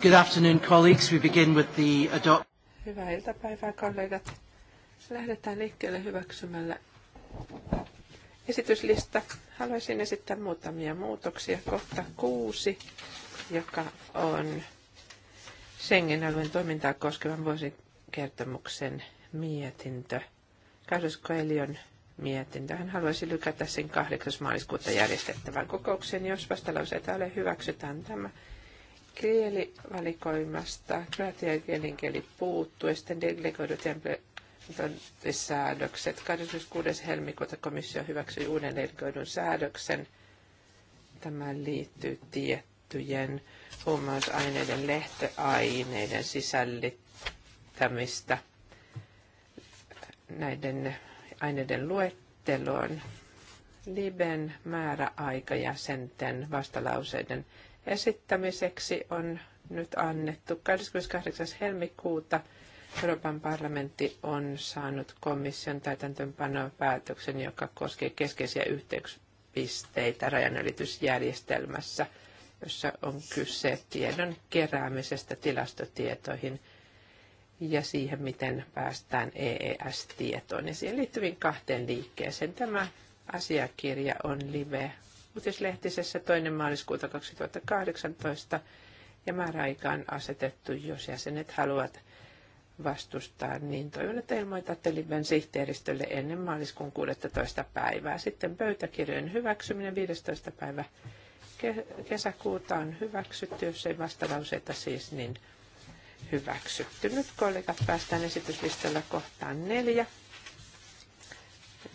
Good afternoon, colleagues. We begin with the adopt... Hyvää iltapäivää, kollegat. Lähdetään liikkeelle hyväksymällä esityslista. Haluaisin esittää muutamia muutoksia. Kohta kuusi, joka on Schengen-alueen toimintaa koskevan vuosikertomuksen mietintö. Carlos Coelion mietintö. Hän haluaisi lykätä sen 8. maaliskuuta järjestettävään kokoukseen. Jos vastalauseita ole, hyväksytään tämä kielivalikoimasta, kroatian kielen kieli puuttuu, ja sitten delegoidut säädökset. 26. helmikuuta komissio hyväksyi uuden delegoidun säädöksen. Tämä liittyy tiettyjen huomausaineiden lehtöaineiden sisällittämistä näiden aineiden luetteloon. Liben määräaika senten vastalauseiden esittämiseksi on nyt annettu. 28. helmikuuta Euroopan parlamentti on saanut komission täytäntöönpanopäätöksen, joka koskee keskeisiä yhteyspisteitä rajanylitysjärjestelmässä, jossa on kyse tiedon keräämisestä tilastotietoihin ja siihen, miten päästään EES-tietoon ja siihen liittyviin kahteen liikkeeseen. Tämä asiakirja on live uutislehtisessä toinen maaliskuuta 2018 ja määräaikaan asetettu, jos jäsenet haluavat vastustaa, niin toivon, että ilmoitatte Liben sihteeristölle ennen maaliskuun 16. päivää. Sitten pöytäkirjojen hyväksyminen 15. päivä kesäkuuta on hyväksytty, jos ei vastalauseita siis, niin hyväksytty. Nyt kollegat päästään esityslistalla kohtaan neljä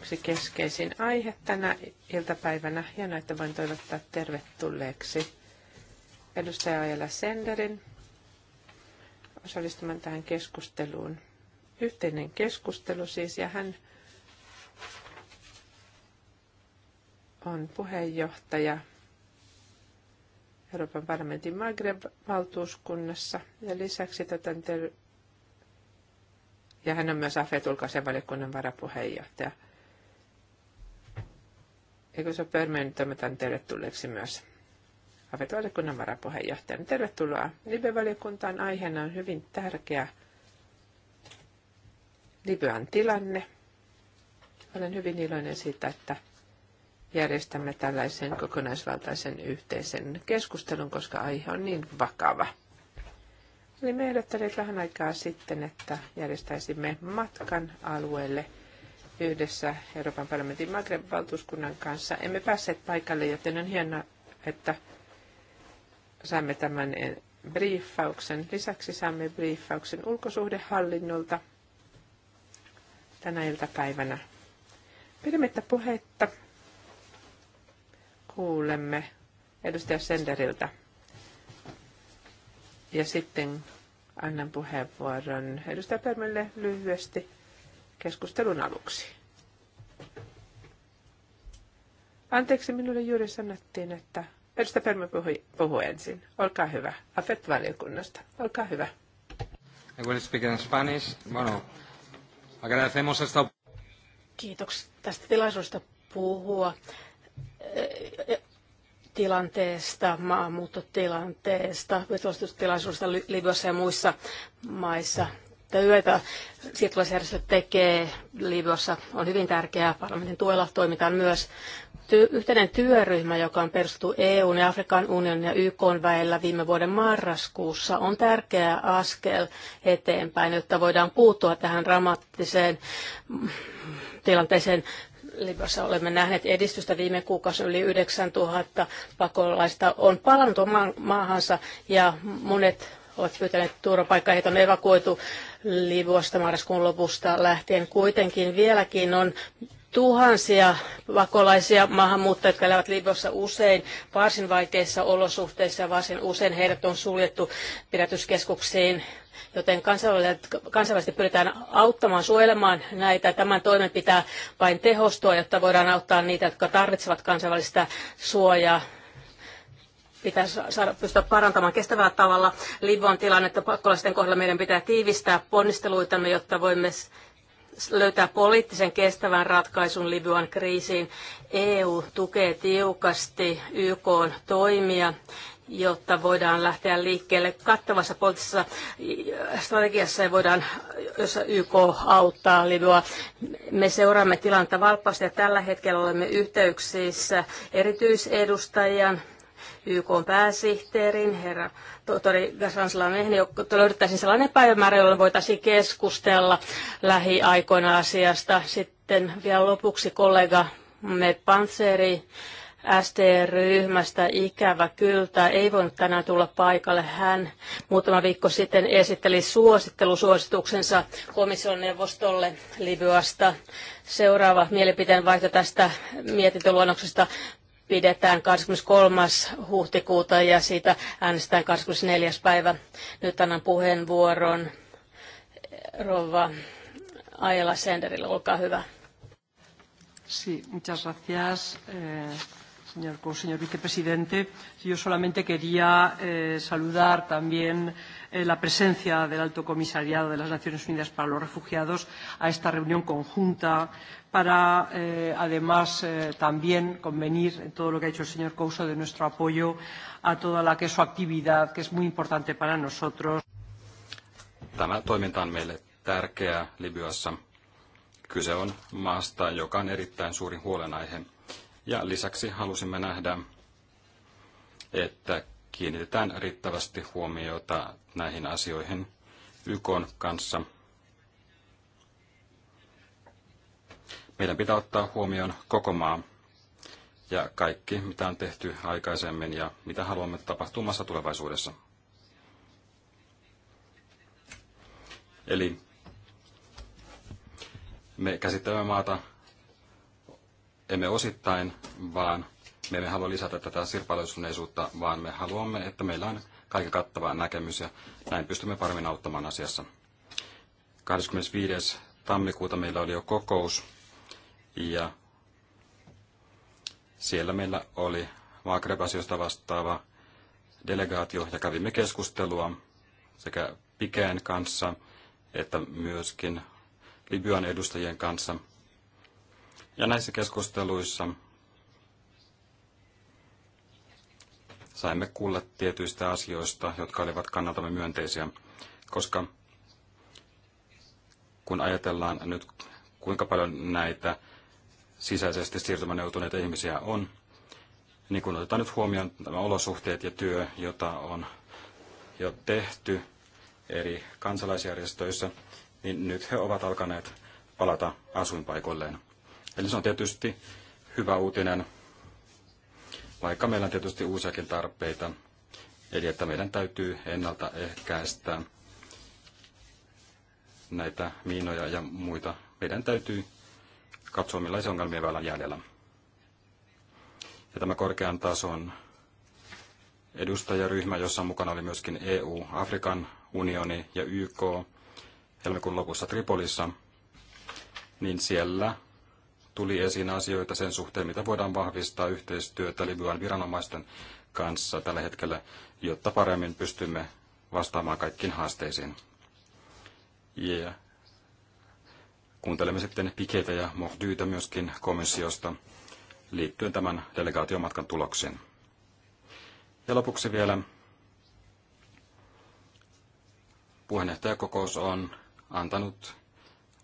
yksi keskeisin aihe tänä iltapäivänä. ja näitä voin toivottaa tervetulleeksi edustaja Ajala Senderin osallistumaan tähän keskusteluun. Yhteinen keskustelu siis, ja hän on puheenjohtaja Euroopan parlamentin Maghreb-valtuuskunnassa ja lisäksi tätä ja hän on myös AFET-ulkoisen varapuheenjohtaja. Eikö se Pörmön toimitan tervetulleeksi myös AVE-valiokunnan varapuheenjohtajan. Tervetuloa Libyvaliokuntaan. Aiheena on hyvin tärkeä Libyan tilanne. Olen hyvin iloinen siitä, että järjestämme tällaisen kokonaisvaltaisen yhteisen keskustelun, koska aihe on niin vakava. Eli me ehdottelin vähän aikaa sitten, että järjestäisimme matkan alueelle – yhdessä Euroopan parlamentin Maghreb-valtuuskunnan kanssa. Emme päässeet paikalle, joten on hienoa, että saamme tämän eh, briefauksen. Lisäksi saamme briefauksen ulkosuhdehallinnolta tänä iltapäivänä. Pidemmittä puhetta kuulemme edustaja Senderiltä. Ja sitten annan puheenvuoron edustaja Permille lyhyesti keskustelun aluksi. Anteeksi, minulle juuri sanottiin, että edustaja Permä puhui, puhuu ensin. Olkaa hyvä. AFET-valiokunnasta. Olkaa hyvä. I will speak in Spanish. Bueno, agradecemos esta... Kiitoksia tästä tilaisuudesta puhua eh, eh, tilanteesta, maahanmuuttotilanteesta, vetostustilaisuudesta Libyassa ja muissa maissa että yötä siirtolaisjärjestö tekee Libyassa on hyvin tärkeää. Parlamentin tuella toimitaan myös ty- yhteinen työryhmä, joka on perustettu EUn ja Afrikan unionin ja YK väillä viime vuoden marraskuussa, on tärkeä askel eteenpäin, jotta voidaan puuttua tähän dramaattiseen tilanteeseen Libyassa olemme nähneet edistystä viime kuukausi yli 9000 pakolaista on palannut maahansa ja monet ovat pyytäneet turvapaikkaa. Heitä on evakuoitu Livuosta marraskuun lopusta lähtien. Kuitenkin vieläkin on tuhansia pakolaisia maahanmuuttajia, jotka elävät Libyassa usein varsin vaikeissa olosuhteissa ja varsin usein heidät on suljettu pidätyskeskuksiin, joten kansainvälisesti pyritään auttamaan, suojelemaan näitä. Tämän toimen pitää vain tehostua, jotta voidaan auttaa niitä, jotka tarvitsevat kansainvälistä suojaa pitäisi saada pystyä parantamaan kestävällä tavalla Libon tilannetta. Pakkolaisten kohdalla meidän pitää tiivistää ponnisteluitamme, jotta voimme löytää poliittisen kestävän ratkaisun Libyan kriisiin. EU tukee tiukasti YK toimia jotta voidaan lähteä liikkeelle kattavassa poliittisessa strategiassa ja voidaan, jossa YK auttaa Libyaa. Me seuraamme tilannetta valppaasti ja tällä hetkellä olemme yhteyksissä erityisedustajan YK pääsihteerin, herra tohtori Gasansalainen, jotta löydettäisiin sellainen päivämäärä, jolloin voitaisiin keskustella lähiaikoina asiasta. Sitten vielä lopuksi kollega Me Panzeri ST-ryhmästä ikävä kyltä ei voinut tänään tulla paikalle. Hän muutama viikko sitten esitteli suosittelusuosituksensa komission neuvostolle Libyasta. Seuraava mielipiteen vaihto tästä mietintöluonnoksesta pidetään 23. huhtikuuta ja siitä äänestetään 24. päivä. Nyt annan puheenvuoron rouva Ajela Senderille. Olkaa hyvä. Sí, muchas gracias, eh, señor, señor vicepresidente. Yo solamente quería eh, saludar también Eh, la presencia del Alto Comisariado de las Naciones Unidas para los Refugiados a esta reunión conjunta para, eh, además, eh, también convenir en todo lo que ha dicho el señor Couso de nuestro apoyo a toda la que es su actividad, que es muy importante para nosotros. Tämä toiminta on meille tärkeää Libyassa. Kyse on maasta, joka on erittäin suuri huolenaihe. Ja lisäksi halusimme nähdä, että kiinnitetään riittävästi huomiota näihin asioihin YK kanssa. Meidän pitää ottaa huomioon koko maa ja kaikki, mitä on tehty aikaisemmin ja mitä haluamme tapahtumassa tulevaisuudessa. Eli me käsittelemme maata emme osittain, vaan me emme halua lisätä tätä sirpaloisuneisuutta, vaan me haluamme, että meillä on kaiken kattava näkemys ja näin pystymme paremmin auttamaan asiassa. 25. tammikuuta meillä oli jo kokous ja siellä meillä oli Maghreb-asioista vastaava delegaatio ja kävimme keskustelua sekä Pikeen kanssa että myöskin Libyan edustajien kanssa. Ja näissä keskusteluissa saimme kuulla tietyistä asioista, jotka olivat kannaltamme myönteisiä, koska kun ajatellaan nyt, kuinka paljon näitä sisäisesti siirtymäneutuneita joutuneita ihmisiä on, niin kun otetaan nyt huomioon nämä olosuhteet ja työ, jota on jo tehty eri kansalaisjärjestöissä, niin nyt he ovat alkaneet palata asuinpaikoilleen. Eli se on tietysti hyvä uutinen vaikka meillä on tietysti uusiakin tarpeita. Eli että meidän täytyy ennaltaehkäistä näitä miinoja ja muita. Meidän täytyy katsoa, millaisia ongelmia vielä on jäljellä. Ja tämä korkean tason edustajaryhmä, jossa mukana oli myöskin EU, Afrikan unioni ja YK helmikuun lopussa Tripolissa, niin siellä tuli esiin asioita sen suhteen, mitä voidaan vahvistaa yhteistyötä Libyan viranomaisten kanssa tällä hetkellä, jotta paremmin pystymme vastaamaan kaikkiin haasteisiin. Yeah. Kuuntelemme sitten Piketä ja Mohdyytä myöskin komissiosta liittyen tämän delegaatiomatkan tuloksiin. Ja lopuksi vielä puheenjohtajakokous on antanut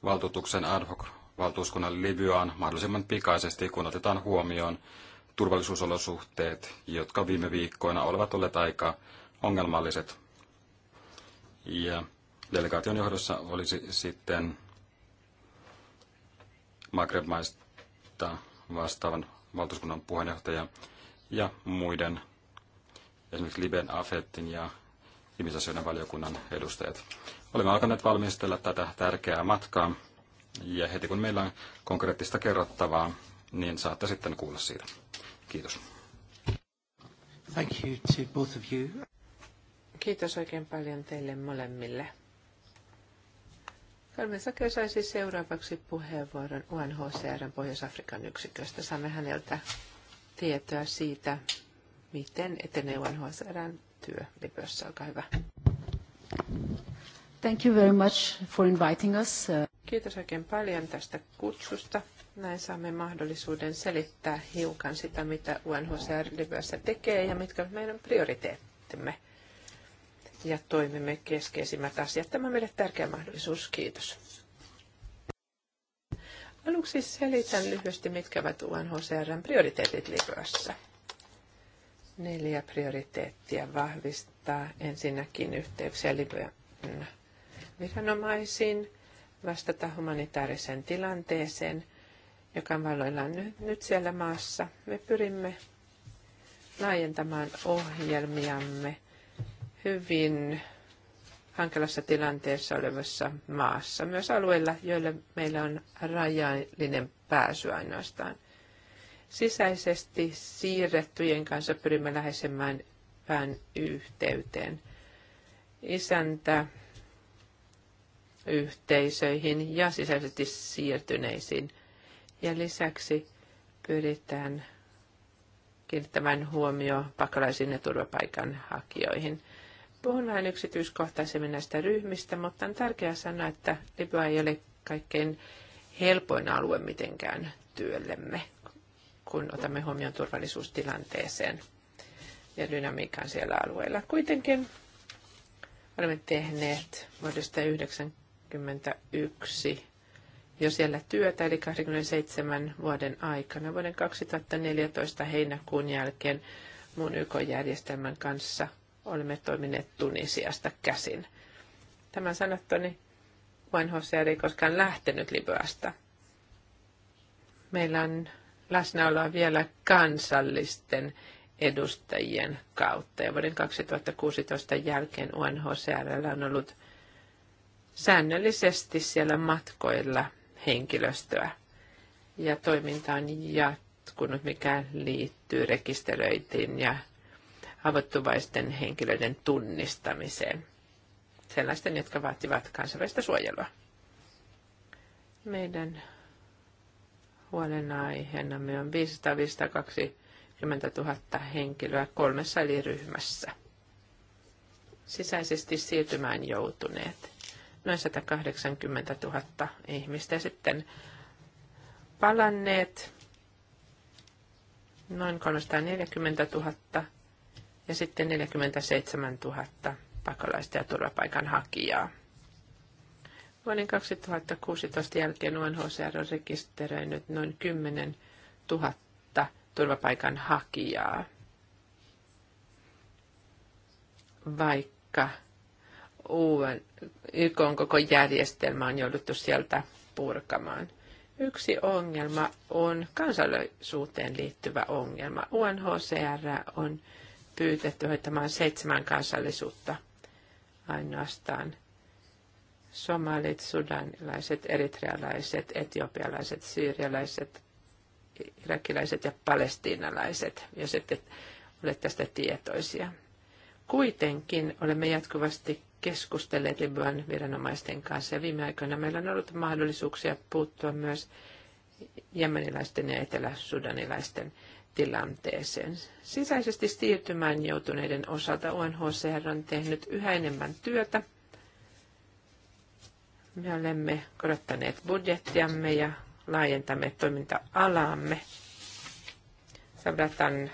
valtuutuksen ad hoc valtuuskunnan Libyaan mahdollisimman pikaisesti, kun otetaan huomioon turvallisuusolosuhteet, jotka viime viikkoina olivat olleet aika ongelmalliset. Ja delegaation johdossa olisi sitten magreb maista vastaavan valtuuskunnan puheenjohtaja ja muiden, esimerkiksi Liben, Afetin ja ihmisasioiden valiokunnan edustajat. Olemme alkaneet valmistella tätä tärkeää matkaa. Ja heti kun meillä on konkreettista kerrottavaa, niin saatte sitten kuulla siitä. Kiitos. Thank you to both of you. Kiitos oikein paljon teille molemmille. Carmen Sake saisi siis seuraavaksi puheenvuoron UNHCRn Pohjois-Afrikan yksiköstä. Saamme häneltä tietoa siitä, miten etenee UNHCRn työ Libyassa. Olkaa hyvä. Thank you very much for inviting us. Uh, Kiitos oikein paljon tästä kutsusta. Näin saamme mahdollisuuden selittää hiukan sitä, mitä UNHCR Libyassa tekee ja mitkä ovat meidän prioriteettimme ja toimimme keskeisimmät asiat. Tämä on meille tärkeä mahdollisuus. Kiitos. Aluksi selitän lyhyesti, mitkä ovat UNHCRn prioriteetit Libyassa. Neljä prioriteettia vahvistaa ensinnäkin yhteyksiä Libyan viranomaisiin – vastata humanitaariseen tilanteeseen, joka on valloillaan nyt, siellä maassa. Me pyrimme laajentamaan ohjelmiamme hyvin hankalassa tilanteessa olevassa maassa, myös alueilla, joilla meillä on rajallinen pääsy ainoastaan. Sisäisesti siirrettyjen kanssa pyrimme läheisemmään pään yhteyteen. Isäntä yhteisöihin ja sisäisesti siirtyneisiin. Ja lisäksi pyritään kiinnittämään huomio pakolaisiin ja turvapaikanhakijoihin. Puhun vähän yksityiskohtaisemmin näistä ryhmistä, mutta on tärkeää sanoa, että Libya ei ole kaikkein helpoin alue mitenkään työllemme, kun otamme huomioon turvallisuustilanteeseen ja dynamiikan siellä alueella. Kuitenkin olemme tehneet vuodesta 19 21 jo siellä työtä, eli 27 vuoden aikana. Vuoden 2014 heinäkuun jälkeen muun YK-järjestelmän kanssa olemme toimineet Tunisiasta käsin. Tämän sanottoni UNHCR ei koskaan lähtenyt Libyasta. Meillä on läsnäoloa vielä kansallisten edustajien kautta. Ja vuoden 2016 jälkeen UNHCR on ollut säännöllisesti siellä matkoilla henkilöstöä. Ja toiminta on jatkunut, mikä liittyy rekisteröitiin ja avottuvaisten henkilöiden tunnistamiseen. Sellaisten, jotka vaativat kansainvälistä suojelua. Meidän huolenaiheenamme on 520 000 henkilöä kolmessa eri ryhmässä. Sisäisesti siirtymään joutuneet – noin 180 000 ihmistä. Ja sitten palanneet noin 340 000 ja sitten 47 000 pakolaista ja turvapaikanhakijaa. Vuoden 2016 jälkeen UNHCR on rekisteröinyt noin 10 000 turvapaikanhakijaa, vaikka uuden YK on koko järjestelmä on jouduttu sieltä purkamaan. Yksi ongelma on kansallisuuteen liittyvä ongelma. UNHCR on pyytetty hoitamaan seitsemän kansallisuutta ainoastaan. Somalit, sudanilaiset, eritrealaiset, etiopialaiset, syyrialaiset, irakilaiset ja palestiinalaiset, jos ette ole tästä tietoisia. Kuitenkin olemme jatkuvasti keskustelleet Libyan viranomaisten kanssa. Ja viime aikoina meillä on ollut mahdollisuuksia puuttua myös jemeniläisten ja eteläsudanilaisten tilanteeseen. Sisäisesti siirtymään joutuneiden osalta UNHCR on tehnyt yhä enemmän työtä. Me olemme korottaneet budjettiamme ja laajentamme toiminta-alaamme. Sabratan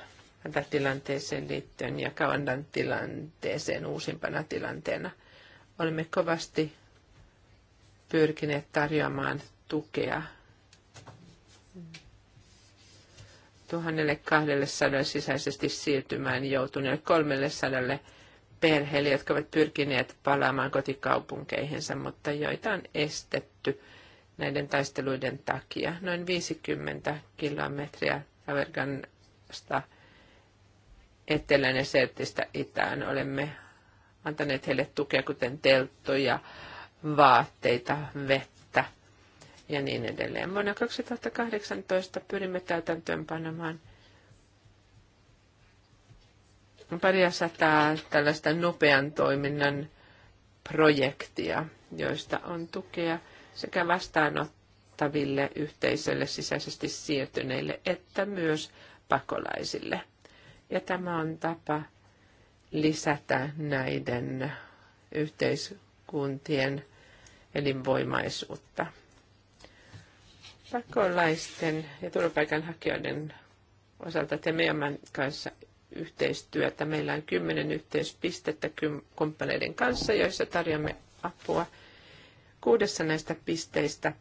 hätätilanteeseen liittyen ja Kavandan tilanteeseen uusimpana tilanteena. Olemme kovasti pyrkineet tarjoamaan tukea 1200 sisäisesti siirtymään joutuneelle 300 perheelle, jotka ovat pyrkineet palaamaan kotikaupunkeihinsa, mutta joita on estetty näiden taisteluiden takia. Noin 50 kilometriä Avergan etelän ja itään. Olemme antaneet heille tukea, kuten telttoja, vaatteita, vettä ja niin edelleen. Vuonna 2018 pyrimme panemaan pari sataa tällaista nopean toiminnan projektia, joista on tukea sekä vastaanottaville yhteisöille sisäisesti siirtyneille että myös pakolaisille – ja tämä on tapa lisätä näiden yhteiskuntien elinvoimaisuutta. Pakolaisten ja turvapaikanhakijoiden osalta teemme Jämän kanssa yhteistyötä. Meillä on kymmenen yhteispistettä kumppaneiden kanssa, joissa tarjoamme apua. Kuudessa näistä pisteistä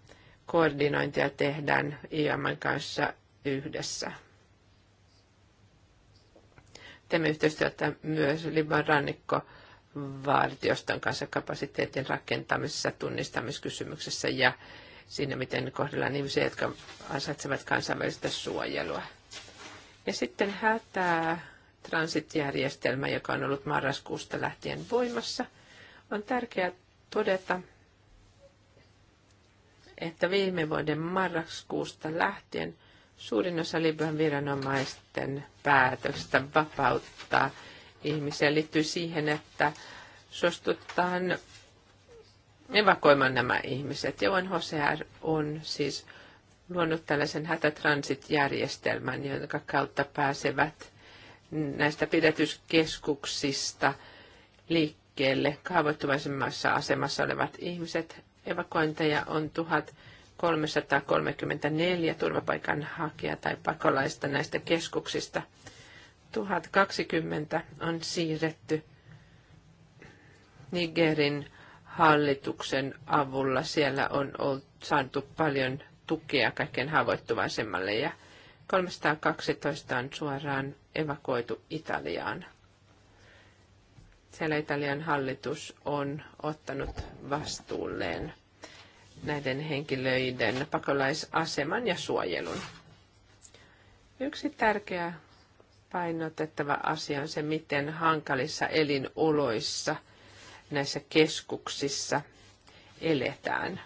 koordinointia tehdään IAMan kanssa yhdessä teemme yhteistyötä myös Liban rannikko vartioston kanssa kapasiteetin rakentamisessa, tunnistamiskysymyksessä ja siinä, miten kohdellaan ihmisiä, jotka ansaitsevat kansainvälistä suojelua. Ja sitten hätää transitjärjestelmä, joka on ollut marraskuusta lähtien voimassa. On tärkeää todeta, että viime vuoden marraskuusta lähtien Suurin osa Libyan viranomaisten päätöstä vapauttaa ihmisiä liittyy siihen, että suostutaan evakoimaan nämä ihmiset. Ja UNHCR on siis luonut tällaisen hätätransit-järjestelmän, jonka kautta pääsevät näistä pidätyskeskuksista liikkeelle kaavoittuvaisemmassa asemassa olevat ihmiset. Evakointeja on tuhat. 334 turvapaikanhakijaa tai pakolaista näistä keskuksista. 1020 on siirretty Nigerin hallituksen avulla. Siellä on ollut, saatu paljon tukea kaikkein haavoittuvaisemmalle ja 312 on suoraan evakuoitu Italiaan. Siellä Italian hallitus on ottanut vastuulleen näiden henkilöiden pakolaisaseman ja suojelun. Yksi tärkeä painotettava asia on se, miten hankalissa elinoloissa näissä keskuksissa eletään.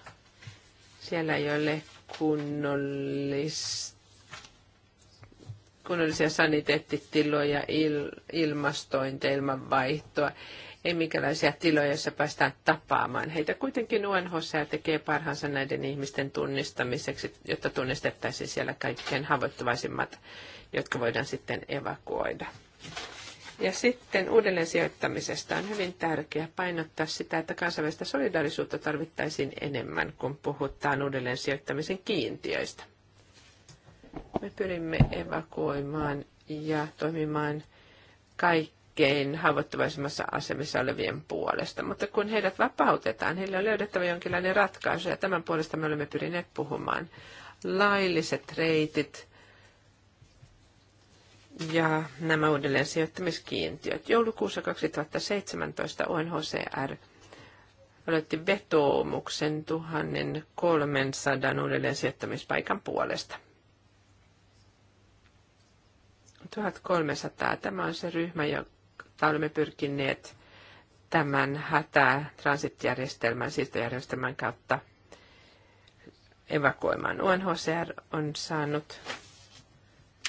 Siellä ei ole kunnollista kunnollisia saniteettitiloja, il, ilmanvaihtoa, ei minkälaisia tiloja, joissa päästään tapaamaan. Heitä kuitenkin UNHCR tekee parhaansa näiden ihmisten tunnistamiseksi, jotta tunnistettaisiin siellä kaikkein haavoittuvaisimmat, jotka voidaan sitten evakuoida. Ja sitten uudelleen sijoittamisesta on hyvin tärkeää painottaa sitä, että kansainvälistä solidaarisuutta tarvittaisiin enemmän, kun puhutaan uudelleen sijoittamisen kiintiöistä. Me pyrimme evakuoimaan ja toimimaan kaikki kaikkein haavoittuvaisimmassa asemissa olevien puolesta. Mutta kun heidät vapautetaan, heillä on löydettävä jonkinlainen ratkaisu, ja tämän puolesta me olemme pyrineet puhumaan. Lailliset reitit ja nämä uudelleen sijoittamiskiintiöt. Joulukuussa 2017 UNHCR aloitti vetoomuksen 1300 uudelleen sijoittamispaikan puolesta. 1300. Tämä on se ryhmä, että olemme pyrkineet tämän hätää transitjärjestelmän, siirtojärjestelmän kautta evakuoimaan. UNHCR on saanut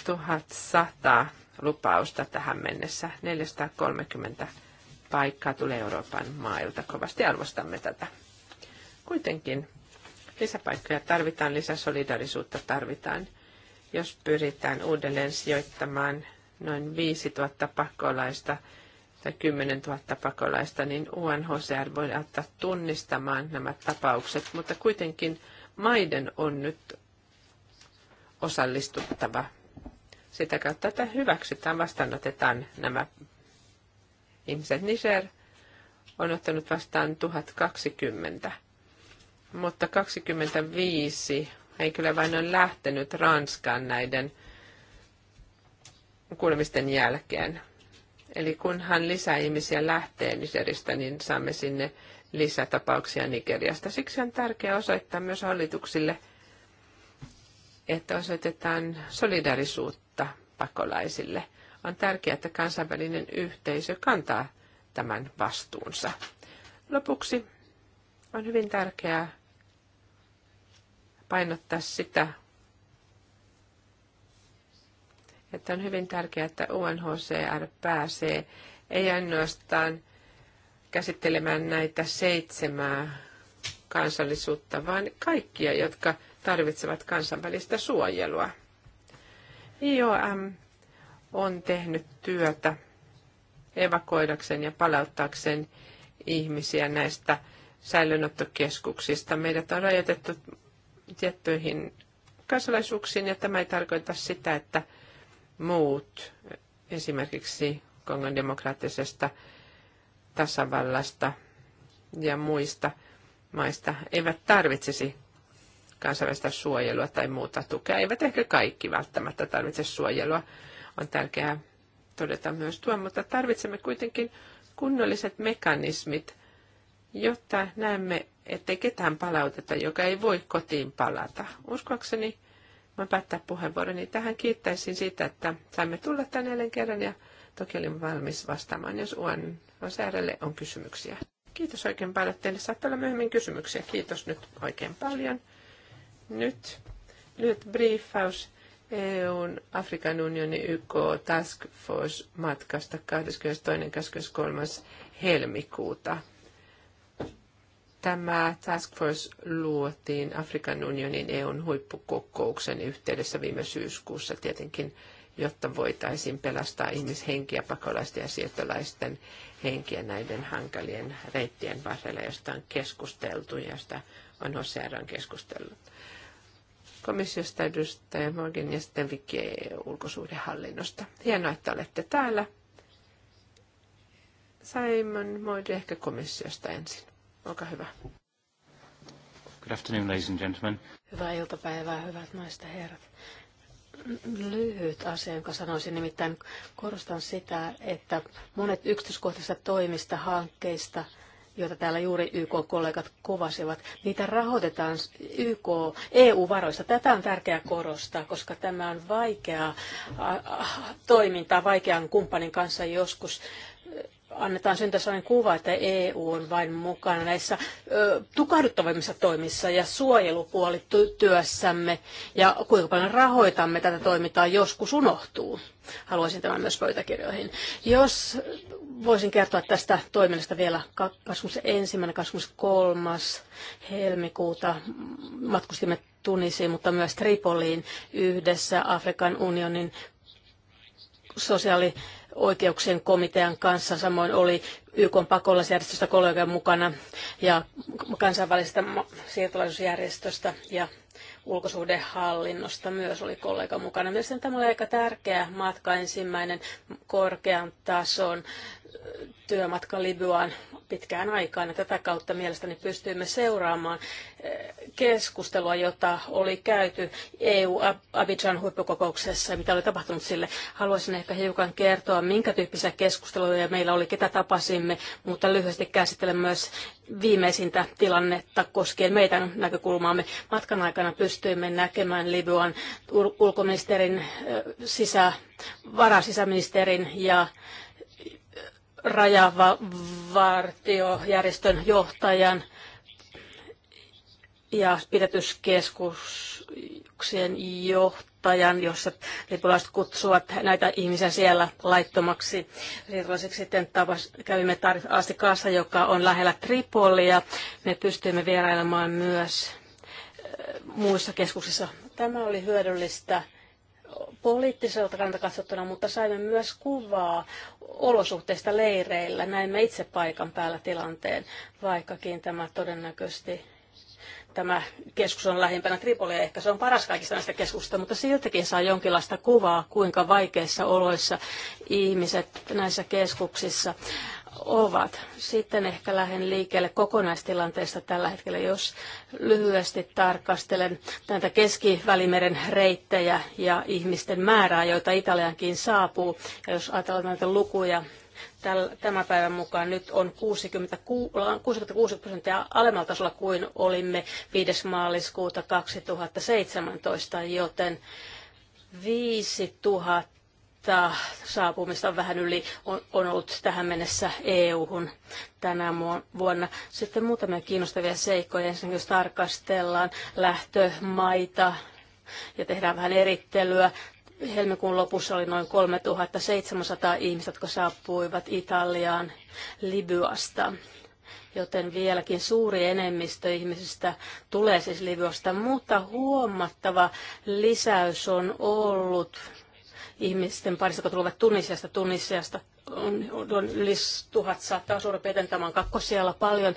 1100 lupausta tähän mennessä. 430 paikkaa tulee Euroopan mailta. Kovasti arvostamme tätä. Kuitenkin lisäpaikkoja tarvitaan, lisäsolidarisuutta tarvitaan, jos pyritään uudelleen sijoittamaan noin 5000 pakolaista – tai 10 000 pakolaista, niin UNHCR voi auttaa tunnistamaan nämä tapaukset, mutta kuitenkin maiden on nyt osallistuttava. Sitä kautta, että hyväksytään, vastaanotetaan nämä ihmiset. Niger on ottanut vastaan 1020, mutta 25 ei kyllä vain on lähtenyt Ranskaan näiden kuulemisten jälkeen. Eli kunhan lisää ihmisiä lähtee Nigeristä, niin saamme sinne lisätapauksia Nigeriasta. Siksi on tärkeää osoittaa myös hallituksille, että osoitetaan solidarisuutta pakolaisille. On tärkeää, että kansainvälinen yhteisö kantaa tämän vastuunsa. Lopuksi on hyvin tärkeää painottaa sitä, että on hyvin tärkeää, että UNHCR pääsee ei ainoastaan käsittelemään näitä seitsemää kansallisuutta, vaan kaikkia, jotka tarvitsevat kansainvälistä suojelua. IOM on tehnyt työtä evakoidakseen ja palauttaakseen ihmisiä näistä säilönottokeskuksista. Meidät on rajoitettu tiettyihin kansalaisuuksiin ja tämä ei tarkoita sitä, että muut, esimerkiksi Kongon demokraattisesta tasavallasta ja muista maista, eivät tarvitsisi kansainvälistä suojelua tai muuta tukea. Eivät ehkä kaikki välttämättä tarvitse suojelua. On tärkeää todeta myös tuo, mutta tarvitsemme kuitenkin kunnolliset mekanismit, jotta näemme, ettei ketään palauteta, joka ei voi kotiin palata. Uskoakseni voin päättää puheenvuoroni tähän. Kiittäisin siitä, että saimme tulla tänne jälleen kerran ja toki olin valmis vastaamaan, jos UNHCRlle on kysymyksiä. Kiitos oikein paljon. Teille saattaa olla myöhemmin kysymyksiä. Kiitos nyt oikein paljon. Nyt lyhyt briefaus EUn Afrikan unionin YK Task Force matkasta 22.23. helmikuuta. Tämä task force luotiin Afrikan unionin EUn huippukokouksen yhteydessä viime syyskuussa tietenkin, jotta voitaisiin pelastaa ihmishenkiä pakolaisten ja siirtolaisten henkiä näiden hankalien reittien varrella, josta on keskusteltu ja josta on HCR on keskustellut. Komissiosta edustaja Morgan ja sitten Vicky ulkosuhdehallinnosta. Hienoa, että olette täällä. Simon Moidi ehkä komissiosta ensin. Olkaa hyvä. Good afternoon, ladies and gentlemen. Hyvää iltapäivää, hyvät naiset ja herrat. Lyhyt asia, jonka sanoisin, nimittäin korostan sitä, että monet yksityiskohtaisista toimista, hankkeista, joita täällä juuri YK-kollegat kuvasivat, niitä rahoitetaan YK, EU-varoista. Tätä on tärkeää korostaa, koska tämä on vaikeaa toimintaa vaikean kumppanin kanssa joskus annetaan syntyä sellainen kuva, että EU on vain mukana näissä ö, tukahduttavimmissa toimissa ja suojelupuoli työssämme ja kuinka paljon rahoitamme tätä toimintaa joskus unohtuu. Haluaisin tämän myös pöytäkirjoihin. Jos voisin kertoa tästä toiminnasta vielä 21. 23. helmikuuta matkustimme Tunisiin, mutta myös Tripoliin yhdessä Afrikan unionin sosiaali- oikeuksien komitean kanssa. Samoin oli YK pakolaisjärjestöstä kollega mukana ja kansainvälisestä siirtolaisuusjärjestöstä ja ulkosuhdehallinnosta myös oli kollega mukana. Mielestäni tämä oli aika tärkeä matka, ensimmäinen korkean tason työmatka Libyaan pitkään aikaan. Ja tätä kautta mielestäni pystyimme seuraamaan eh, keskustelua, jota oli käyty EU-Abidjan huippukokouksessa ja mitä oli tapahtunut sille. Haluaisin ehkä hiukan kertoa, minkä tyyppisiä keskusteluja meillä oli, ketä tapasimme, mutta lyhyesti käsittelen myös viimeisintä tilannetta koskien meidän näkökulmaamme. Matkan aikana pystyimme näkemään Libyan ulkoministerin, eh, sisä, varasisäministerin ja rajavartiojärjestön johtajan ja pidätyskeskuksien johtajan, jossa lipulaiset kutsuvat näitä ihmisiä siellä laittomaksi. Siirtolaiseksi sitten tapas, kävimme asti kanssa, joka on lähellä Tripolia. Me pystyimme vierailemaan myös eh, muissa keskuksissa. Tämä oli hyödyllistä poliittiselta kannalta katsottuna, mutta saimme myös kuvaa olosuhteista leireillä. Näimme itse paikan päällä tilanteen, vaikkakin tämä todennäköisesti tämä keskus on lähimpänä Tripolia, ehkä se on paras kaikista näistä keskusta, mutta siltäkin saa jonkinlaista kuvaa, kuinka vaikeissa oloissa ihmiset näissä keskuksissa ovat. Sitten ehkä lähden liikkeelle kokonaistilanteesta tällä hetkellä, jos lyhyesti tarkastelen näitä keskivälimeren reittejä ja ihmisten määrää, joita Italiankin saapuu. Ja jos ajatellaan näitä lukuja, tämän päivän mukaan nyt on 66, prosenttia alemmalla tasolla kuin olimme 5. maaliskuuta 2017, joten 5000 että saapumista vähän yli on ollut tähän mennessä EU-hun tänä vuonna. Sitten muutamia kiinnostavia seikkoja. Ensinnäkin jos tarkastellaan lähtömaita ja tehdään vähän erittelyä. Helmikuun lopussa oli noin 3700 ihmistä, jotka saapuivat Italiaan Libyasta joten vieläkin suuri enemmistö ihmisistä tulee siis Libyasta, mutta huomattava lisäys on ollut ihmisten parissa, jotka tulevat Tunisiasta. Tunisiasta on, on yli 1100 suurin piirtein tämän siellä paljon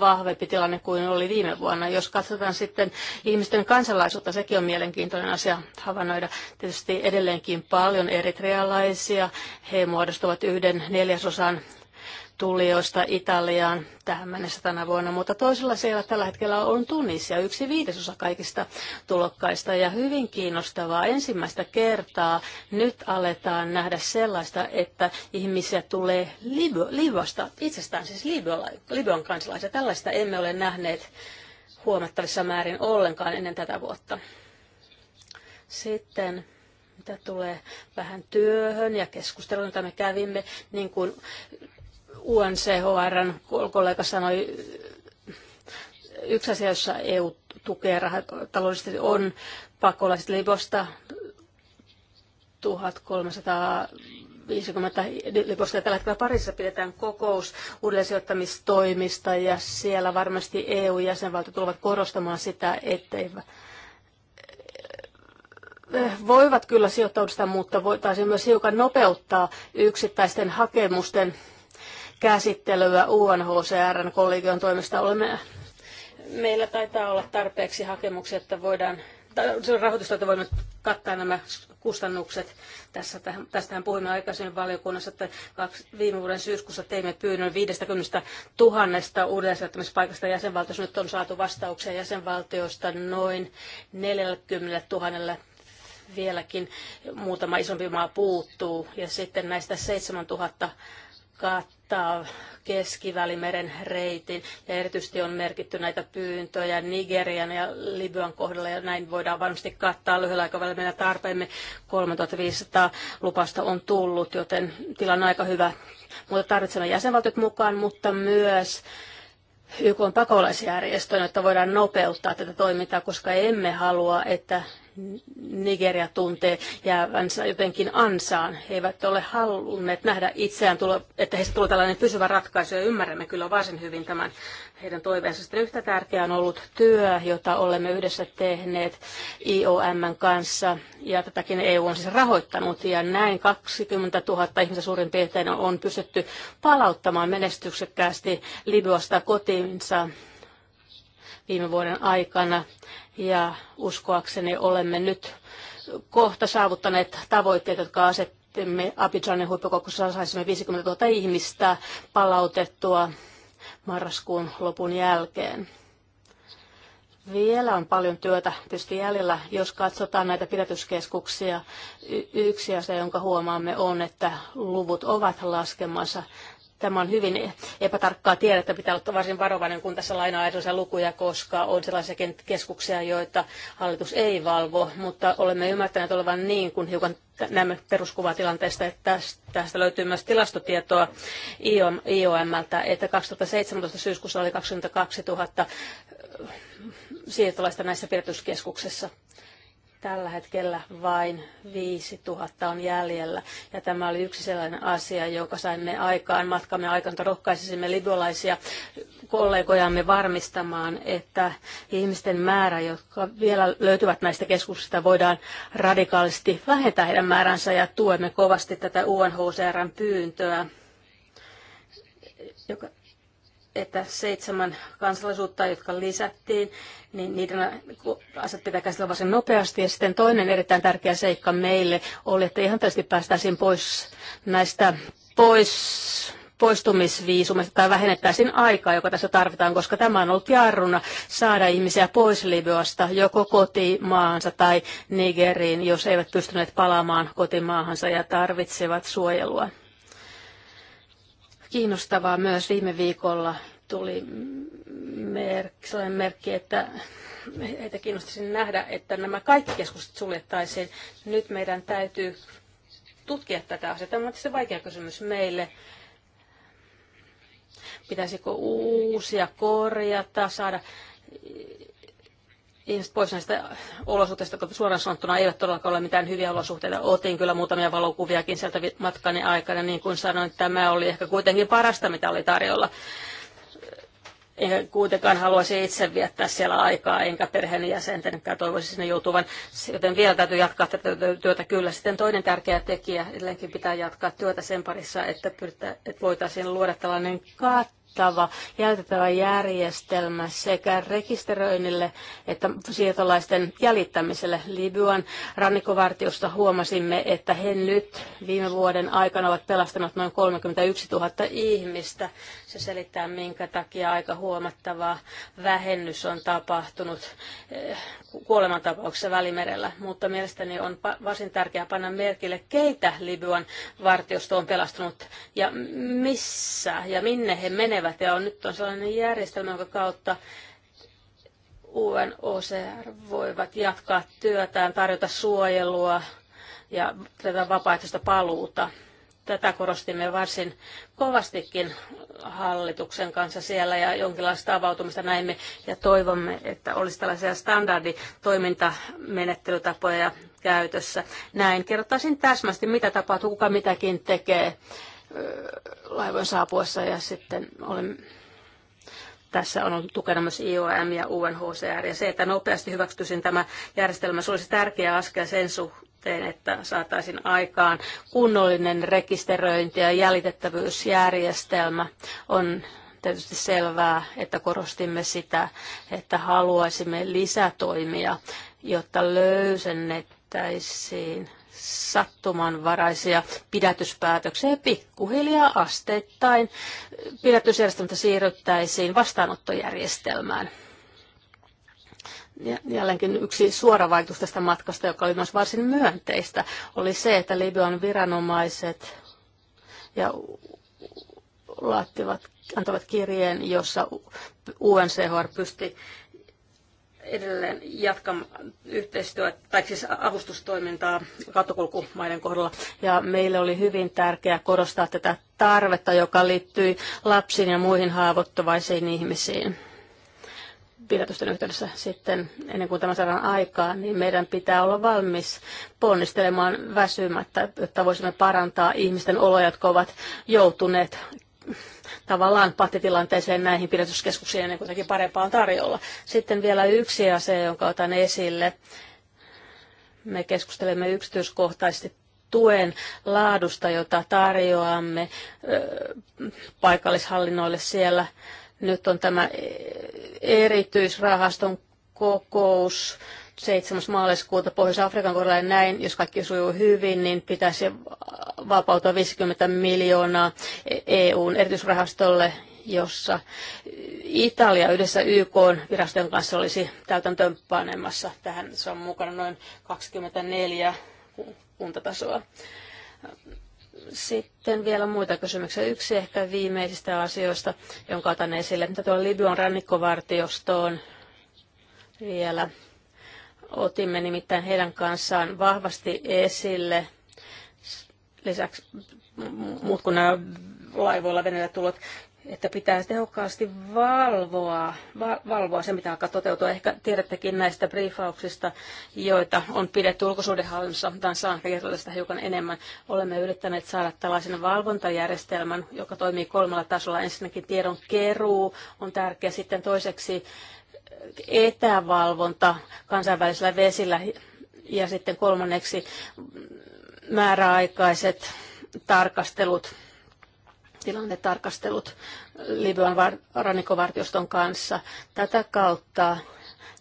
vahvempi tilanne kuin oli viime vuonna. Jos katsotaan sitten ihmisten kansalaisuutta, sekin on mielenkiintoinen asia havainnoida. Tietysti edelleenkin paljon eritrealaisia. He muodostavat yhden neljäsosan tulijoista Italiaan tähän mennessä tänä vuonna, mutta toisella siellä tällä hetkellä on Tunisia yksi viidesosa kaikista tulokkaista ja hyvin kiinnostavaa. Ensimmäistä kertaa nyt aletaan nähdä sellaista, että ihmisiä tulee Libyo, Libyasta, itsestään siis Libyan kansalaisia. Tällaista emme ole nähneet huomattavissa määrin ollenkaan ennen tätä vuotta. Sitten mitä tulee vähän työhön ja keskusteluun, jota me kävimme, niin kuin UNCHRn kollega sanoi, yksi asia, jossa EU tukee taloudellisesti, on pakolaiset Libosta 1350 Libosta. Tällä hetkellä Pariisissa pidetään kokous uudelleensijoittamistoimista ja siellä varmasti EU-jäsenvaltiot tulevat korostamaan sitä, ettei voivat kyllä sijoittautua, mutta voitaisiin myös hiukan nopeuttaa yksittäisten hakemusten käsittelyä UNHCRn kollegion toimesta. Olemme, meillä taitaa olla tarpeeksi hakemuksia, että voidaan rahoitusta, että voimme kattaa nämä kustannukset. Tässä, tästähän puhuimme aikaisemmin valiokunnassa, että kaksi, viime vuoden syyskuussa teimme pyynnön 50 000 uudelleensijoittamispaikasta jäsenvaltiossa. Nyt on saatu vastauksia jäsenvaltioista noin 40 000 vieläkin muutama isompi maa puuttuu. Ja sitten näistä 7000 kattaa keskivälimeren reitin ja erityisesti on merkitty näitä pyyntöjä Nigerian ja Libyan kohdalla ja näin voidaan varmasti kattaa lyhyellä aikavälillä meidän tarpeemme. 3500 lupasta on tullut, joten tilanne on aika hyvä. Mutta tarvitsemme jäsenvaltiot mukaan, mutta myös YK on pakolaisjärjestö, että voidaan nopeuttaa tätä toimintaa, koska emme halua, että Nigeria tuntee jäävänsä jotenkin ansaan. He eivät ole halunneet nähdä itseään, tulo, että heistä tulee tällainen pysyvä ratkaisu, ja ymmärrämme kyllä varsin hyvin tämän heidän toiveensa. Sitten yhtä tärkeää on ollut työ, jota olemme yhdessä tehneet IOMn kanssa, ja tätäkin EU on siis rahoittanut, ja näin 20 000 ihmistä suurin piirtein on pystytty palauttamaan menestyksekkäästi Libyasta kotiinsa viime vuoden aikana ja uskoakseni olemme nyt kohta saavuttaneet tavoitteet, jotka asettimme Abidjanin huippukokouksessa saisimme 50 000 ihmistä palautettua marraskuun lopun jälkeen. Vielä on paljon työtä tietysti jäljellä, jos katsotaan näitä pidätyskeskuksia. yksi asia, jonka huomaamme, on, että luvut ovat laskemassa. Tämä on hyvin epätarkkaa tiedettä, pitää olla varsin varovainen, kun tässä lainaa erilaisia lukuja, koska on sellaisia keskuksia, joita hallitus ei valvo, mutta olemme ymmärtäneet olevan niin, kun hiukan näemme peruskuvatilanteesta, että tästä löytyy myös tilastotietoa IOMltä, että 2017 syyskuussa oli 22 000 siirtolaista näissä pidätyskeskuksissa. Tällä hetkellä vain 5000 on jäljellä. Ja tämä oli yksi sellainen asia, joka saimme aikaan matkamme aikana, rohkaisisimme libyalaisia kollegojamme varmistamaan, että ihmisten määrä, jotka vielä löytyvät näistä keskuksista, voidaan radikaalisti vähentää heidän määränsä ja tuemme kovasti tätä UNHCRn pyyntöä joka että seitsemän kansallisuutta, jotka lisättiin, niin niiden asiat pitää käsitellä varsin nopeasti. Ja sitten toinen erittäin tärkeä seikka meille oli, että ihan tietysti päästäisiin pois näistä pois poistumisviisumista tai vähennettäisiin aikaa, joka tässä tarvitaan, koska tämä on ollut jarruna saada ihmisiä pois Libyasta joko kotimaansa tai Nigeriin, jos eivät pystyneet palaamaan kotimaahansa ja tarvitsevat suojelua. Kiinnostavaa myös viime viikolla tuli merk, sellainen merkki, että heitä kiinnostaisi nähdä, että nämä kaikki keskukset suljettaisiin. Nyt meidän täytyy tutkia tätä asiaa. Tämä on tietysti vaikea kysymys meille. Pitäisikö uusia korjata, saada ihmiset pois näistä olosuhteista, kun suoraan sanottuna eivät todellakaan ole mitään hyviä olosuhteita. Otin kyllä muutamia valokuviakin sieltä matkani aikana, niin kuin sanoin, että tämä oli ehkä kuitenkin parasta, mitä oli tarjolla. Enkä kuitenkaan haluaisi itse viettää siellä aikaa, enkä perheen enkä toivoisi sinne joutuvan. Joten vielä täytyy jatkaa tätä työtä kyllä. Sitten toinen tärkeä tekijä, edelleenkin pitää jatkaa työtä sen parissa, että, pyrittää, että voitaisiin luoda tällainen katto kattava jäljitettävä järjestelmä sekä rekisteröinnille että siirtolaisten jäljittämiselle. Libyan rannikkovartiosta huomasimme, että he nyt viime vuoden aikana ovat pelastaneet noin 31 000 ihmistä. Se selittää, minkä takia aika huomattava vähennys on tapahtunut eh, kuolemantapauksessa Välimerellä. Mutta mielestäni on varsin tärkeää panna merkille, keitä Libyan vartiosto on pelastunut ja missä ja minne he menevät menevät. Ja on, nyt on sellainen järjestelmä, jonka kautta UNOCR voivat jatkaa työtään, tarjota suojelua ja tätä vapaaehtoista paluuta. Tätä korostimme varsin kovastikin hallituksen kanssa siellä ja jonkinlaista avautumista näimme ja toivomme, että olisi tällaisia standarditoimintamenettelytapoja käytössä. Näin kerrottaisin täsmästi, mitä tapahtuu, kuka mitäkin tekee laivojen saapuessa ja sitten olen tässä on ollut tukena myös IOM ja UNHCR. Ja se, että nopeasti hyväksytyisin tämä järjestelmä, se olisi tärkeä askel sen suhteen, että saataisiin aikaan kunnollinen rekisteröinti ja jäljitettävyysjärjestelmä. On tietysti selvää, että korostimme sitä, että haluaisimme lisätoimia, jotta löysennettäisiin sattumanvaraisia pidätyspäätöksiä pikkuhiljaa asteittain pidätysjärjestelmästä siirryttäisiin vastaanottojärjestelmään. jälleenkin yksi suora vaikutus tästä matkasta, joka oli myös varsin myönteistä, oli se, että Libyan viranomaiset ja laattivat, antavat kirjeen, jossa UNCHR pystyi edelleen jatkan yhteistyötä, tai siis avustustoimintaa kautokulkumaiden kohdalla. Ja meille oli hyvin tärkeää korostaa tätä tarvetta, joka liittyy lapsiin ja muihin haavoittuvaisiin ihmisiin pidätysten yhteydessä sitten, ennen kuin tämä saadaan aikaa, niin meidän pitää olla valmis ponnistelemaan väsymättä, jotta voisimme parantaa ihmisten oloja, jotka ovat joutuneet tavallaan pattitilanteeseen näihin pidätyskeskuksiin ennen kuitenkin parempaa on tarjolla. Sitten vielä yksi asia, jonka otan esille. Me keskustelemme yksityiskohtaisesti tuen laadusta, jota tarjoamme paikallishallinnoille siellä. Nyt on tämä e- erityisrahaston kokous 7. maaliskuuta Pohjois-Afrikan kohdalla näin, jos kaikki sujuu hyvin, niin pitäisi vapautua 50 miljoonaa e EUn erityisrahastolle, jossa Italia yhdessä YK virastojen kanssa olisi täytäntöönpanemassa. Tähän se on mukana noin 24 kuntatasoa. Sitten vielä muita kysymyksiä. Yksi ehkä viimeisistä asioista, jonka otan esille, mitä tuolla Libyan rannikkovartiostoon vielä Otimme nimittäin heidän kanssaan vahvasti esille lisäksi muut kuin nämä laivoilla veneellä tulot, että pitää tehokkaasti valvoa, valvoa se, mitä alkaa toteutua. Ehkä tiedättekin näistä briefauksista, joita on pidetty ulkosuudenhallinnossa, tämä saan kertoa hiukan enemmän. Olemme yrittäneet saada tällaisen valvontajärjestelmän, joka toimii kolmella tasolla. Ensinnäkin tiedon keruu on tärkeä, sitten toiseksi etävalvonta kansainvälisillä vesillä ja sitten kolmanneksi määräaikaiset tarkastelut, tilannetarkastelut Libyan rannikkovartioston kanssa. Tätä kautta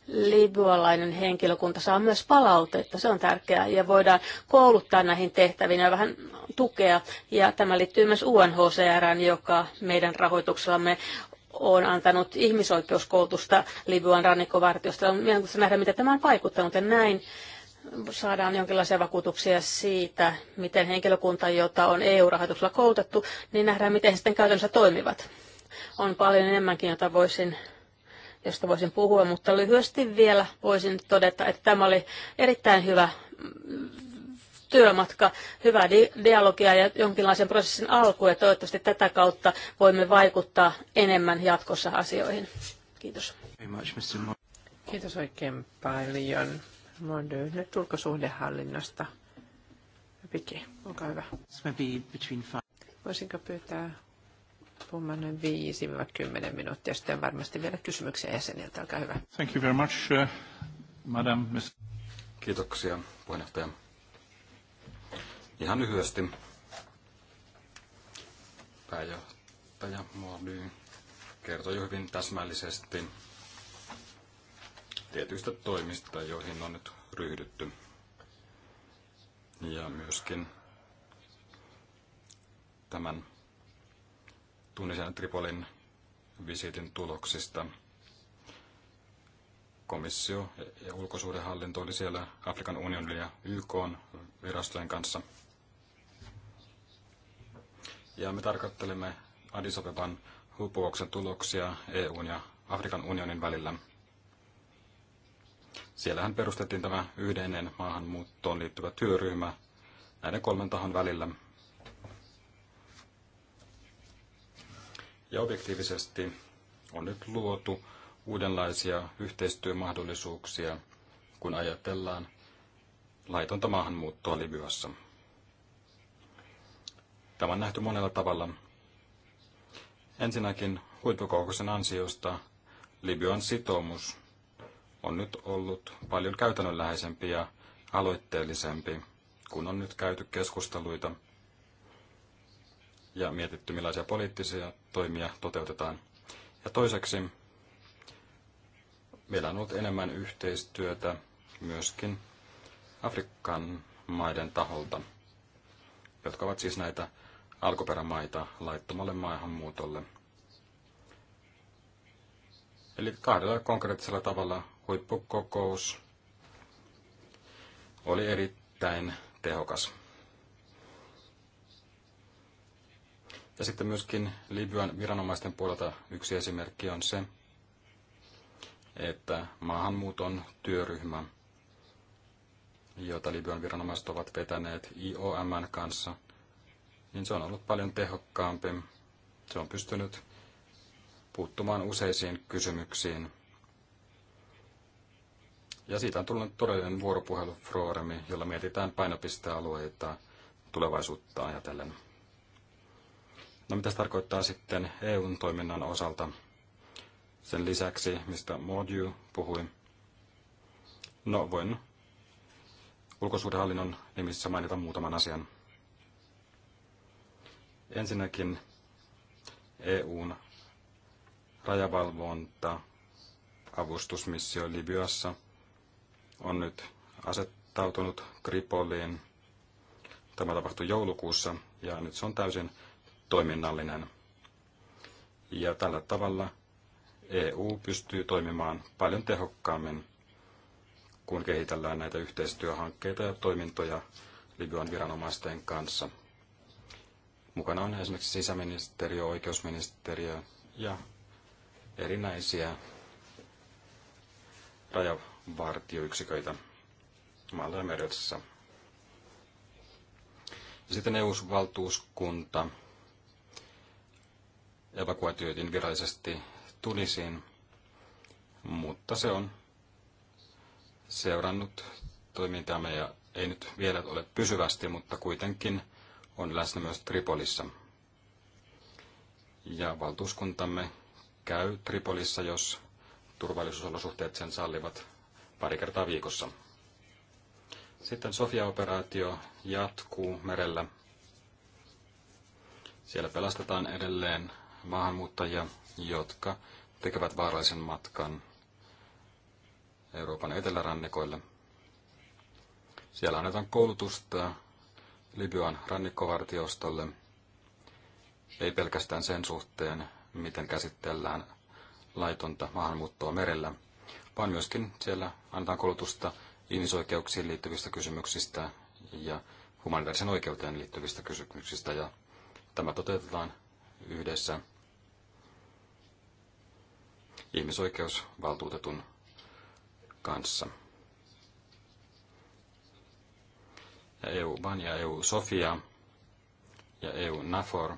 libyalainen henkilökunta saa myös palautetta, se on tärkeää, ja voidaan kouluttaa näihin tehtäviin ja vähän tukea. Ja tämä liittyy myös UNHCR, joka meidän rahoituksellamme on antanut ihmisoikeuskoulutusta Libyan rannikkovartiosta. On mielenkiintoista nähdä, mitä tämä on vaikuttanut. Ja näin saadaan jonkinlaisia vakuutuksia siitä, miten henkilökunta, jota on EU-rahoituksella koulutettu, niin nähdään, miten he sitten käytännössä toimivat. On paljon enemmänkin, jota voisin josta voisin puhua, mutta lyhyesti vielä voisin todeta, että tämä oli erittäin hyvä työmatka, hyvää di- dialogia ja jonkinlaisen prosessin alku ja toivottavasti tätä kautta voimme vaikuttaa enemmän jatkossa asioihin. Kiitos. Kiitos oikein paljon. Monde, nyt ulkosuhdehallinnosta. Piki, olkaa hyvä. Voisinko pyytää puhumaan noin 5-10 minuuttia, sitten varmasti vielä kysymyksiä jäseniltä. Olkaa hyvä. Thank you very much, uh, madam. Kiitoksia, puheenjohtaja. Ihan lyhyesti. Pääjohtaja Mordy kertoi jo hyvin täsmällisesti tietyistä toimista, joihin on nyt ryhdytty. Ja myöskin tämän Tunisian Tripolin visiitin tuloksista. Komissio ja ulkosuhdehallinto oli siellä Afrikan unionin ja YK virastojen kanssa – ja me tarkastelemme Addis Abeban huippukokouksen tuloksia EUn ja Afrikan unionin välillä. Siellähän perustettiin tämä yhdeinen maahanmuuttoon liittyvä työryhmä näiden kolmen tahon välillä. Ja objektiivisesti on nyt luotu uudenlaisia yhteistyömahdollisuuksia, kun ajatellaan laitonta maahanmuuttoa Libyassa. Tämä on nähty monella tavalla. Ensinnäkin huippukokouksen ansiosta Libyan sitoumus on nyt ollut paljon käytännönläheisempi ja aloitteellisempi, kun on nyt käyty keskusteluita ja mietitty, millaisia poliittisia toimia toteutetaan. Ja toiseksi meillä on ollut enemmän yhteistyötä myöskin Afrikan maiden taholta, jotka ovat siis näitä alkuperämaita laittomalle maahanmuutolle. Eli kahdella konkreettisella tavalla huippukokous oli erittäin tehokas. Ja sitten myöskin Libyan viranomaisten puolelta yksi esimerkki on se, että maahanmuuton työryhmä, jota Libyan viranomaiset ovat vetäneet IOMn kanssa – niin se on ollut paljon tehokkaampi. Se on pystynyt puuttumaan useisiin kysymyksiin. Ja siitä on tullut todellinen Froremi, jolla mietitään painopistealueita, tulevaisuutta ajatellen. No mitä se tarkoittaa sitten EUn toiminnan osalta? Sen lisäksi, mistä Modju puhui, no voin ulkosuhdehallinnon nimissä mainita muutaman asian. Ensinnäkin EUn rajavalvonta avustusmissio Libyassa on nyt asettautunut Tripoliin. Tämä tapahtui joulukuussa ja nyt se on täysin toiminnallinen. Ja tällä tavalla EU pystyy toimimaan paljon tehokkaammin, kun kehitellään näitä yhteistyöhankkeita ja toimintoja Libyan viranomaisten kanssa – Mukana on esimerkiksi sisäministeriö, oikeusministeriö ja erinäisiä rajavartioyksiköitä maalla ja meressä. sitten EU-valtuuskunta evakuoitiin virallisesti Tunisiin, mutta se on seurannut toimintaamme ja ei nyt vielä ole pysyvästi, mutta kuitenkin on läsnä myös Tripolissa. Ja valtuuskuntamme käy Tripolissa, jos turvallisuusolosuhteet sen sallivat pari kertaa viikossa. Sitten Sofia-operaatio jatkuu merellä. Siellä pelastetaan edelleen maahanmuuttajia, jotka tekevät vaarallisen matkan Euroopan etelärannikoille. Siellä annetaan koulutusta Libyan rannikkovartiostolle, ei pelkästään sen suhteen, miten käsitellään laitonta maahanmuuttoa merellä, vaan myöskin siellä annetaan koulutusta ihmisoikeuksiin liittyvistä kysymyksistä ja humanitaarisen oikeuteen liittyvistä kysymyksistä. Ja tämä toteutetaan yhdessä ihmisoikeusvaltuutetun kanssa. ja EU-BAN ja EU-SOFIA ja EU-NAFOR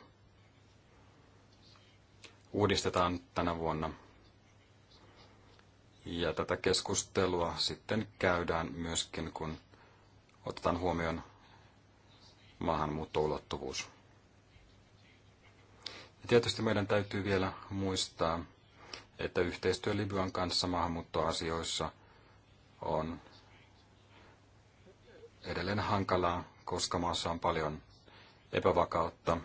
uudistetaan tänä vuonna. Ja tätä keskustelua sitten käydään myöskin, kun otetaan huomioon maahanmuuttoulottuvuus. Ja tietysti meidän täytyy vielä muistaa, että yhteistyö Libyan kanssa maahanmuuttoasioissa on edelleen hankalaa, koska maassa on paljon epävakautta.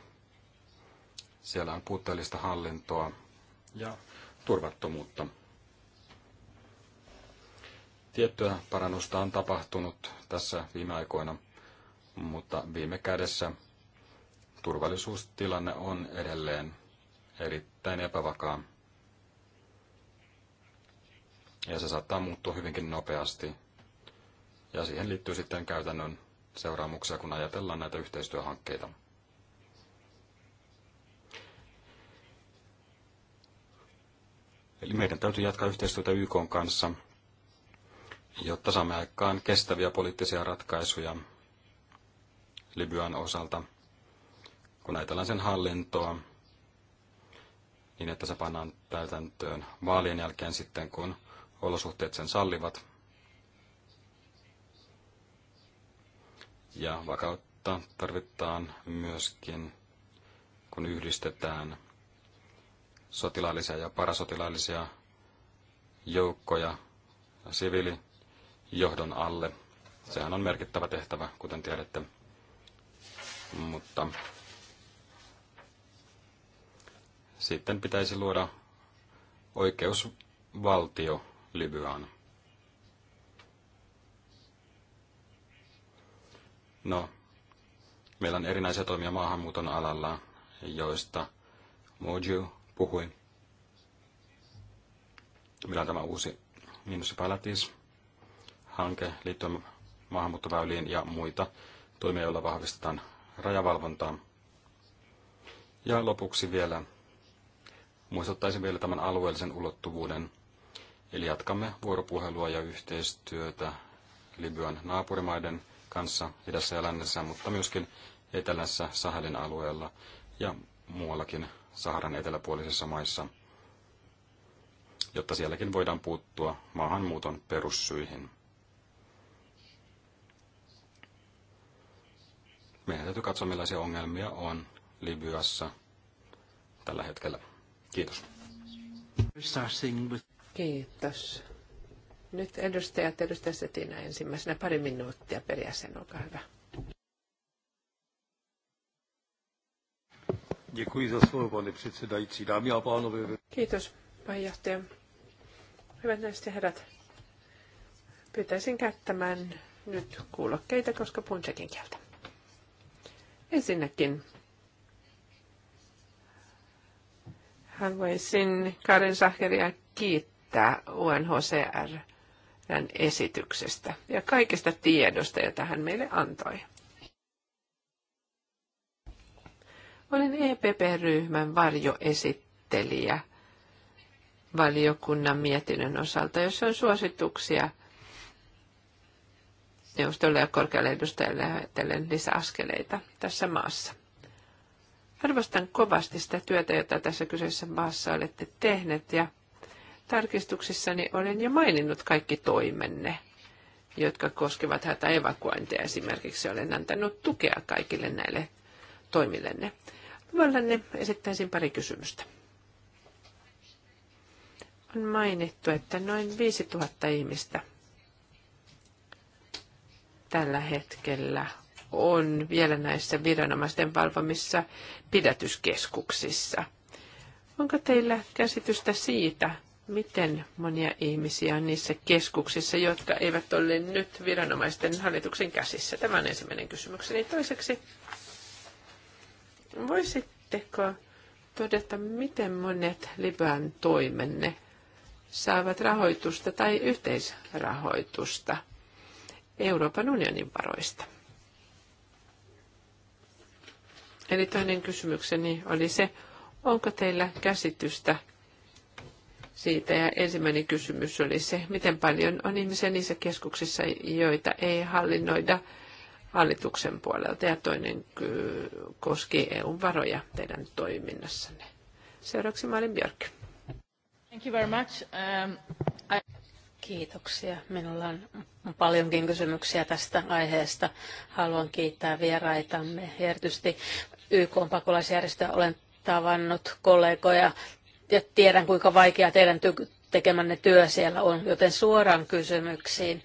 Siellä on puutteellista hallintoa ja turvattomuutta. Tiettyä parannusta on tapahtunut tässä viime aikoina, mutta viime kädessä turvallisuustilanne on edelleen erittäin epävakaa. Ja se saattaa muuttua hyvinkin nopeasti ja siihen liittyy sitten käytännön seuraamuksia, kun ajatellaan näitä yhteistyöhankkeita. Eli meidän täytyy jatkaa yhteistyötä YK kanssa, jotta saamme aikaan kestäviä poliittisia ratkaisuja Libyan osalta, kun ajatellaan sen hallintoa, niin että se pannaan täytäntöön vaalien jälkeen sitten, kun olosuhteet sen sallivat. Ja vakautta tarvitaan myöskin, kun yhdistetään sotilaallisia ja parasotilaallisia joukkoja siviilijohdon alle. Sehän on merkittävä tehtävä, kuten tiedätte. Mutta sitten pitäisi luoda oikeusvaltio Libyaan. No, meillä on erinäisiä toimia maahanmuuton alalla, joista Moju puhui. Meillä on tämä uusi Municipalities-hanke liittyen maahanmuuttoväyliin ja muita toimia, joilla vahvistetaan rajavalvontaa. Ja lopuksi vielä muistuttaisin vielä tämän alueellisen ulottuvuuden. Eli jatkamme vuoropuhelua ja yhteistyötä Libyan naapurimaiden kanssa idässä ja lännessä, mutta myöskin etelässä Sahelin alueella ja muuallakin Saharan eteläpuolisissa maissa, jotta sielläkin voidaan puuttua maahanmuuton perussyihin. Meidän täytyy katsoa, millaisia ongelmia on Libyassa tällä hetkellä. Kiitos. Kiitos. Nyt edustajat, edustaja Setinä ensimmäisenä pari minuuttia per jäsen, olkaa hyvä. Děkuji za slovo, pane předsedající. Dámy a Kiitos, puheenjohtaja. Hyvät naiset ja herrat, pyytäisin käyttämään nyt kuulokkeita, koska puhun tsekin kieltä. Ensinnäkin haluaisin Karin Saheria kiittää UNHCR hän esityksestä ja kaikesta tiedosta, jota hän meille antoi. Olen EPP-ryhmän varjoesittelijä valiokunnan mietinnön osalta, jossa on suosituksia neuvostolle ja korkealle edustajalle ajatellen lisäaskeleita tässä maassa. Arvostan kovasti sitä työtä, jota tässä kyseisessä maassa olette tehneet ja Tarkistuksissani olen jo maininnut kaikki toimenne, jotka koskevat hätäevakuointia esimerkiksi. Olen antanut tukea kaikille näille toimillenne. Luvallanne esittäisin pari kysymystä. On mainittu, että noin 5000 ihmistä tällä hetkellä on vielä näissä viranomaisten valvomissa pidätyskeskuksissa. Onko teillä käsitystä siitä, miten monia ihmisiä on niissä keskuksissa, jotka eivät ole nyt viranomaisten hallituksen käsissä? Tämä on ensimmäinen kysymykseni. Toiseksi, voisitteko todeta, miten monet Libyan toimenne saavat rahoitusta tai yhteisrahoitusta Euroopan unionin varoista? Eli toinen kysymykseni oli se, onko teillä käsitystä siitä. Ja ensimmäinen kysymys oli se, miten paljon on ihmisiä niissä keskuksissa, joita ei hallinnoida hallituksen puolelta. Ja toinen koski eu varoja teidän toiminnassanne. Seuraavaksi Malin Björk. Thank you very much. Um, I... Kiitoksia. Minulla on paljonkin kysymyksiä tästä aiheesta. Haluan kiittää vieraitamme erityisesti YK pakolaisjärjestöä. Olen tavannut kollegoja ja tiedän kuinka vaikea teidän tekemänne työ siellä on, joten suoraan kysymyksiin.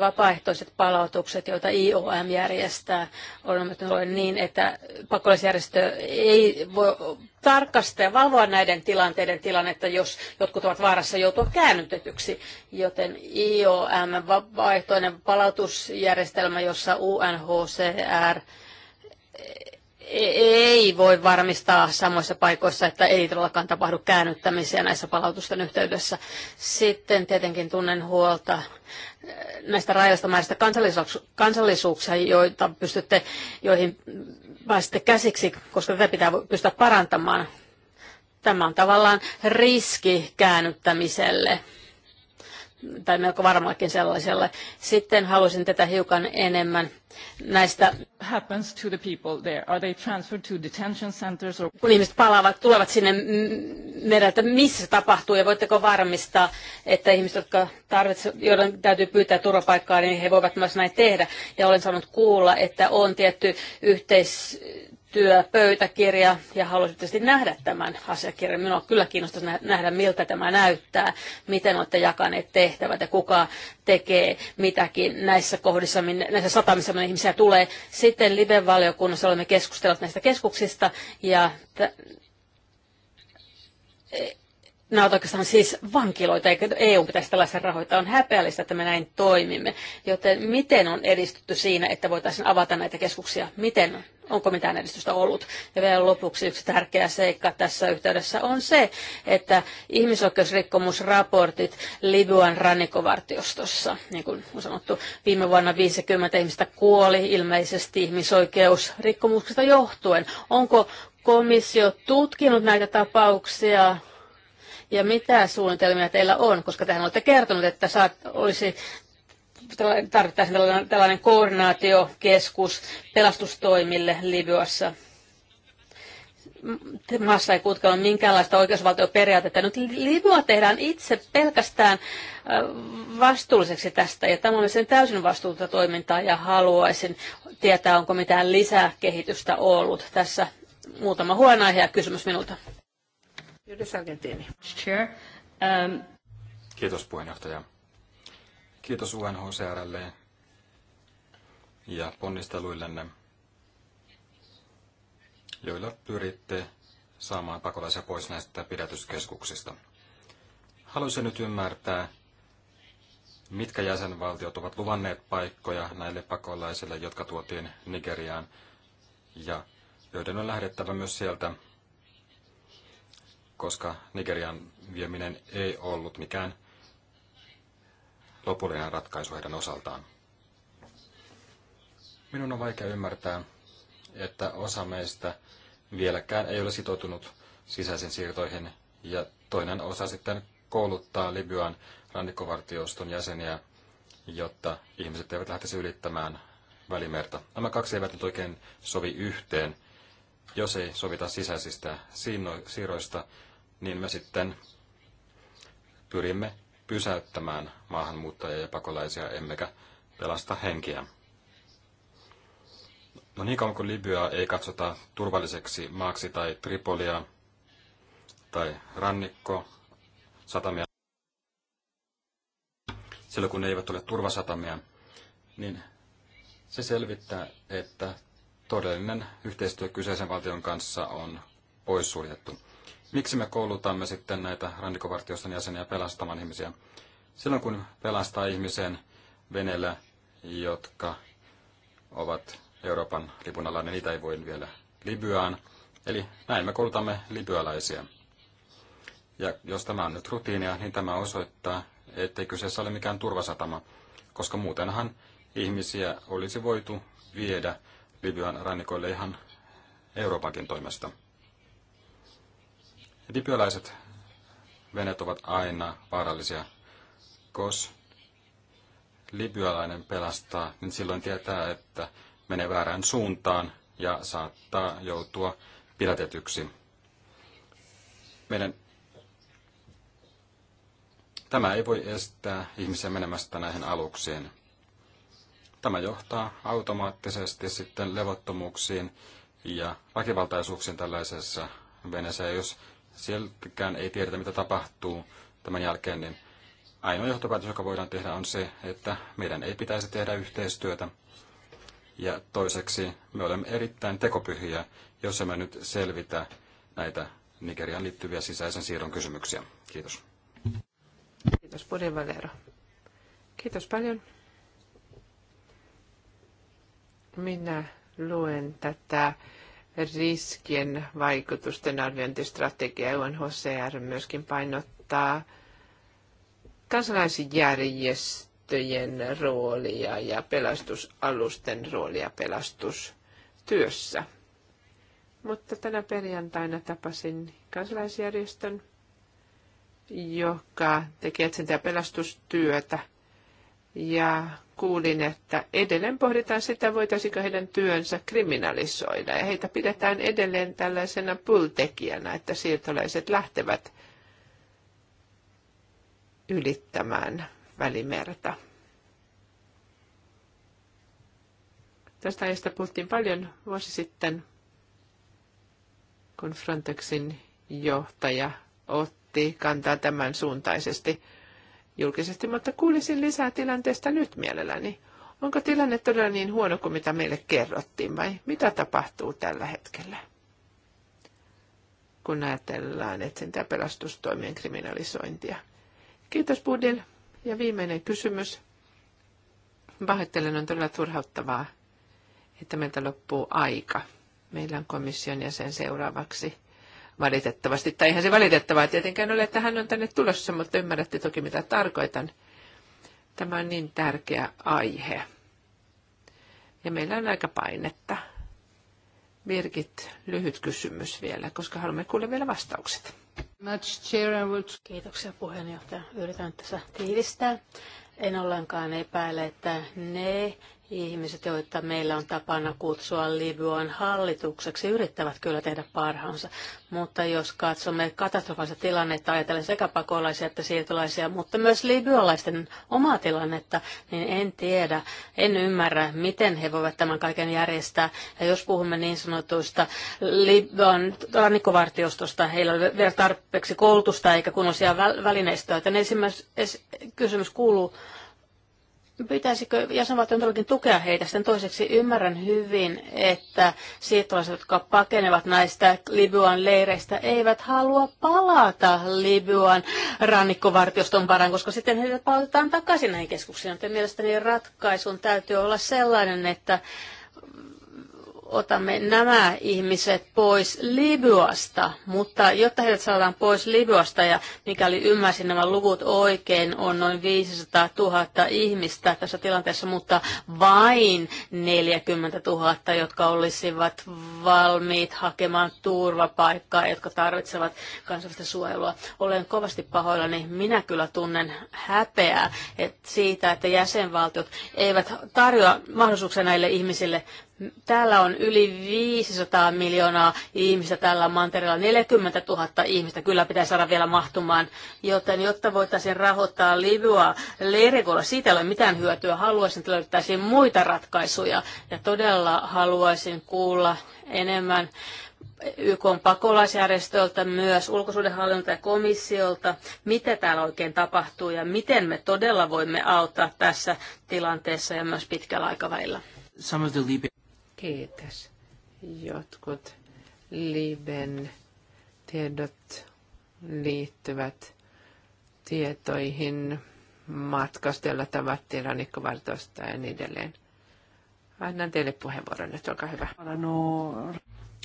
Vapaaehtoiset palautukset, joita IOM järjestää, on ollut niin, että pakolaisjärjestö ei voi tarkastaa ja valvoa näiden tilanteiden tilannetta, jos jotkut ovat vaarassa joutua käännytetyksi. Joten IOM, vapaaehtoinen palautusjärjestelmä, jossa UNHCR ei voi varmistaa samoissa paikoissa, että ei todellakaan tapahdu käännyttämisiä näissä palautusten yhteydessä. Sitten tietenkin tunnen huolta näistä rajoista määristä kansallisuuksia, kansallisuuksia, joita pystytte, joihin pääsette käsiksi, koska tätä pitää pystyä parantamaan. Tämä on tavallaan riski käännyttämiselle tai melko varmaankin sellaiselle. Sitten haluaisin tätä hiukan enemmän näistä. Happens to the people there? Are they transferred to detention centers or... Kun ihmiset palaavat, tulevat sinne mereltä, missä tapahtuu ja voitteko varmistaa, että ihmiset, jotka tarvitsevat, joiden täytyy pyytää turvapaikkaa, niin he voivat myös näin tehdä. Ja olen saanut kuulla, että on tietty yhteis, työpöytäkirja ja haluaisin tietysti nähdä tämän asiakirjan. Minua kyllä kiinnostaisi nähdä, miltä tämä näyttää, miten olette jakaneet tehtävät ja kuka tekee mitäkin näissä kohdissa, näissä satamissa, minne ihmisiä tulee. Sitten Live-valiokunnassa olemme keskustelleet näistä keskuksista ja t- nämä ovat oikeastaan siis vankiloita, eikä EU pitäisi tällaisen rahoittaa. On häpeällistä, että me näin toimimme. Joten miten on edistytty siinä, että voitaisiin avata näitä keskuksia? Miten onko mitään edistystä ollut. Ja vielä lopuksi yksi tärkeä seikka tässä yhteydessä on se, että ihmisoikeusrikkomusraportit Libyan rannikovartiostossa, niin kuin on sanottu, viime vuonna 50 ihmistä kuoli ilmeisesti ihmisoikeusrikkomuksesta johtuen. Onko komissio tutkinut näitä tapauksia ja mitä suunnitelmia teillä on, koska tehän olette kertonut, että saat, olisi tarvittaisiin tällainen, tällainen koordinaatiokeskus pelastustoimille Libyassa. Maassa ei kuitenkaan ole minkäänlaista oikeusvaltioperiaatetta. Nyt Libya tehdään itse pelkästään vastuulliseksi tästä, ja tämä on sen täysin vastuuta toimintaa, ja haluaisin tietää, onko mitään lisää kehitystä ollut. Tässä muutama huolenaihe ja kysymys minulta. Um, Kiitos puheenjohtaja Kiitos UNHCRlle ja ponnisteluillenne, joilla pyritte saamaan pakolaisia pois näistä pidätyskeskuksista. Haluaisin nyt ymmärtää, mitkä jäsenvaltiot ovat luvanneet paikkoja näille pakolaisille, jotka tuotiin Nigeriaan ja joiden on lähdettävä myös sieltä, koska Nigerian vieminen ei ollut mikään lopullinen ratkaisu heidän osaltaan. Minun on vaikea ymmärtää, että osa meistä vieläkään ei ole sitoutunut sisäisiin siirtoihin ja toinen osa sitten kouluttaa Libyan rannikkovartioston jäseniä, jotta ihmiset eivät lähtisi ylittämään välimerta. Nämä kaksi eivät nyt oikein sovi yhteen. Jos ei sovita sisäisistä siirroista, niin me sitten pyrimme pysäyttämään maahanmuuttajia ja pakolaisia, emmekä pelasta henkiä. No niin kauan kuin Libyaa ei katsota turvalliseksi maaksi tai Tripolia tai rannikko satamia, silloin kun ne eivät ole turvasatamia, niin se selvittää, että todellinen yhteistyö kyseisen valtion kanssa on poissuljettu. Miksi me koulutamme sitten näitä rannikovartioston jäseniä pelastamaan ihmisiä? Silloin kun pelastaa ihmisen venellä, jotka ovat Euroopan lipun alla, niin niitä ei voi vielä Libyaan. Eli näin me koulutamme libyalaisia. Ja jos tämä on nyt rutiinia, niin tämä osoittaa, ettei kyseessä ole mikään turvasatama, koska muutenhan ihmisiä olisi voitu viedä Libyan rannikoille ihan Euroopankin toimesta. Etiopialaiset veneet ovat aina vaarallisia. Kos libyalainen pelastaa, niin silloin tietää, että menee väärään suuntaan ja saattaa joutua pidätetyksi. Meidän Tämä ei voi estää ihmisiä menemästä näihin aluksiin. Tämä johtaa automaattisesti sitten levottomuuksiin ja väkivaltaisuuksiin tällaisessa veneessä. Ja jos sieltäkään ei tiedetä, mitä tapahtuu tämän jälkeen, niin ainoa johtopäätös, joka voidaan tehdä, on se, että meidän ei pitäisi tehdä yhteistyötä. Ja toiseksi me olemme erittäin tekopyhiä, jos emme nyt selvitä näitä Nigerian liittyviä sisäisen siirron kysymyksiä. Kiitos. Kiitos, Bodin Valero. Kiitos paljon. Minä luen tätä riskien vaikutusten arviointistrategia UNHCR myöskin painottaa kansalaisjärjestöjen roolia ja pelastusalusten roolia pelastustyössä. Mutta tänä perjantaina tapasin kansalaisjärjestön, joka tekee etsintä ja pelastustyötä ja kuulin, että edelleen pohditaan sitä, voitaisiko heidän työnsä kriminalisoida. Ja heitä pidetään edelleen tällaisena pultekijänä, että siirtolaiset lähtevät ylittämään välimerta. Tästä ajasta puhuttiin paljon vuosi sitten, kun Frontexin johtaja otti kantaa tämän suuntaisesti – julkisesti, mutta kuulisin lisää tilanteesta nyt mielelläni. Onko tilanne todella niin huono kuin mitä meille kerrottiin vai mitä tapahtuu tällä hetkellä? kun ajatellaan etsintä- ja pelastustoimien kriminalisointia. Kiitos Budil. Ja viimeinen kysymys. Pahoittelen, on todella turhauttavaa, että meiltä loppuu aika. Meillä on komission jäsen seuraavaksi valitettavasti. Tai eihän se valitettavaa tietenkään ole, että hän on tänne tulossa, mutta ymmärrätte toki mitä tarkoitan. Tämä on niin tärkeä aihe. Ja meillä on aika painetta. Birgit, lyhyt kysymys vielä, koska haluamme kuulla vielä vastaukset. Kiitoksia puheenjohtaja. Yritän tässä tiivistää. En ollenkaan epäile, että ne, Ihmiset, joita meillä on tapana kutsua Libyan hallitukseksi, yrittävät kyllä tehdä parhaansa. Mutta jos katsomme katastrofaalista tilannetta, ajatellen sekä pakolaisia että siirtolaisia, mutta myös libyalaisten omaa tilannetta, niin en tiedä, en ymmärrä, miten he voivat tämän kaiken järjestää. Ja jos puhumme niin sanotuista Libyan rannikkovartiostosta, heillä ei ole vielä tarpeeksi koulutusta eikä kunnollisia välineistöä. niin esimerkiksi kysymys kuuluu, Pitäisikö jäsenvaltion todellakin tukea heitä? Sitten toiseksi ymmärrän hyvin, että siirtolaiset, jotka pakenevat näistä Libyan leireistä, eivät halua palata Libyan rannikkovartioston varaan, koska sitten heidät palautetaan takaisin näihin keskuksiin. Joten mielestäni ratkaisun täytyy olla sellainen, että otamme nämä ihmiset pois Libyasta, mutta jotta heidät saadaan pois Libyasta, ja mikäli ymmärsin nämä luvut oikein, on noin 500 000 ihmistä tässä tilanteessa, mutta vain 40 000, jotka olisivat valmiit hakemaan turvapaikkaa, jotka tarvitsevat kansallista suojelua. Olen kovasti pahoillani, minä kyllä tunnen häpeää että siitä, että jäsenvaltiot eivät tarjoa mahdollisuuksia näille ihmisille Täällä on yli 500 miljoonaa ihmistä tällä mantereella, 40 000 ihmistä kyllä pitää saada vielä mahtumaan, joten jotta voitaisiin rahoittaa Libyaa leirikolla, siitä ei ole mitään hyötyä. Haluaisin, että löydettäisiin muita ratkaisuja ja todella haluaisin kuulla enemmän YK on pakolaisjärjestöltä, myös ulkosuudenhallinnolta ja komissiolta, mitä täällä oikein tapahtuu ja miten me todella voimme auttaa tässä tilanteessa ja myös pitkällä aikavälillä. Kiitos. Jotkut Liben tiedot liittyvät tietoihin matkastella tavattiin rannikkovartosta ja niin edelleen. Annan teille puheenvuoron nyt, olkaa hyvä.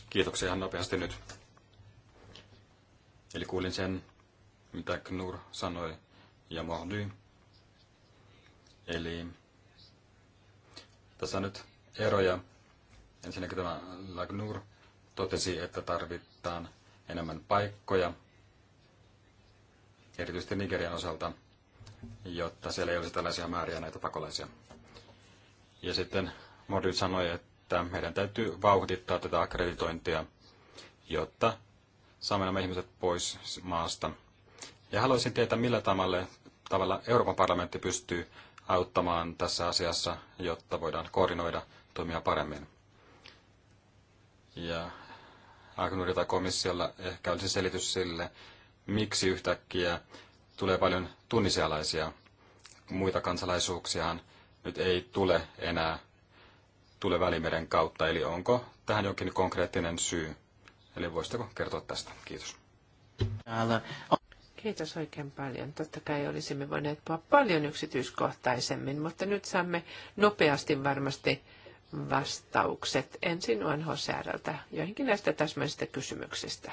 Kiitoksia ihan nopeasti nyt. Eli kuulin sen, mitä Knur sanoi ja Mahdy. Eli tässä on nyt eroja Ensinnäkin tämä Lagnur totesi, että tarvitaan enemmän paikkoja, erityisesti Nigerian osalta, jotta siellä ei olisi tällaisia määriä näitä pakolaisia. Ja sitten Modi sanoi, että meidän täytyy vauhdittaa tätä akkreditointia, jotta saamme nämä ihmiset pois maasta. Ja haluaisin tietää, millä tavalla, tavalla Euroopan parlamentti pystyy auttamaan tässä asiassa, jotta voidaan koordinoida toimia paremmin. Ja Agnuri tai komissiolla ehkä olisi selitys sille, miksi yhtäkkiä tulee paljon tunnisialaisia. Muita kansalaisuuksiahan nyt ei tule enää tule Välimeren kautta, eli onko tähän jokin konkreettinen syy? Eli voisitteko kertoa tästä? Kiitos. Kiitos oikein paljon. Totta kai olisimme voineet puhua paljon yksityiskohtaisemmin, mutta nyt saamme nopeasti varmasti vastaukset ensin UNHCRltä joihinkin näistä täsmällisistä kysymyksistä.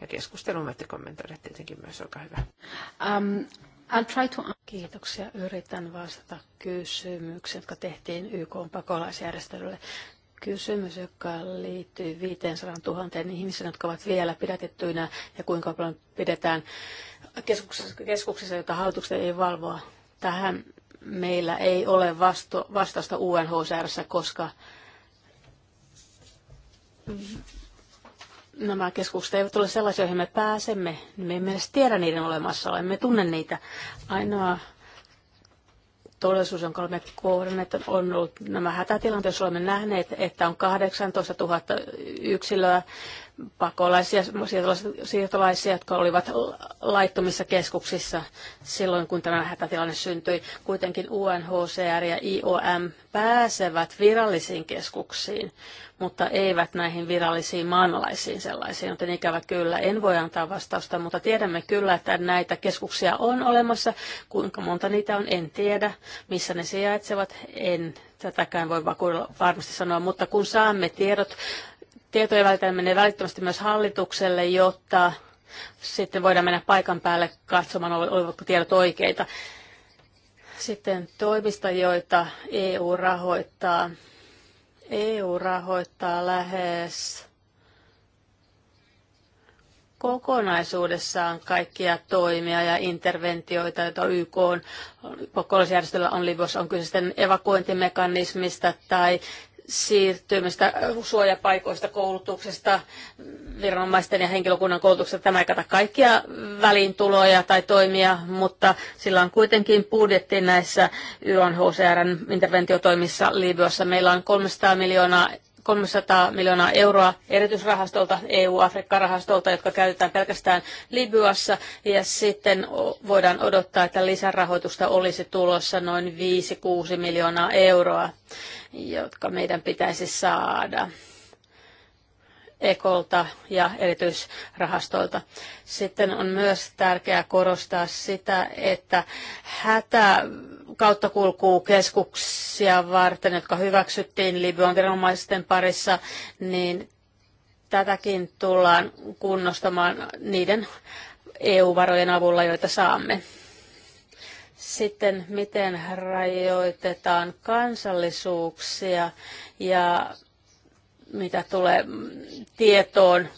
Ja keskustelun voitte kommentoida tietenkin myös, olkaa hyvä. Um, I'll try to... Kiitoksia. Yritän vastata kysymyksiin, jotka tehtiin YK pakolaisjärjestelylle. Kysymys, joka liittyy 500 000 ihmisiin, jotka ovat vielä pidätettyinä ja kuinka paljon pidetään keskuksissa, keskuksissa jota hallitukset ei valvoa. Tähän meillä ei ole vasto, vastausta UNHCR, koska nämä keskukset eivät ole sellaisia, joihin me pääsemme. Me emme edes tiedä niiden olemassa, emme tunne niitä. Ainoa todellisuus, jonka olemme kohdanneet, on ollut nämä hätätilanteet, joissa olemme nähneet, että on 18 000 yksilöä pakolaisia, siirtolaisia, jotka olivat laittomissa keskuksissa silloin, kun tämä hätätilanne syntyi. Kuitenkin UNHCR ja IOM pääsevät virallisiin keskuksiin, mutta eivät näihin virallisiin maanalaisiin sellaisiin, joten ikävä kyllä en voi antaa vastausta, mutta tiedämme kyllä, että näitä keskuksia on olemassa. Kuinka monta niitä on, en tiedä. Missä ne sijaitsevat, en tätäkään voi varmasti sanoa, mutta kun saamme tiedot tietojen välittäminen välittömästi myös hallitukselle, jotta sitten voidaan mennä paikan päälle katsomaan, olivatko tiedot oikeita. Sitten toimista, joita EU rahoittaa. EU rahoittaa lähes kokonaisuudessaan kaikkia toimia ja interventioita, joita YK on, on Libyassa, on kyse sitten evakuointimekanismista tai siirtymistä suojapaikoista, koulutuksesta, viranomaisten ja henkilökunnan koulutuksesta. Tämä ei kata kaikkia väliintuloja tai toimia, mutta sillä on kuitenkin budjetti näissä UNHCRn interventiotoimissa Libyassa. Meillä on 300 miljoonaa 300 miljoonaa euroa erityisrahastolta, EU-Afrikka-rahastolta, jotka käytetään pelkästään Libyassa. Ja sitten voidaan odottaa, että lisärahoitusta olisi tulossa noin 5-6 miljoonaa euroa, jotka meidän pitäisi saada ekolta ja erityisrahastoilta. Sitten on myös tärkeää korostaa sitä, että hätä keskuksia varten, jotka hyväksyttiin Libyan viranomaisten parissa, niin tätäkin tullaan kunnostamaan niiden EU-varojen avulla, joita saamme. Sitten miten rajoitetaan kansallisuuksia ja mitä tulee tietoon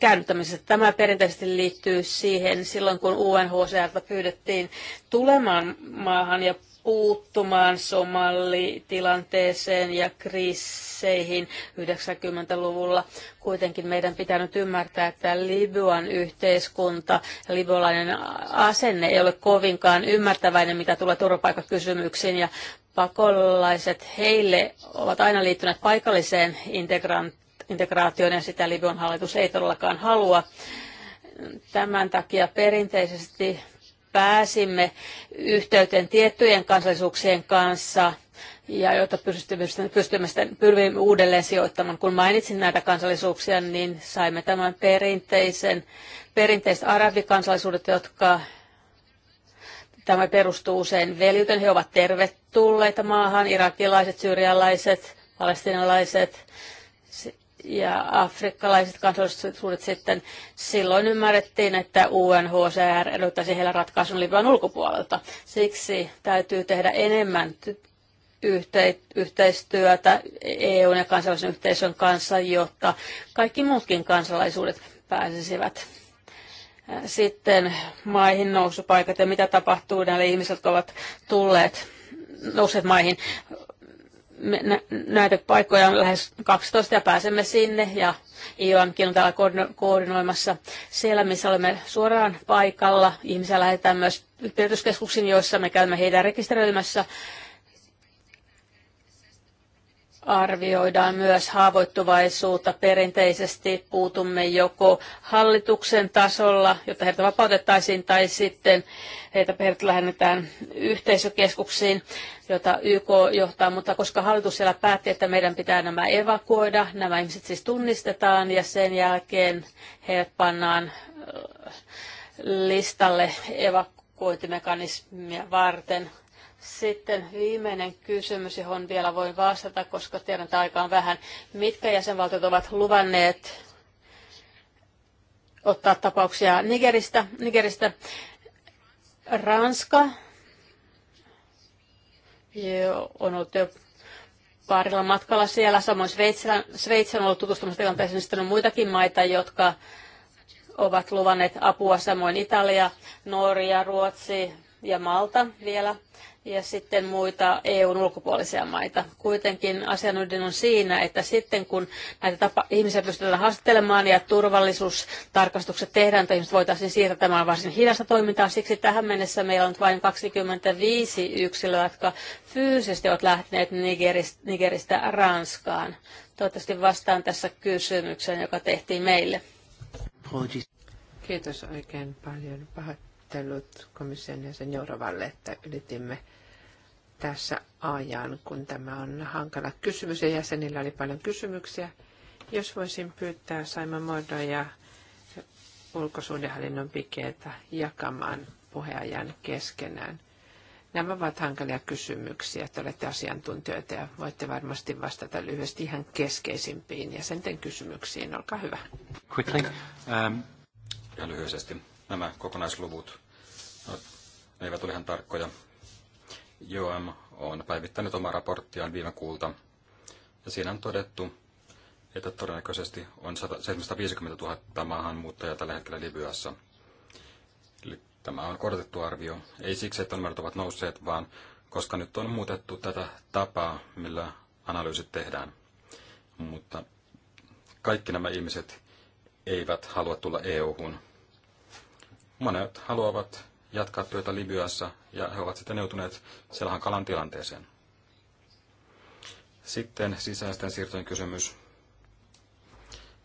käännyttämisestä. Tämä perinteisesti liittyy siihen silloin, kun UNHCRta pyydettiin tulemaan maahan ja puuttumaan somalitilanteeseen ja kriiseihin 90-luvulla. Kuitenkin meidän pitää nyt ymmärtää, että Libyan yhteiskunta ja libyalainen asenne ei ole kovinkaan ymmärtäväinen, mitä tulee turvapaikkakysymyksiin ja pakolaiset heille ovat aina liittyneet paikalliseen integraatioon ja sitä Libyan hallitus ei todellakaan halua. Tämän takia perinteisesti pääsimme yhteyteen tiettyjen kansallisuuksien kanssa ja jotta pystymme, sitten sitä uudelleen sijoittamaan. Kun mainitsin näitä kansallisuuksia, niin saimme tämän perinteisen, perinteiset arabikansallisuudet, jotka tämä perustuu usein veljyten. He ovat tervetulleita maahan, irakilaiset, syyrialaiset, palestinalaiset, ja afrikkalaiset kansallisuudet sitten silloin ymmärrettiin, että UNHCR edellyttäisi heillä ratkaisun Libyan ulkopuolelta. Siksi täytyy tehdä enemmän yhteistyötä EUn ja kansainvälisen yhteisön kanssa, jotta kaikki muutkin kansalaisuudet pääsisivät sitten maihin nousupaikat ja mitä tapahtuu näille ihmisille, jotka ovat tulleet nousseet maihin näitä paikkoja on lähes 12 ja pääsemme sinne ja IOMkin on täällä koordinoimassa siellä, missä olemme suoraan paikalla. Ihmisiä lähetetään myös yhteyskeskuksiin, joissa me käymme heidän rekisteröimässä arvioidaan myös haavoittuvaisuutta. Perinteisesti puutumme joko hallituksen tasolla, jotta heitä vapautettaisiin, tai sitten heitä heidät lähennetään yhteisökeskuksiin, jota YK johtaa. Mutta koska hallitus siellä päätti, että meidän pitää nämä evakuoida, nämä ihmiset siis tunnistetaan ja sen jälkeen heidät pannaan listalle evakuointimekanismia varten – sitten viimeinen kysymys, johon vielä voin vastata, koska tiedän, että on vähän. Mitkä jäsenvaltiot ovat luvanneet ottaa tapauksia Nigeristä? Nigeristä Ranska on ollut jo parilla matkalla siellä. Samoin Sveitsi on ollut tutustumassa tilanteeseen. Sitten on muitakin maita, jotka ovat luvanneet apua. Samoin Italia, Norja, Ruotsi ja Malta vielä ja sitten muita EUn ulkopuolisia maita. Kuitenkin asian ydin on siinä, että sitten kun näitä tapa- ihmisiä pystytään haastattelemaan ja turvallisuustarkastukset tehdään, että ihmiset voitaisiin siirtää tämän varsin hidasta toimintaa. Siksi tähän mennessä meillä on vain 25 yksilöä, jotka fyysisesti ovat lähteneet Nigeristä, Nigeristä Ranskaan. Toivottavasti vastaan tässä kysymykseen, joka tehtiin meille. Kiitos oikein paljon. Pahoittelut komission ja sen että ylitimme tässä ajan, kun tämä on hankala kysymys ja jäsenillä oli paljon kysymyksiä. Jos voisin pyytää Saima Mordo ja ulkosuhdehallinnon pikeitä jakamaan puheajan keskenään. Nämä ovat hankalia kysymyksiä, että olette asiantuntijoita ja voitte varmasti vastata lyhyesti ihan keskeisimpiin jäsenten kysymyksiin. Olkaa hyvä. Quickly. Um, ja lyhyesti nämä kokonaisluvut no, ne eivät ole ihan tarkkoja, JOM on päivittänyt omaa raporttiaan viime kuulta, ja siinä on todettu, että todennäköisesti on 750 000 maahanmuuttajaa tällä hetkellä Libyassa. Eli tämä on korotettu arvio, ei siksi, että numerot ovat nousseet, vaan koska nyt on muutettu tätä tapaa, millä analyysit tehdään. Mutta kaikki nämä ihmiset eivät halua tulla EU-hun. Monet haluavat jatkaa työtä Libyassa ja he ovat sitten joutuneet siellä hankalan tilanteeseen. Sitten sisäisten siirtojen kysymys.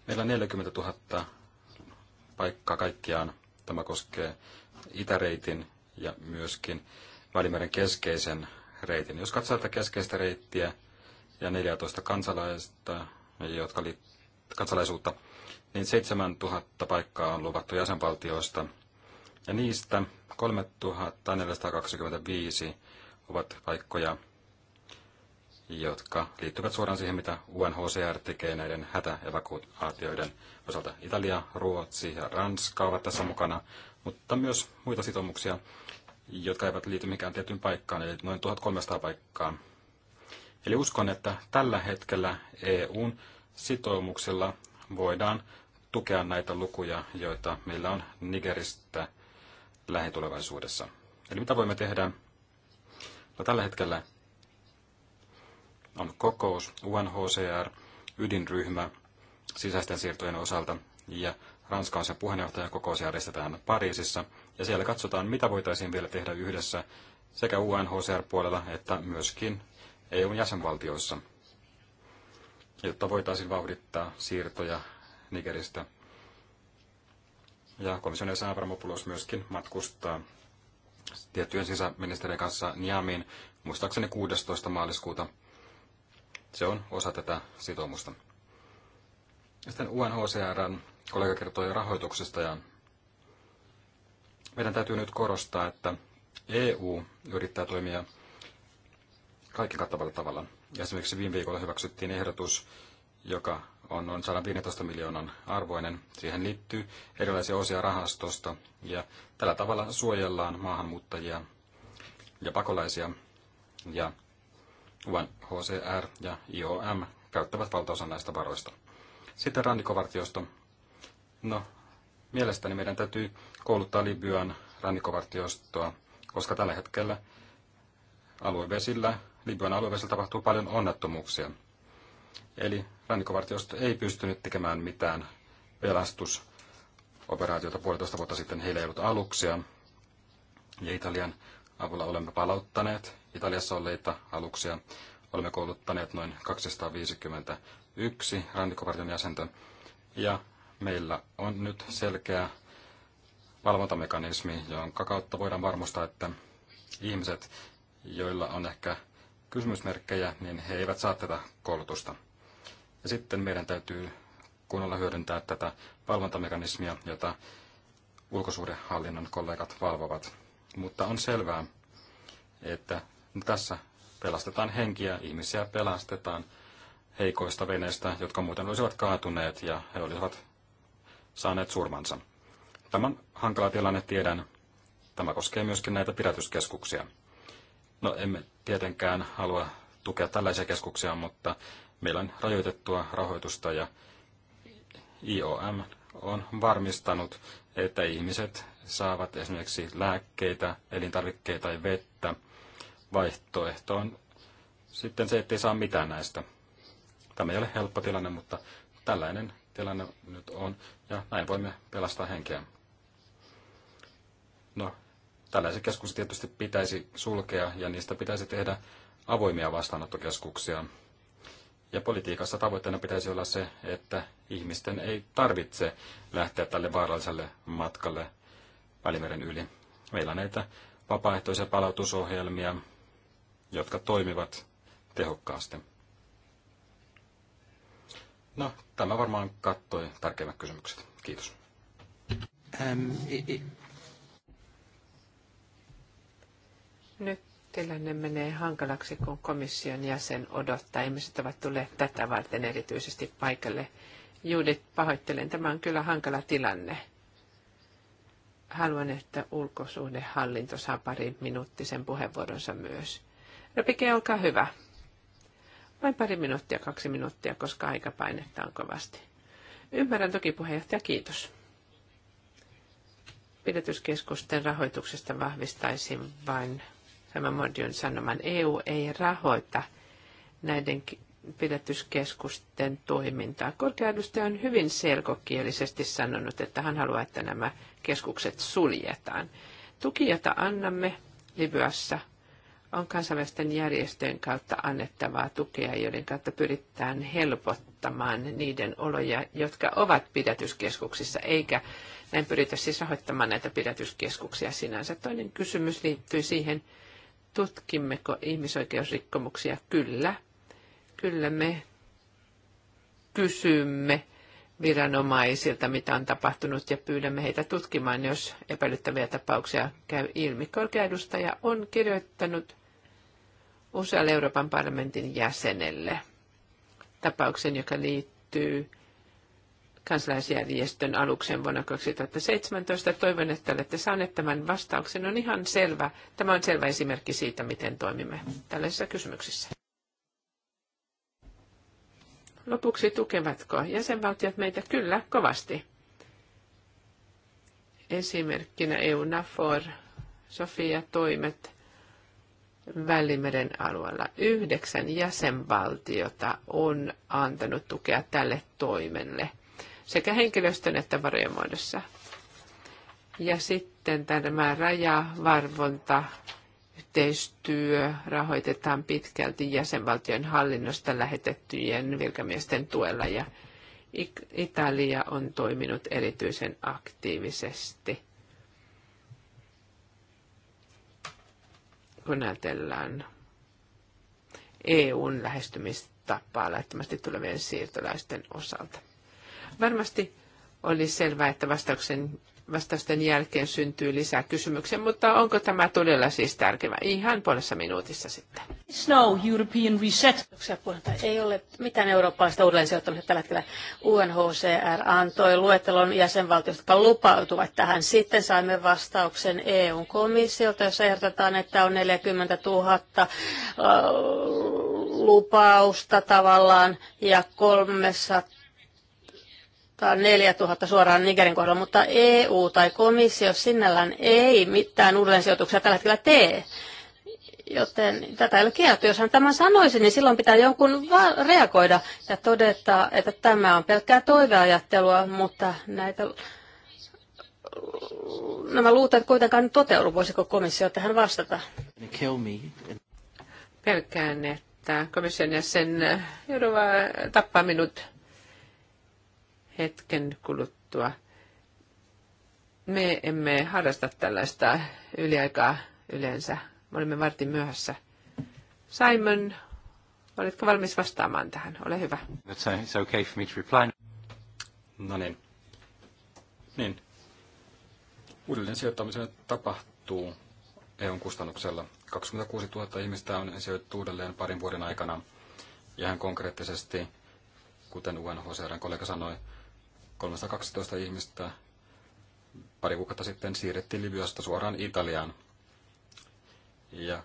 Meillä on 40 000 paikkaa kaikkiaan. Tämä koskee itäreitin ja myöskin Välimeren keskeisen reitin. Jos katsoo tätä keskeistä reittiä ja 14 kansalaista, jotka li- kansalaisuutta, niin 7000 paikkaa on luvattu jäsenvaltioista – ja niistä 3425 ovat paikkoja, jotka liittyvät suoraan siihen, mitä UNHCR tekee näiden hätäevakuaatioiden osalta. Italia, Ruotsi ja Ranska ovat tässä mukana, mutta myös muita sitoumuksia, jotka eivät liity mikään tiettyyn paikkaan, eli noin 1300 paikkaa. Eli uskon, että tällä hetkellä EUn sitoumuksilla voidaan tukea näitä lukuja, joita meillä on Nigeristä lähitulevaisuudessa. Eli mitä voimme tehdä? No, tällä hetkellä on kokous UNHCR, ydinryhmä sisäisten siirtojen osalta ja Ranska on sen puheenjohtajakokous järjestetään Pariisissa ja siellä katsotaan, mitä voitaisiin vielä tehdä yhdessä sekä UNHCR-puolella että myöskin EUn jäsenvaltioissa, jotta voitaisiin vauhdittaa siirtoja Nigeristä ja komission jäsen Avramopoulos myöskin matkustaa tiettyjen sisäministerien kanssa Niamiin, muistaakseni 16. maaliskuuta. Se on osa tätä sitoumusta. Ja sitten UNHCRn kollega kertoi rahoituksesta ja meidän täytyy nyt korostaa, että EU yrittää toimia kaikki kattavalla tavalla. Ja esimerkiksi viime viikolla hyväksyttiin ehdotus, joka on noin 115 miljoonan arvoinen. Siihen liittyy erilaisia osia rahastosta ja tällä tavalla suojellaan maahanmuuttajia ja pakolaisia ja UNHCR ja IOM käyttävät valtaosan näistä varoista. Sitten rannikovartiosto. No, mielestäni meidän täytyy kouluttaa Libyan rannikovartiostoa, koska tällä hetkellä aluevesillä, Libyan aluevesillä tapahtuu paljon onnettomuuksia – Eli rannikkovartiosto ei pystynyt tekemään mitään pelastusoperaatiota puolitoista vuotta sitten. Heillä ei ollut aluksia. Ja Italian avulla olemme palauttaneet Italiassa olleita aluksia. Olemme kouluttaneet noin 251 rannikkovartion jäsentä. Ja meillä on nyt selkeä valvontamekanismi, jonka kautta voidaan varmistaa, että ihmiset, joilla on ehkä kysymysmerkkejä, niin he eivät saa tätä koulutusta. Ja sitten meidän täytyy kunnolla hyödyntää tätä valvontamekanismia, jota ulkosuhdehallinnon kollegat valvovat. Mutta on selvää, että tässä pelastetaan henkiä, ihmisiä pelastetaan heikoista veneistä, jotka muuten olisivat kaatuneet ja he olisivat saaneet surmansa. Tämän hankala tilanne tiedän. Tämä koskee myöskin näitä pidätyskeskuksia. No emme tietenkään halua tukea tällaisia keskuksia, mutta meillä on rajoitettua rahoitusta ja IOM on varmistanut, että ihmiset saavat esimerkiksi lääkkeitä, elintarvikkeita tai vettä. Vaihtoehto on sitten se, ettei saa mitään näistä. Tämä ei ole helppo tilanne, mutta tällainen tilanne nyt on ja näin voimme pelastaa henkeä. No, tällaiset keskukset tietysti pitäisi sulkea ja niistä pitäisi tehdä avoimia vastaanottokeskuksia, ja politiikassa tavoitteena pitäisi olla se, että ihmisten ei tarvitse lähteä tälle vaaralliselle matkalle Välimeren yli. Meillä on näitä vapaaehtoisia palautusohjelmia, jotka toimivat tehokkaasti. No, tämä varmaan kattoi tärkeimmät kysymykset. Kiitos. Ähm, i, i. Nyt tilanne menee hankalaksi, kun komission jäsen odottaa. Ihmiset ovat tulleet tätä varten erityisesti paikalle. Judith, pahoittelen, tämä on kyllä hankala tilanne. Haluan, että ulkosuhdehallinto saa pari minuuttisen puheenvuoronsa myös. Repike, olkaa hyvä. Vain pari minuuttia, kaksi minuuttia, koska aika on kovasti. Ymmärrän toki puheenjohtaja, kiitos pidetyskeskusten rahoituksesta vahvistaisin vain tämä Mordion sanoman. EU ei rahoita näiden pidätyskeskusten toimintaa. Korkea on hyvin selkokielisesti sanonut, että hän haluaa, että nämä keskukset suljetaan. Tuki, jota annamme Libyassa, on kansainvälisten järjestöjen kautta annettavaa tukea, joiden kautta pyritään helpottamaan niiden oloja, jotka ovat pidätyskeskuksissa, eikä näin pyritä siis rahoittamaan näitä pidätyskeskuksia sinänsä. Toinen kysymys liittyy siihen, tutkimmeko ihmisoikeusrikkomuksia? Kyllä. Kyllä me kysymme viranomaisilta, mitä on tapahtunut, ja pyydämme heitä tutkimaan, jos epäilyttäviä tapauksia käy ilmi. Korkeaedustaja on kirjoittanut usealle Euroopan parlamentin jäsenelle tapauksen, joka liittyy kansalaisjärjestön aluksen vuonna 2017. Toivon, että olette saaneet tämän vastauksen. On ihan selvä. Tämä on selvä esimerkki siitä, miten toimimme tällaisissa kysymyksissä. Lopuksi tukevatko jäsenvaltiot meitä? Kyllä, kovasti. Esimerkkinä EU-NAFOR, Sofia-toimet Välimeren alueella. Yhdeksän jäsenvaltiota on antanut tukea tälle toimelle – sekä henkilöstön että varojen muodossa. Ja sitten tämä rajavarvonta, yhteistyö rahoitetaan pitkälti jäsenvaltion hallinnosta lähetettyjen virkamiesten tuella ja Italia on toiminut erityisen aktiivisesti. Kun ajatellaan EUn lähestymistapaa laittomasti tulevien siirtolaisten osalta. Varmasti oli selvää, että vastauksen, vastausten jälkeen syntyy lisää kysymyksiä, mutta onko tämä todella siis tärkeä? Ihan puolessa minuutissa sitten. No European reset. Ei ole mitään eurooppalaista uudelleen sijoittamista tällä hetkellä. UNHCR antoi luettelon jäsenvaltioista, jotka lupautuvat tähän. Sitten saimme vastauksen EU-komissiolta, jossa ehdotetaan, että on 40 000 äh, lupausta tavallaan ja 300 4000 suoraan Nigerin kohdalla, mutta EU tai komissio sinällään ei mitään uudelleensijoituksia tällä hetkellä tee. Joten tätä ei ole kielty. Jos hän tämän sanoisi, niin silloin pitää jonkun reagoida ja todeta, että tämä on pelkkää toiveajattelua, mutta näitä, nämä luutet kuitenkaan toteudu. Voisiko komissio tähän vastata? Pelkään, että komission jäsen joudun tappaa minut hetken kuluttua. Me emme harrasta tällaista yliaikaa yleensä. Me olemme vartin myöhässä. Simon, oletko valmis vastaamaan tähän? Ole hyvä. It's okay for me to reply. No niin. Niin. Uudelleen sijoittamisen tapahtuu EUn kustannuksella. 26 000 ihmistä on sijoitettu uudelleen parin vuoden aikana. Ja hän konkreettisesti, kuten UNHCRn kollega sanoi, 312 ihmistä pari kuukautta sitten siirrettiin Libyasta suoraan Italiaan. Ja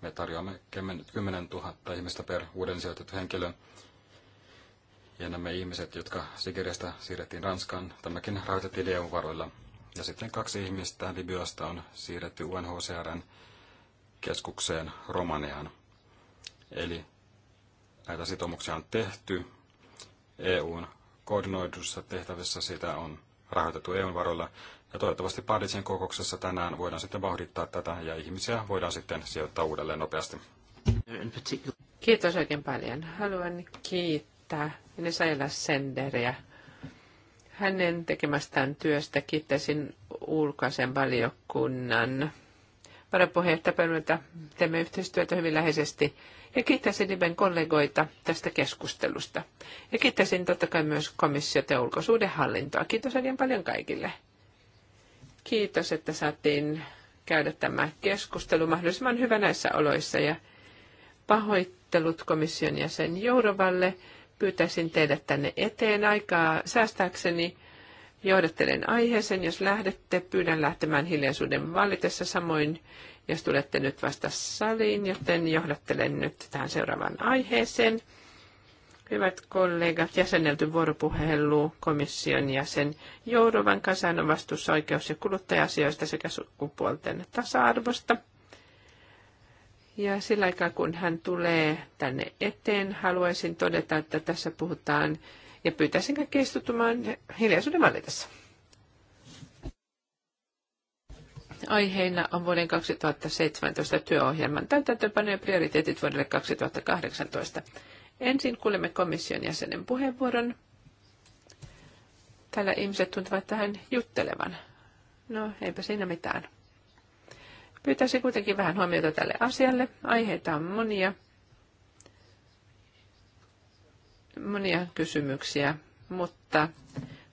me tarjoamme 10 000 ihmistä per uuden sijoitettu henkilö. Ja nämä ihmiset, jotka Sigeriasta siirrettiin Ranskaan, tämäkin rahoitettiin EU-varoilla. Ja sitten kaksi ihmistä Libyasta on siirretty UNHCRn keskukseen Romaniaan. Eli näitä sitoumuksia on tehty EUn koordinoidussa tehtävissä sitä on rahoitettu EUn varoilla. Ja toivottavasti Pariisin kokouksessa tänään voidaan sitten vauhdittaa tätä ja ihmisiä voidaan sitten sijoittaa uudelleen nopeasti. Kiitos oikein paljon. Haluan kiittää Nesaila Senderiä hänen tekemästään työstä. Kiittäisin ulkoisen valiokunnan varapuheenjohtaja Teemme yhteistyötä hyvin läheisesti ja kiittäisin Liben kollegoita tästä keskustelusta. Ja kiittäisin totta kai myös komissiota ja ulkosuudenhallintoa. Kiitos oikein paljon kaikille. Kiitos, että saatiin käydä tämä keskustelu mahdollisimman hyvä näissä oloissa. Ja pahoittelut komission jäsen Jourovalle. Pyytäisin teidät tänne eteen aikaa säästääkseni johdattelen aiheeseen. Jos lähdette, pyydän lähtemään hiljaisuuden vallitessa samoin, jos tulette nyt vasta saliin, joten johdattelen nyt tähän seuraavaan aiheeseen. Hyvät kollegat, jäsennelty vuoropuhelu komission jäsen Jourovan kanssa on vastuussa oikeus- ja kuluttaja-asioista sekä sukupuolten tasa-arvosta. Ja sillä aikaa, kun hän tulee tänne eteen, haluaisin todeta, että tässä puhutaan ja pyytäisin kaikkia istuttumaan hiljaisuuden vallitessa. Aiheena on vuoden 2017 työohjelman täytäntöpano ja prioriteetit vuodelle 2018. Ensin kuulemme komission jäsenen puheenvuoron. Täällä ihmiset tuntuvat tähän juttelevan. No, eipä siinä mitään. Pyytäisin kuitenkin vähän huomiota tälle asialle. Aiheita on monia monia kysymyksiä, mutta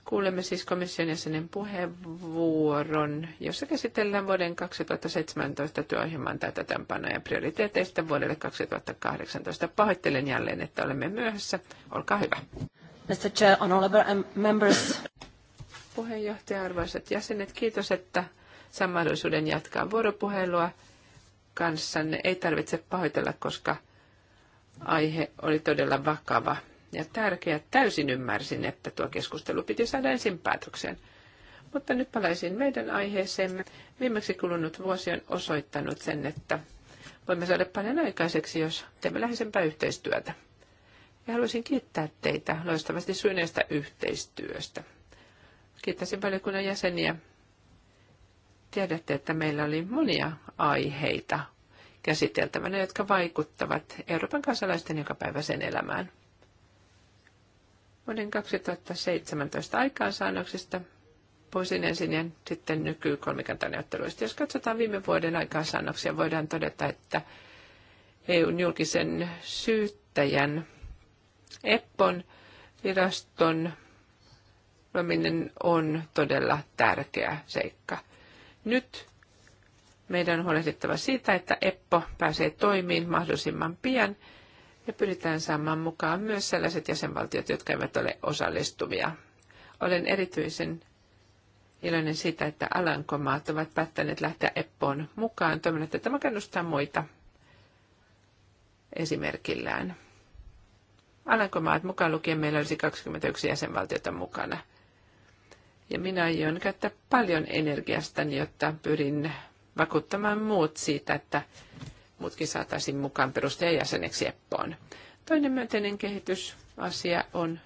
kuulemme siis komission jäsenen puheenvuoron, jossa käsitellään vuoden 2017 työohjelman täytäntöönpanoa ja prioriteeteista vuodelle 2018. Pahoittelen jälleen, että olemme myöhässä. Olkaa hyvä. Mr. Chair, honorable members. Puheenjohtaja, arvoisat jäsenet, kiitos, että saan mahdollisuuden jatkaa vuoropuhelua kanssanne. Ei tarvitse pahoitella, koska aihe oli todella vakava ja tärkeä. Täysin ymmärsin, että tuo keskustelu piti saada ensin päätökseen. Mutta nyt palaisin meidän aiheeseemme. Viimeksi kulunut vuosi on osoittanut sen, että voimme saada paljon aikaiseksi, jos teemme läheisempää yhteistyötä. Ja haluaisin kiittää teitä loistavasti syyneestä yhteistyöstä. Kiittäisin valiokunnan jäseniä. Tiedätte, että meillä oli monia aiheita käsiteltävänä, jotka vaikuttavat Euroopan kansalaisten jokapäiväiseen elämään vuoden 2017 aikaansaannoksista poisin ensin ja sitten nyky kolmikantaneuvotteluista. Jos katsotaan viime vuoden aikaansaannoksia, voidaan todeta, että EUn julkisen syyttäjän EPPON viraston luominen on todella tärkeä seikka. Nyt meidän on huolehdittava siitä, että EPPO pääsee toimiin mahdollisimman pian – ja pyritään saamaan mukaan myös sellaiset jäsenvaltiot, jotka eivät ole osallistuvia. Olen erityisen iloinen siitä, että Alankomaat ovat päättäneet lähteä Eppoon mukaan. Toivon, että tämä kannustaa muita esimerkillään. Alankomaat mukaan lukien meillä olisi 21 jäsenvaltiota mukana. Ja minä aion käyttää paljon energiasta, jotta pyrin vakuuttamaan muut siitä, että muutkin saataisiin mukaan perustajajäseneksi EPPOon. Toinen myönteinen kehitysasia on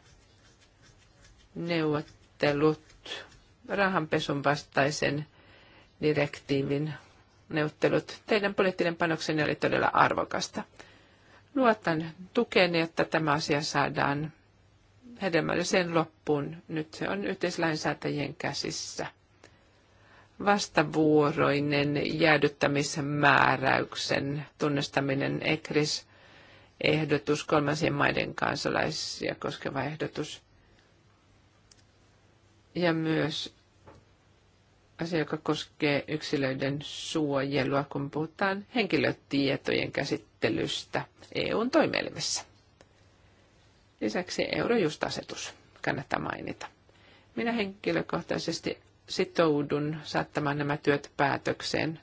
neuvottelut rahanpesun vastaisen direktiivin neuvottelut. Teidän poliittinen panoksenne oli todella arvokasta. Luotan tukeni, että tämä asia saadaan hedelmälliseen loppuun. Nyt se on yhteislainsäätäjien käsissä vastavuoroinen jäädyttämismääräyksen tunnistaminen ECRIS ehdotus, kolmansien maiden kansalaisia koskeva ehdotus. Ja myös asia, joka koskee yksilöiden suojelua, kun puhutaan henkilötietojen käsittelystä EUn toimielimessä. Lisäksi Eurojust-asetus kannattaa mainita. Minä henkilökohtaisesti sitoudun saattamaan nämä työt päätökseen.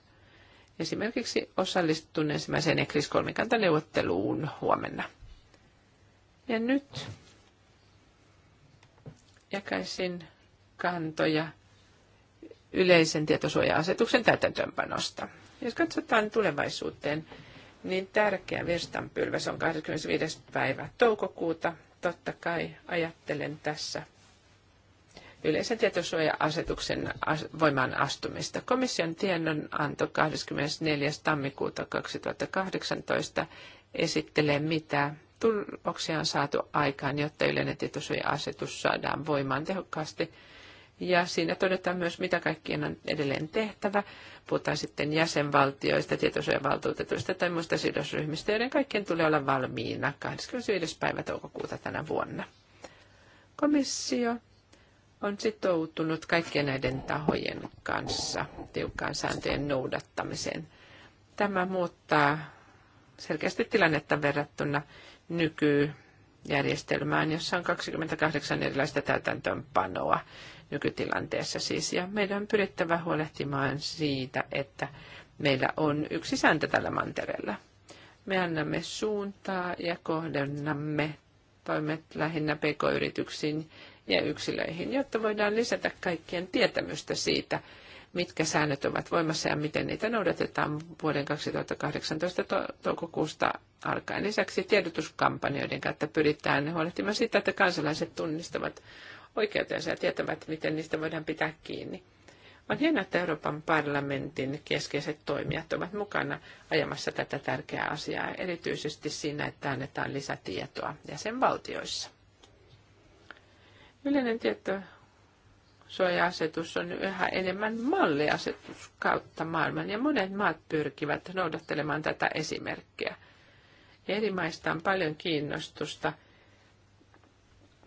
Esimerkiksi osallistun ensimmäiseen ECRIS kolmikantaneuvotteluun huomenna. Ja nyt jakaisin kantoja yleisen tietosuoja-asetuksen täytäntöönpanosta. Jos katsotaan tulevaisuuteen, niin tärkeä virstanpylväs on 25. päivä toukokuuta. Totta kai ajattelen tässä yleisen tietosuoja-asetuksen voimaan astumista. Komission tiedonanto 24. tammikuuta 2018 esittelee, mitä tuloksia on saatu aikaan, jotta yleinen tietosuoja-asetus saadaan voimaan tehokkaasti. Ja siinä todetaan myös, mitä kaikkien on edelleen tehtävä. Puhutaan sitten jäsenvaltioista, tietosuojavaltuutetuista tai muista sidosryhmistä, joiden kaikkien tulee olla valmiina 25. päivä toukokuuta tänä vuonna. Komissio on sitoutunut kaikkien näiden tahojen kanssa tiukkaan sääntöjen noudattamiseen. Tämä muuttaa selkeästi tilannetta verrattuna nykyjärjestelmään, jossa on 28 erilaista täytäntöönpanoa nykytilanteessa siis. Ja meidän on pyrittävä huolehtimaan siitä, että meillä on yksi sääntö tällä mantereella. Me annamme suuntaa ja kohdennamme toimet lähinnä pk-yrityksiin ja yksilöihin, jotta voidaan lisätä kaikkien tietämystä siitä, mitkä säännöt ovat voimassa ja miten niitä noudatetaan vuoden 2018 toukokuusta alkaen. Lisäksi tiedotuskampanjoiden kautta pyritään huolehtimaan siitä, että kansalaiset tunnistavat oikeutensa ja tietävät, miten niistä voidaan pitää kiinni. On hienoa, että Euroopan parlamentin keskeiset toimijat ovat mukana ajamassa tätä tärkeää asiaa, erityisesti siinä, että annetaan lisätietoa jäsenvaltioissa. Yleinen suoja asetus on yhä enemmän malliasetus kautta maailman, ja monet maat pyrkivät noudattelemaan tätä esimerkkiä. Eri maista on paljon kiinnostusta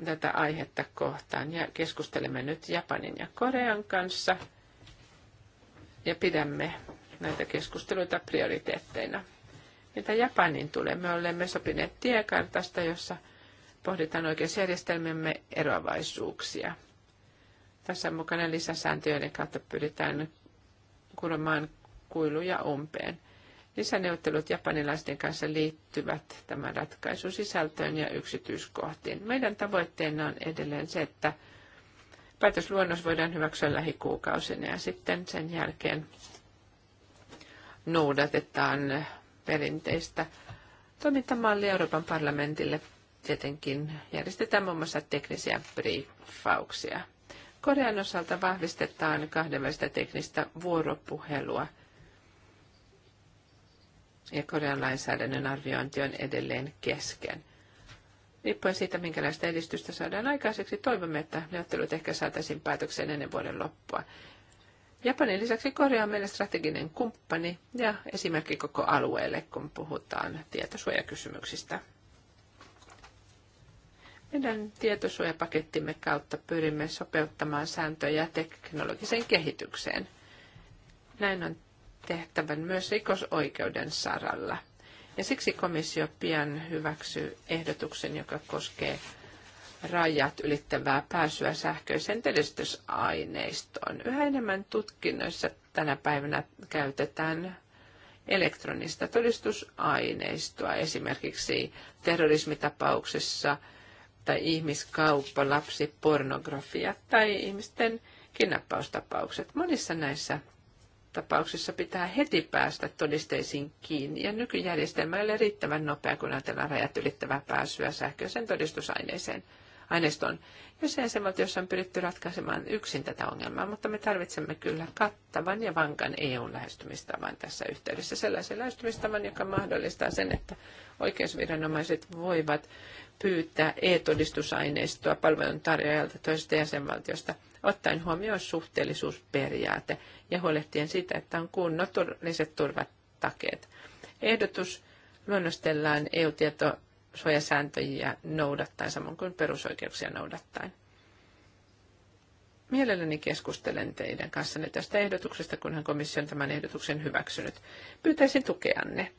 tätä aihetta kohtaan, ja keskustelemme nyt Japanin ja Korean kanssa, ja pidämme näitä keskusteluita prioriteetteina. Mitä Japanin tulee, me olemme sopineet tiekartasta, jossa – pohditaan oikeusjärjestelmämme eroavaisuuksia. Tässä mukana lisäsääntöjen kautta pyritään kuromaan kuiluja umpeen. Lisäneuvottelut japanilaisten kanssa liittyvät tämän ratkaisun sisältöön ja yksityiskohtiin. Meidän tavoitteena on edelleen se, että päätösluonnos voidaan hyväksyä lähikuukausina ja sitten sen jälkeen noudatetaan perinteistä toimintamallia Euroopan parlamentille tietenkin järjestetään muun muassa teknisiä briefauksia. Korean osalta vahvistetaan kahdenvälistä teknistä vuoropuhelua ja Korean lainsäädännön arviointi on edelleen kesken. Riippuen siitä, minkälaista edistystä saadaan aikaiseksi, toivomme, että neuvottelut ehkä saataisiin päätökseen ennen vuoden loppua. Japanin lisäksi Korea on meille strateginen kumppani ja esimerkki koko alueelle, kun puhutaan tietosuojakysymyksistä. Meidän tietosuojapakettimme kautta pyrimme sopeuttamaan sääntöjä teknologiseen kehitykseen. Näin on tehtävän myös rikosoikeuden saralla. Ja siksi komissio pian hyväksyy ehdotuksen, joka koskee rajat ylittävää pääsyä sähköiseen todistusaineistoon. Yhä enemmän tutkinnoissa tänä päivänä käytetään elektronista todistusaineistoa esimerkiksi terrorismitapauksessa tai ihmiskauppa, lapsipornografia tai ihmisten kidnappaustapaukset. Monissa näissä tapauksissa pitää heti päästä todisteisiin kiinni ja nykyjärjestelmä ei ole riittävän nopea, kun ajatellaan rajat ylittävää pääsyä sähköiseen todistusaineeseen – aineiston Jossain jäsenvaltiossa on pyritty ratkaisemaan yksin tätä ongelmaa, mutta me tarvitsemme kyllä kattavan ja vankan EU-lähestymistavan tässä yhteydessä. Sellaisen lähestymistavan, joka mahdollistaa sen, että oikeusviranomaiset voivat pyytää e-todistusaineistoa palveluntarjoajalta toisesta jäsenvaltiosta ottaen huomioon suhteellisuusperiaate ja huolehtien siitä, että on kunnolliset turvatakeet. Ehdotus luonnostellaan EU-tieto suojasääntöjä noudattaen, samoin kuin perusoikeuksia noudattaen. Mielelläni keskustelen teidän kanssanne tästä ehdotuksesta, kunhan komissio on tämän ehdotuksen hyväksynyt. Pyytäisin tukeanne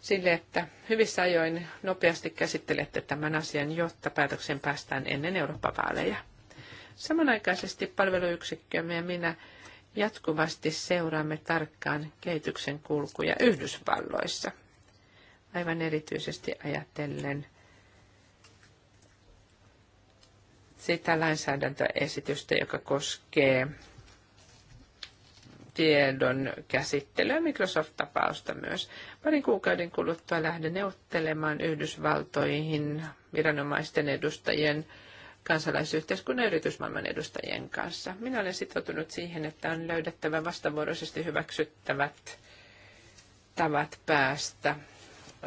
sille, että hyvissä ajoin nopeasti käsittelette tämän asian, jotta päätöksen päästään ennen Eurooppa-vaaleja. Samanaikaisesti palveluyksikkömme ja minä jatkuvasti seuraamme tarkkaan kehityksen kulkuja Yhdysvalloissa – aivan erityisesti ajatellen sitä lainsäädäntöesitystä, joka koskee tiedon käsittelyä Microsoft-tapausta myös. Parin kuukauden kuluttua lähden neuvottelemaan Yhdysvaltoihin viranomaisten edustajien, kansalaisyhteiskunnan yritysmaailman edustajien kanssa. Minä olen sitoutunut siihen, että on löydettävä vastavuoroisesti hyväksyttävät tavat päästä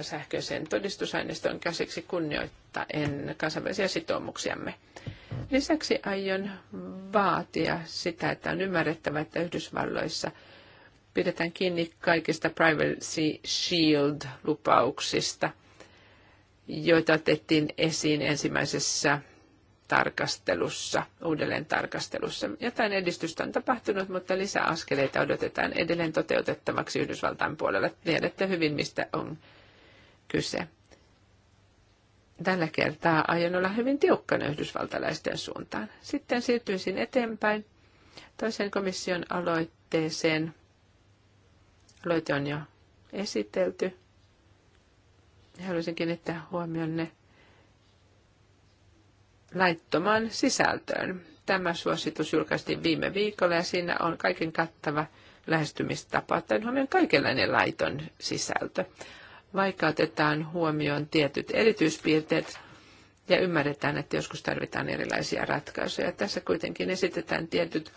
sähköiseen todistusaineistoon käsiksi kunnioittaen kansainvälisiä sitoumuksiamme. Lisäksi aion vaatia sitä, että on ymmärrettävä, että Yhdysvalloissa pidetään kiinni kaikista Privacy Shield-lupauksista, joita otettiin esiin ensimmäisessä tarkastelussa, uudelleen tarkastelussa. Jotain edistystä on tapahtunut, mutta lisäaskeleita odotetaan edelleen toteutettavaksi Yhdysvaltain puolella. Tiedätte hyvin, mistä on kyse. Tällä kertaa aion olla hyvin tiukkana yhdysvaltalaisten suuntaan. Sitten siirtyisin eteenpäin toisen komission aloitteeseen. Aloite on jo esitelty. Haluaisin kiinnittää huomionne laittomaan sisältöön. Tämä suositus julkaistiin viime viikolla ja siinä on kaiken kattava lähestymistapa, ottaen huomioon kaikenlainen laiton sisältö vaikka otetaan huomioon tietyt erityispiirteet ja ymmärretään, että joskus tarvitaan erilaisia ratkaisuja. Tässä kuitenkin esitetään tietyt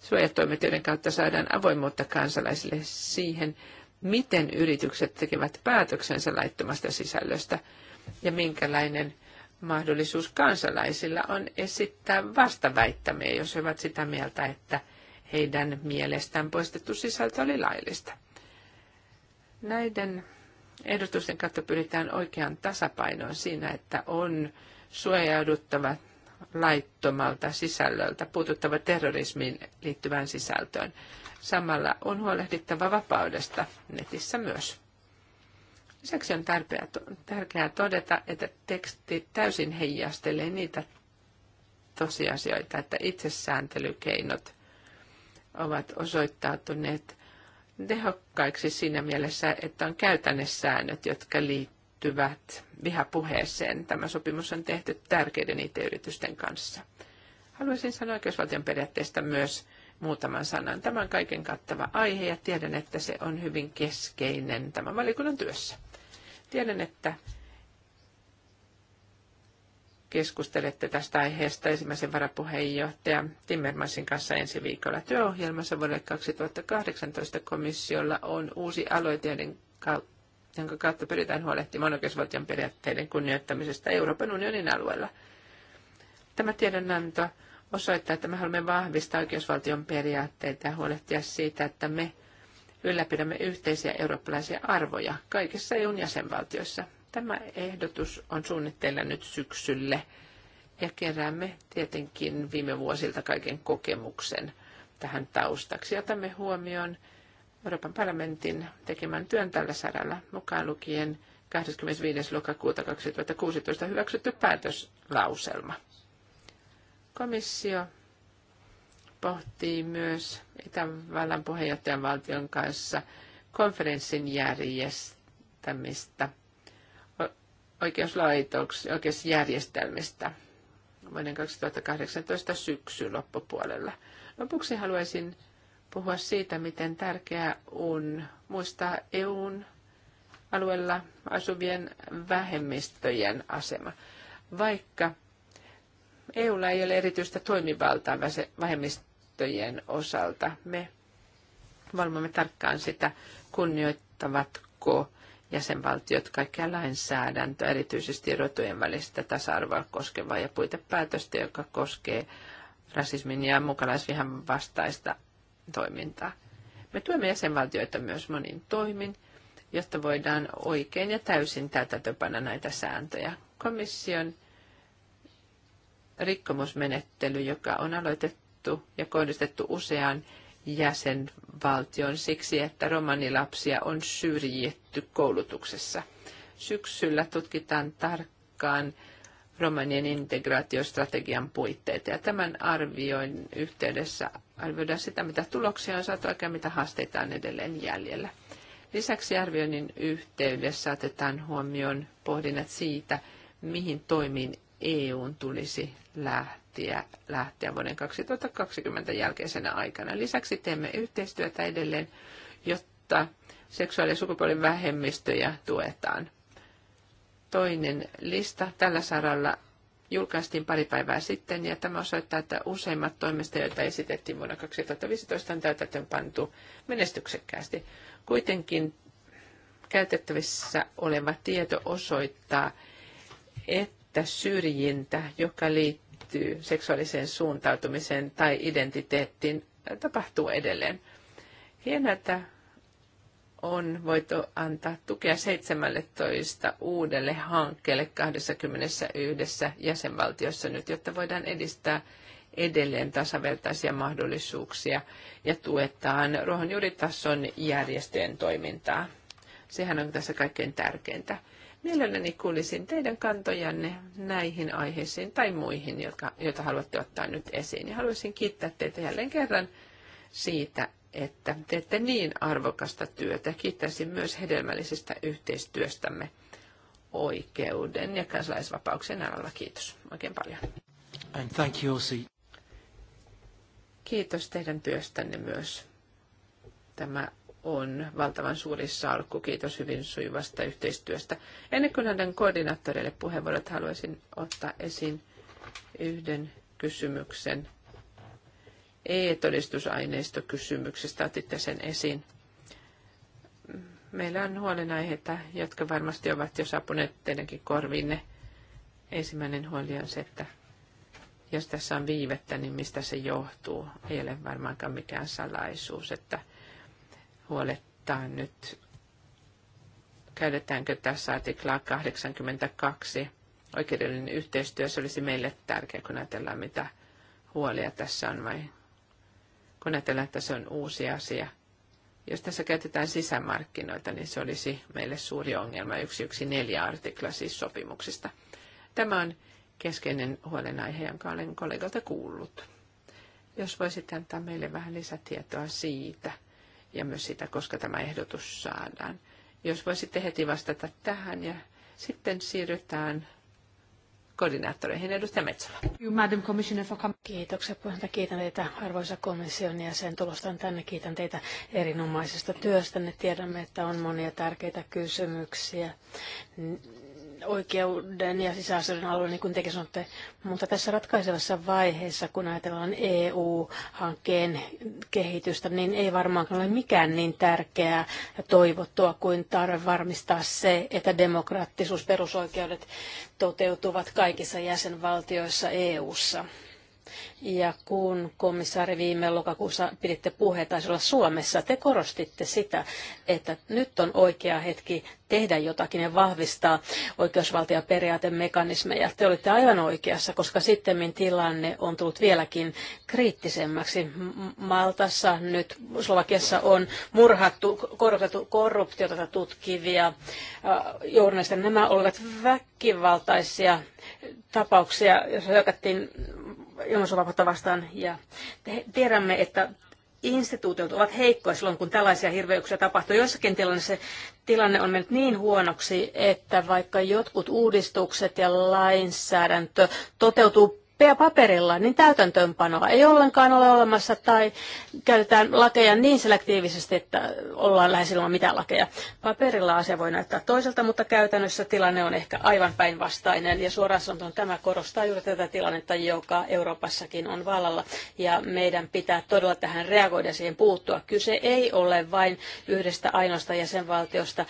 suojatoimet, joiden kautta saadaan avoimuutta kansalaisille siihen, miten yritykset tekevät päätöksensä laittomasta sisällöstä ja minkälainen mahdollisuus kansalaisilla on esittää vastaväittämiä, jos he ovat sitä mieltä, että heidän mielestään poistettu sisältö oli laillista. Näiden Ehdotusten kautta pyritään oikeaan tasapainoon siinä, että on suojauduttava laittomalta sisällöltä, puututtava terrorismiin liittyvään sisältöön. Samalla on huolehdittava vapaudesta netissä myös. Lisäksi on tärkeää todeta, että teksti täysin heijastelee niitä tosiasioita, että itsesääntelykeinot ovat osoittautuneet tehokkaiksi siinä mielessä, että on käytännessäännöt, jotka liittyvät vihapuheeseen. Tämä sopimus on tehty tärkeiden IT-yritysten kanssa. Haluaisin sanoa oikeusvaltion periaatteesta myös muutaman sanan. Tämä on kaiken kattava aihe ja tiedän, että se on hyvin keskeinen tämän valikunnan työssä. Tiedän, että keskustelette tästä aiheesta ensimmäisen varapuheenjohtaja Timmermansin kanssa ensi viikolla. Työohjelmassa vuodelle 2018 komissiolla on uusi aloite, jonka kautta pyritään huolehtimaan oikeusvaltion periaatteiden kunnioittamisesta Euroopan unionin alueella. Tämä tiedonanto osoittaa, että me haluamme vahvistaa oikeusvaltion periaatteita ja huolehtia siitä, että me ylläpidämme yhteisiä eurooppalaisia arvoja kaikissa EUn jäsenvaltioissa. Tämä ehdotus on suunnitteilla nyt syksylle ja keräämme tietenkin viime vuosilta kaiken kokemuksen tähän taustaksi. Otamme huomioon Euroopan parlamentin tekemän työn tällä saralla mukaan lukien 25. lokakuuta 2016 hyväksytty päätöslauselma. Komissio pohtii myös Itävallan puheenjohtajan valtion kanssa konferenssin järjestämistä – oikeuslaitoks, oikeusjärjestelmistä vuoden 2018 syksyn loppupuolella. Lopuksi haluaisin puhua siitä, miten tärkeää on muistaa EUn alueella asuvien vähemmistöjen asema. Vaikka EUlla ei ole erityistä toimivaltaa vähemmistöjen osalta, me valvomme tarkkaan sitä, kunnioittavatko jäsenvaltiot kaikkea lainsäädäntöä, erityisesti rotujen välistä tasa-arvoa koskevaa ja puitepäätöstä, joka koskee rasismin ja mukalaisvihan vastaista toimintaa. Me tuemme jäsenvaltioita myös monin toimin, jotta voidaan oikein ja täysin täytäntöpana näitä sääntöjä. Komission rikkomusmenettely, joka on aloitettu ja kohdistettu useaan jäsenvaltion siksi, että romanilapsia on syrjitty koulutuksessa. Syksyllä tutkitaan tarkkaan romanien integraatiostrategian puitteita ja tämän arvioin yhteydessä arvioidaan sitä, mitä tuloksia on saatu ja mitä haasteita on edelleen jäljellä. Lisäksi arvioinnin yhteydessä otetaan huomioon pohdinnat siitä, mihin toimiin EUn tulisi lähteä, lähteä vuoden 2020 jälkeisenä aikana. Lisäksi teemme yhteistyötä edelleen, jotta seksuaali- ja vähemmistöjä tuetaan. Toinen lista tällä saralla julkaistiin pari päivää sitten, ja tämä osoittaa, että useimmat toimista, joita esitettiin vuonna 2015, on täytäntöön pantu menestyksekkäästi. Kuitenkin käytettävissä oleva tieto osoittaa, että että syrjintä, joka liittyy seksuaaliseen suuntautumiseen tai identiteettiin, tapahtuu edelleen. Hienoa, että on voitu antaa tukea 17 uudelle hankkeelle 21 jäsenvaltiossa nyt, jotta voidaan edistää edelleen tasavertaisia mahdollisuuksia ja tuetaan ruohonjuuritason järjestöjen toimintaa. Sehän on tässä kaikkein tärkeintä. Mielelläni kuulisin teidän kantojanne näihin aiheisiin tai muihin, jotka, joita haluatte ottaa nyt esiin. Ja haluaisin kiittää teitä jälleen kerran siitä, että teette niin arvokasta työtä. Kiittäisin myös hedelmällisestä yhteistyöstämme oikeuden ja kansalaisvapauksen alalla. Kiitos oikein paljon. And thank you also. Kiitos teidän työstänne myös. Tämä on valtavan suuri salkku. Kiitos hyvin sujuvasta yhteistyöstä. Ennen kuin annan koordinaattoreille puheenvuorot, haluaisin ottaa esiin yhden kysymyksen e todistusaineistokysymyksestä kysymyksestä Otitte sen esiin. Meillä on huolenaiheita, jotka varmasti ovat jo saapuneet teidänkin korviinne. Ensimmäinen huoli on se, että jos tässä on viivettä, niin mistä se johtuu? Ei ole varmaankaan mikään salaisuus, että – huolettaa nyt, käytetäänkö tässä artiklaa 82 oikeudellinen yhteistyö, se olisi meille tärkeä, kun ajatellaan, mitä huolia tässä on, vai kun ajatellaan, että se on uusi asia. Jos tässä käytetään sisämarkkinoita, niin se olisi meille suuri ongelma, yksi neljä artikla siis sopimuksista. Tämä on keskeinen huolenaihe, jonka olen kollegalta kuullut. Jos voisit antaa meille vähän lisätietoa siitä, ja myös sitä, koska tämä ehdotus saadaan. Jos voisitte heti vastata tähän ja sitten siirrytään koordinaattoreihin. Edustaja Metsola. Kiitoksia puheenjohtaja. Kiitän teitä arvoisa komission ja sen tulostan tänne. Kiitän teitä erinomaisesta työstänne. Tiedämme, että on monia tärkeitä kysymyksiä oikeuden ja sisäasioiden alueen, niin kuin tekin sanotte. Mutta tässä ratkaisevassa vaiheessa, kun ajatellaan EU-hankkeen kehitystä, niin ei varmaankaan ole mikään niin tärkeää ja toivottua kuin tarve varmistaa se, että demokraattisuus, perusoikeudet toteutuvat kaikissa jäsenvaltioissa EU-ssa. Ja kun komissaari viime lokakuussa piditte puheen, taisi olla Suomessa, te korostitte sitä, että nyt on oikea hetki tehdä jotakin ja vahvistaa oikeusvaltioperiaatemekanismeja. Te olitte aivan oikeassa, koska sitten tilanne on tullut vieläkin kriittisemmäksi. Maltassa nyt Slovakiassa on murhattu korruptiota tutkivia äh, journalisteja. Nämä olivat väkivaltaisia tapauksia, jos hyökättiin ilmaisuvapautta vastaan. Ja tiedämme, että instituutiot ovat heikkoja silloin, kun tällaisia hirveyksiä tapahtuu. Joissakin tilanteissa tilanne on mennyt niin huonoksi, että vaikka jotkut uudistukset ja lainsäädäntö toteutuu paperilla, niin täytäntöönpanoa ei ollenkaan ole olemassa tai käytetään lakeja niin selektiivisesti, että ollaan lähes ilman mitään lakeja. Paperilla asia voi näyttää toiselta, mutta käytännössä tilanne on ehkä aivan päinvastainen ja suoraan sanotun tämä korostaa juuri tätä tilannetta, joka Euroopassakin on vallalla ja meidän pitää todella tähän reagoida ja siihen puuttua. Kyse ei ole vain yhdestä ainoasta jäsenvaltiosta,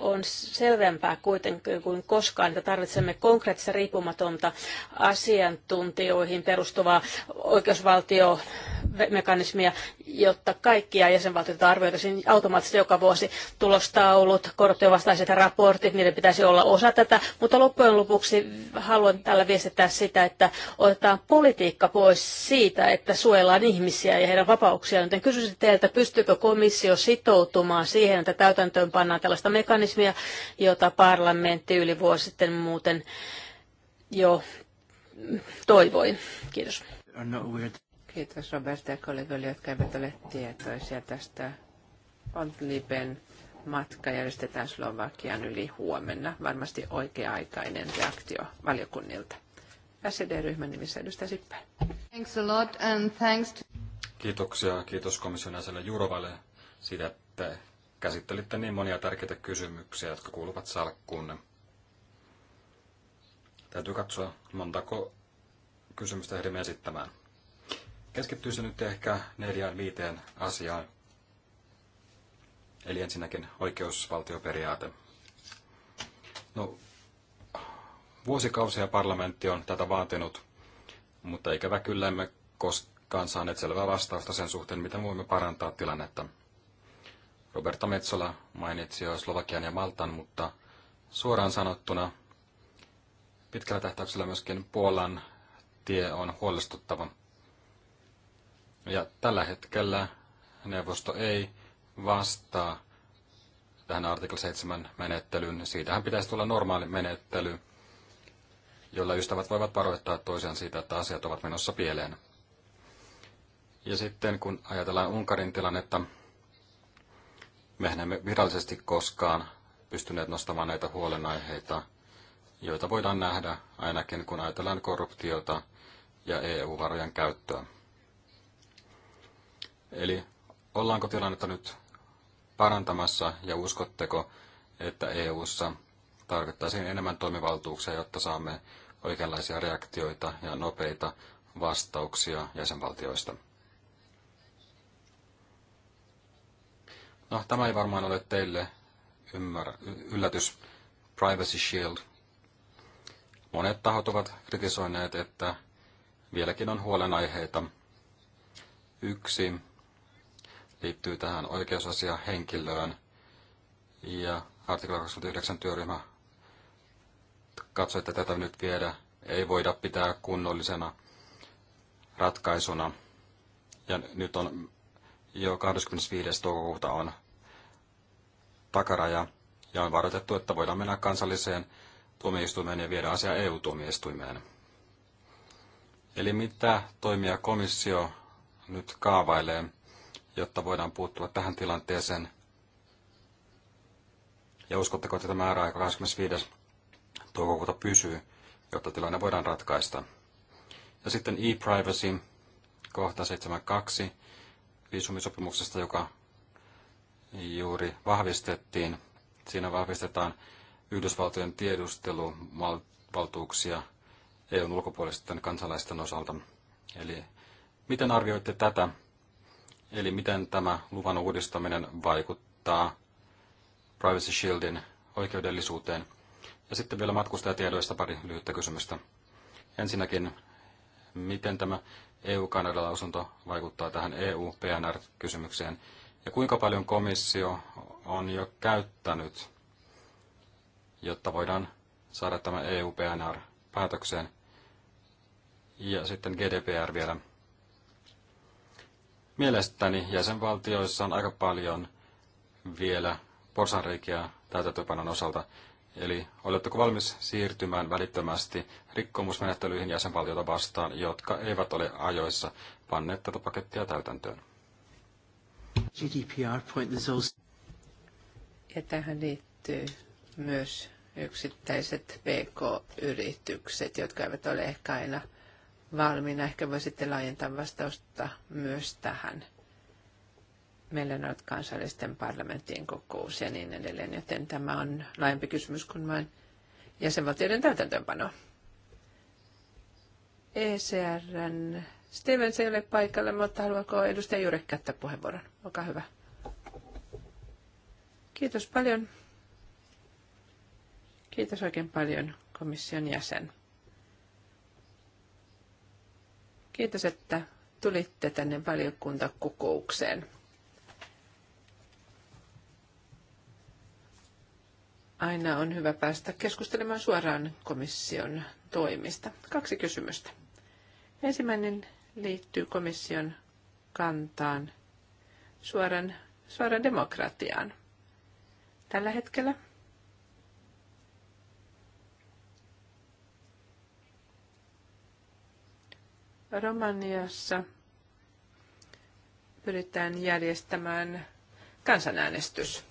on selvempää kuitenkin kuin koskaan, että tarvitsemme konkreettista riippumatonta asiantuntijoihin perustuvaa oikeusvaltiomekanismia, jotta kaikkia jäsenvaltioita arvioitaisiin automaattisesti joka vuosi tulostaulut, korruption vastaiset raportit, niiden pitäisi olla osa tätä, mutta loppujen lopuksi haluan tällä viestittää sitä, että otetaan politiikka pois siitä, että suojellaan ihmisiä ja heidän vapauksiaan, joten kysyisin teiltä, pystyykö komissio sitoutumaan siihen, että täytäntöön pannaan tällaista mekanismia, jota parlamentti yli vuosi sitten muuten jo toivoi. Kiitos. Kiitos Roberta ja kollegoille, jotka eivät ole tietoisia tästä Ontliben matka järjestetään Slovakian yli huomenna. Varmasti oikea-aikainen reaktio valiokunnilta. SED-ryhmän nimissä edustaja Sippä. Thanks a lot and thanks to... Kiitoksia. Kiitos komission jäsenelle Jurovalle siitä, että käsittelitte niin monia tärkeitä kysymyksiä, jotka kuuluvat salkkuunne. Täytyy katsoa, montako kysymystä ehdimme esittämään. Keskittyisin nyt ehkä neljään viiteen asiaan. Eli ensinnäkin oikeusvaltioperiaate. No, vuosikausia parlamentti on tätä vaatinut, mutta ikävä kyllä emme koskaan saaneet selvää vastausta sen suhteen, miten voimme parantaa tilannetta. Roberta Metsola mainitsi jo Slovakian ja Maltan, mutta suoraan sanottuna pitkällä tähtäyksellä myöskin Puolan tie on huolestuttava. Ja tällä hetkellä neuvosto ei vastaa tähän artikla 7 menettelyyn. Siitähän pitäisi tulla normaali menettely, jolla ystävät voivat varoittaa toisiaan siitä, että asiat ovat menossa pieleen. Ja sitten kun ajatellaan Unkarin tilannetta, Mehän emme virallisesti koskaan pystyneet nostamaan näitä huolenaiheita, joita voidaan nähdä ainakin kun ajatellaan korruptiota ja EU-varojen käyttöä. Eli ollaanko tilannetta nyt parantamassa ja uskotteko, että EU:ssa tarvittaisiin enemmän toimivaltuuksia, jotta saamme oikeanlaisia reaktioita ja nopeita vastauksia jäsenvaltioista? No, tämä ei varmaan ole teille ymmärrä, yllätys. Privacy Shield. Monet tahot ovat kritisoineet, että vieläkin on huolenaiheita. Yksi liittyy tähän oikeusasiahenkilöön ja artikla 29 työryhmä katsoi, että tätä nyt viedä ei voida pitää kunnollisena ratkaisuna. Ja nyt on jo 25. toukokuuta on takaraja ja on varoitettu, että voidaan mennä kansalliseen tuomioistuimeen ja viedä asia EU-tuomioistuimeen. Eli mitä toimia komissio nyt kaavailee, jotta voidaan puuttua tähän tilanteeseen? Ja uskotteko, että tämä määräaika 25. toukokuuta pysyy, jotta tilanne voidaan ratkaista? Ja sitten e-privacy, kohta 72 viisumisopimuksesta, joka juuri vahvistettiin. Siinä vahvistetaan Yhdysvaltojen tiedusteluvaltuuksia EUn ulkopuolisten kansalaisten osalta. Eli miten arvioitte tätä? Eli miten tämä luvan uudistaminen vaikuttaa Privacy Shieldin oikeudellisuuteen? Ja sitten vielä matkustajatiedoista pari lyhyttä kysymystä. Ensinnäkin miten tämä EU-Kanada-lausunto vaikuttaa tähän EU-PNR-kysymykseen ja kuinka paljon komissio on jo käyttänyt, jotta voidaan saada tämä EU-PNR päätökseen. Ja sitten GDPR vielä. Mielestäni jäsenvaltioissa on aika paljon vielä porsanreikiä täytäntöpanon osalta, Eli oletteko valmis siirtymään välittömästi rikkomusmenettelyihin jäsenvaltiota vastaan, jotka eivät ole ajoissa panneet tätä pakettia täytäntöön? GDPR point is also... Ja tähän liittyy myös yksittäiset PK-yritykset, jotka eivät ole ehkä aina valmiina. Ehkä voisitte laajentaa vastausta myös tähän meillä on ollut kansallisten parlamenttien kokous ja niin edelleen, joten tämä on laajempi kysymys kuin vain jäsenvaltioiden täytäntöönpano. ECRn Stevens ei ole paikalla, mutta haluaako edustaja Jurek käyttää puheenvuoron? Olkaa hyvä. Kiitos paljon. Kiitos oikein paljon komission jäsen. Kiitos, että tulitte tänne valiokuntakokoukseen. aina on hyvä päästä keskustelemaan suoraan komission toimista. Kaksi kysymystä. Ensimmäinen liittyy komission kantaan suoran, suoran demokratiaan. Tällä hetkellä Romaniassa pyritään järjestämään kansanäänestys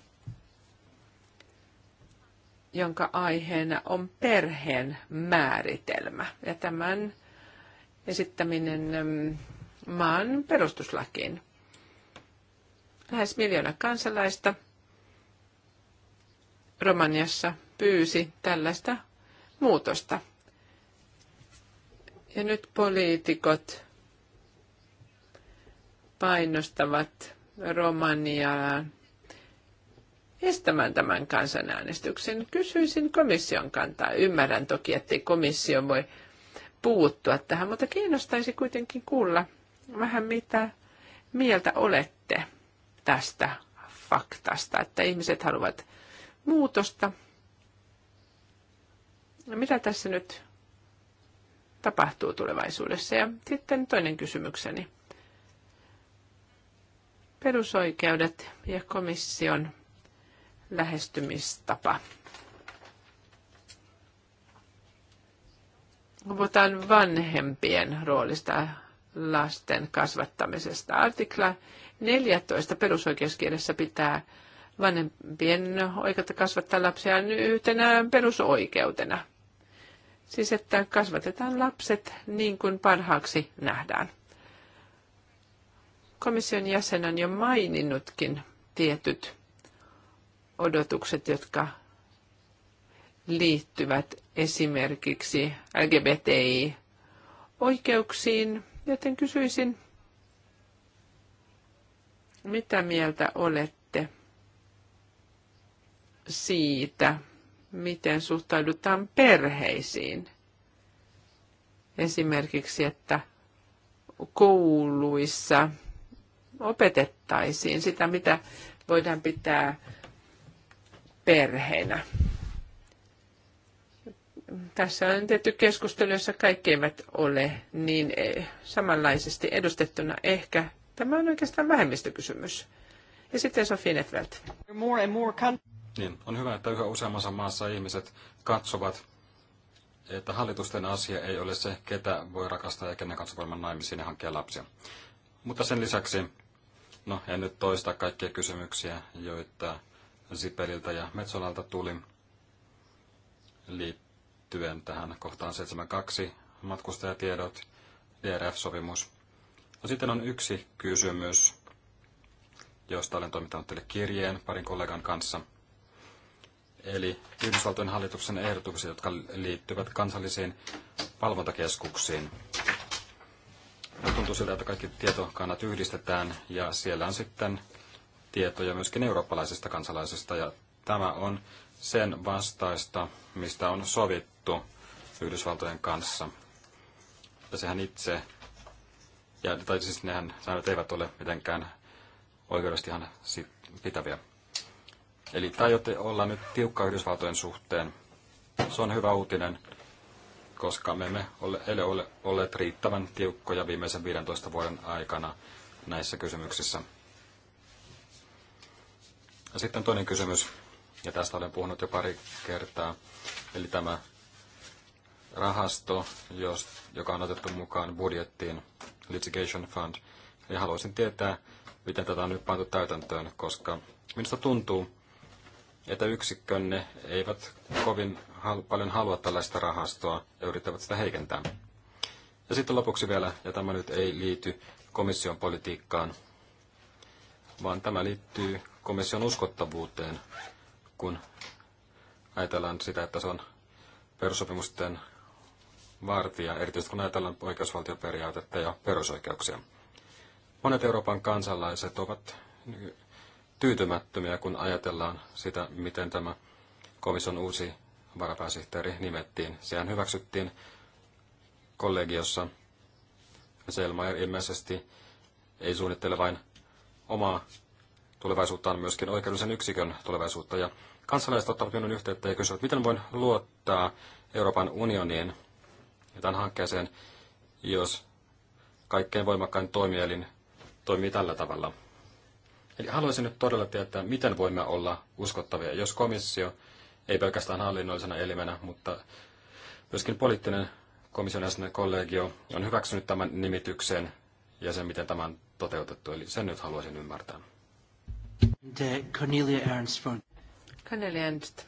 jonka aiheena on perheen määritelmä. Ja tämän esittäminen mm, maan perustuslakiin. Lähes miljoona kansalaista Romaniassa pyysi tällaista muutosta. Ja nyt poliitikot painostavat Romaniaan estämään tämän kansanäänestyksen. Kysyisin komission kantaa. Ymmärrän toki, ettei komissio voi puuttua tähän, mutta kiinnostaisi kuitenkin kuulla vähän mitä mieltä olette tästä faktasta, että ihmiset haluavat muutosta. Mitä tässä nyt tapahtuu tulevaisuudessa? Ja sitten toinen kysymykseni. Perusoikeudet ja komission lähestymistapa. Puhutaan vanhempien roolista lasten kasvattamisesta. Artikla 14 perusoikeuskirjassa pitää vanhempien oikeutta kasvattaa lapsia yhtenä perusoikeutena. Siis että kasvatetaan lapset niin kuin parhaaksi nähdään. Komission jäsen on jo maininnutkin tietyt odotukset, jotka liittyvät esimerkiksi LGBTI-oikeuksiin, joten kysyisin, mitä mieltä olette siitä, miten suhtaudutaan perheisiin? Esimerkiksi, että kouluissa opetettaisiin sitä, mitä voidaan pitää perheenä. Tässä on tehty keskustelu, jossa kaikki eivät ole niin eh, samanlaisesti edustettuna. Ehkä tämä on oikeastaan vähemmistökysymys. Ja sitten Sofie Netvelt. Niin, on hyvä, että yhä useammassa maassa ihmiset katsovat, että hallitusten asia ei ole se, ketä voi rakastaa ja kenen kanssa voimaan naimisiin ja hankkia lapsia. Mutta sen lisäksi, no en nyt toista kaikkia kysymyksiä, joita Sipeliltä ja Metsolalta tuli liittyen tähän kohtaan 72 matkustajatiedot, DRF-sopimus. No sitten on yksi kysymys, josta olen toimittanut teille kirjeen parin kollegan kanssa. Eli Yhdysvaltojen hallituksen ehdotukset, jotka liittyvät kansallisiin valvontakeskuksiin. No, tuntuu siltä, että kaikki tietokannat yhdistetään ja siellä on sitten tietoja myöskin eurooppalaisesta kansalaisesta, ja tämä on sen vastaista, mistä on sovittu Yhdysvaltojen kanssa. Ja sehän itse, ja, tai siis nehän säännöt eivät ole mitenkään oikeudellisesti ihan pitäviä. Eli taiotte olla nyt tiukka Yhdysvaltojen suhteen. Se on hyvä uutinen, koska me emme ole, ele ole olleet riittävän tiukkoja viimeisen 15 vuoden aikana näissä kysymyksissä. No sitten toinen kysymys, ja tästä olen puhunut jo pari kertaa, eli tämä rahasto, jos, joka on otettu mukaan budjettiin, litigation fund, ja haluaisin tietää, miten tätä on nyt pantu täytäntöön, koska minusta tuntuu, että yksikkönne eivät kovin hal- paljon halua tällaista rahastoa ja yrittävät sitä heikentää. Ja sitten lopuksi vielä, ja tämä nyt ei liity komission politiikkaan, vaan tämä liittyy komission uskottavuuteen, kun ajatellaan sitä, että se on perussopimusten vartija, erityisesti kun ajatellaan oikeusvaltioperiaatetta ja perusoikeuksia. Monet Euroopan kansalaiset ovat tyytymättömiä, kun ajatellaan sitä, miten tämä komission uusi varapääsihteeri nimettiin. Sehän hyväksyttiin kollegiossa. Selmayr ilmeisesti ei suunnittele vain omaa tulevaisuutta on myöskin oikeudellisen yksikön tulevaisuutta. Ja kansalaiset ottavat minun yhteyttä ja kysyvät, miten voin luottaa Euroopan unioniin ja tämän hankkeeseen, jos kaikkein voimakkain toimielin toimii tällä tavalla. Eli haluaisin nyt todella tietää, miten voimme olla uskottavia, jos komissio, ei pelkästään hallinnollisena elimenä, mutta myöskin poliittinen komission jäsenen kollegio on hyväksynyt tämän nimityksen ja sen, miten tämä on toteutettu. Eli sen nyt haluaisin ymmärtää. Cornelia Ernst von... Cornelia Ernst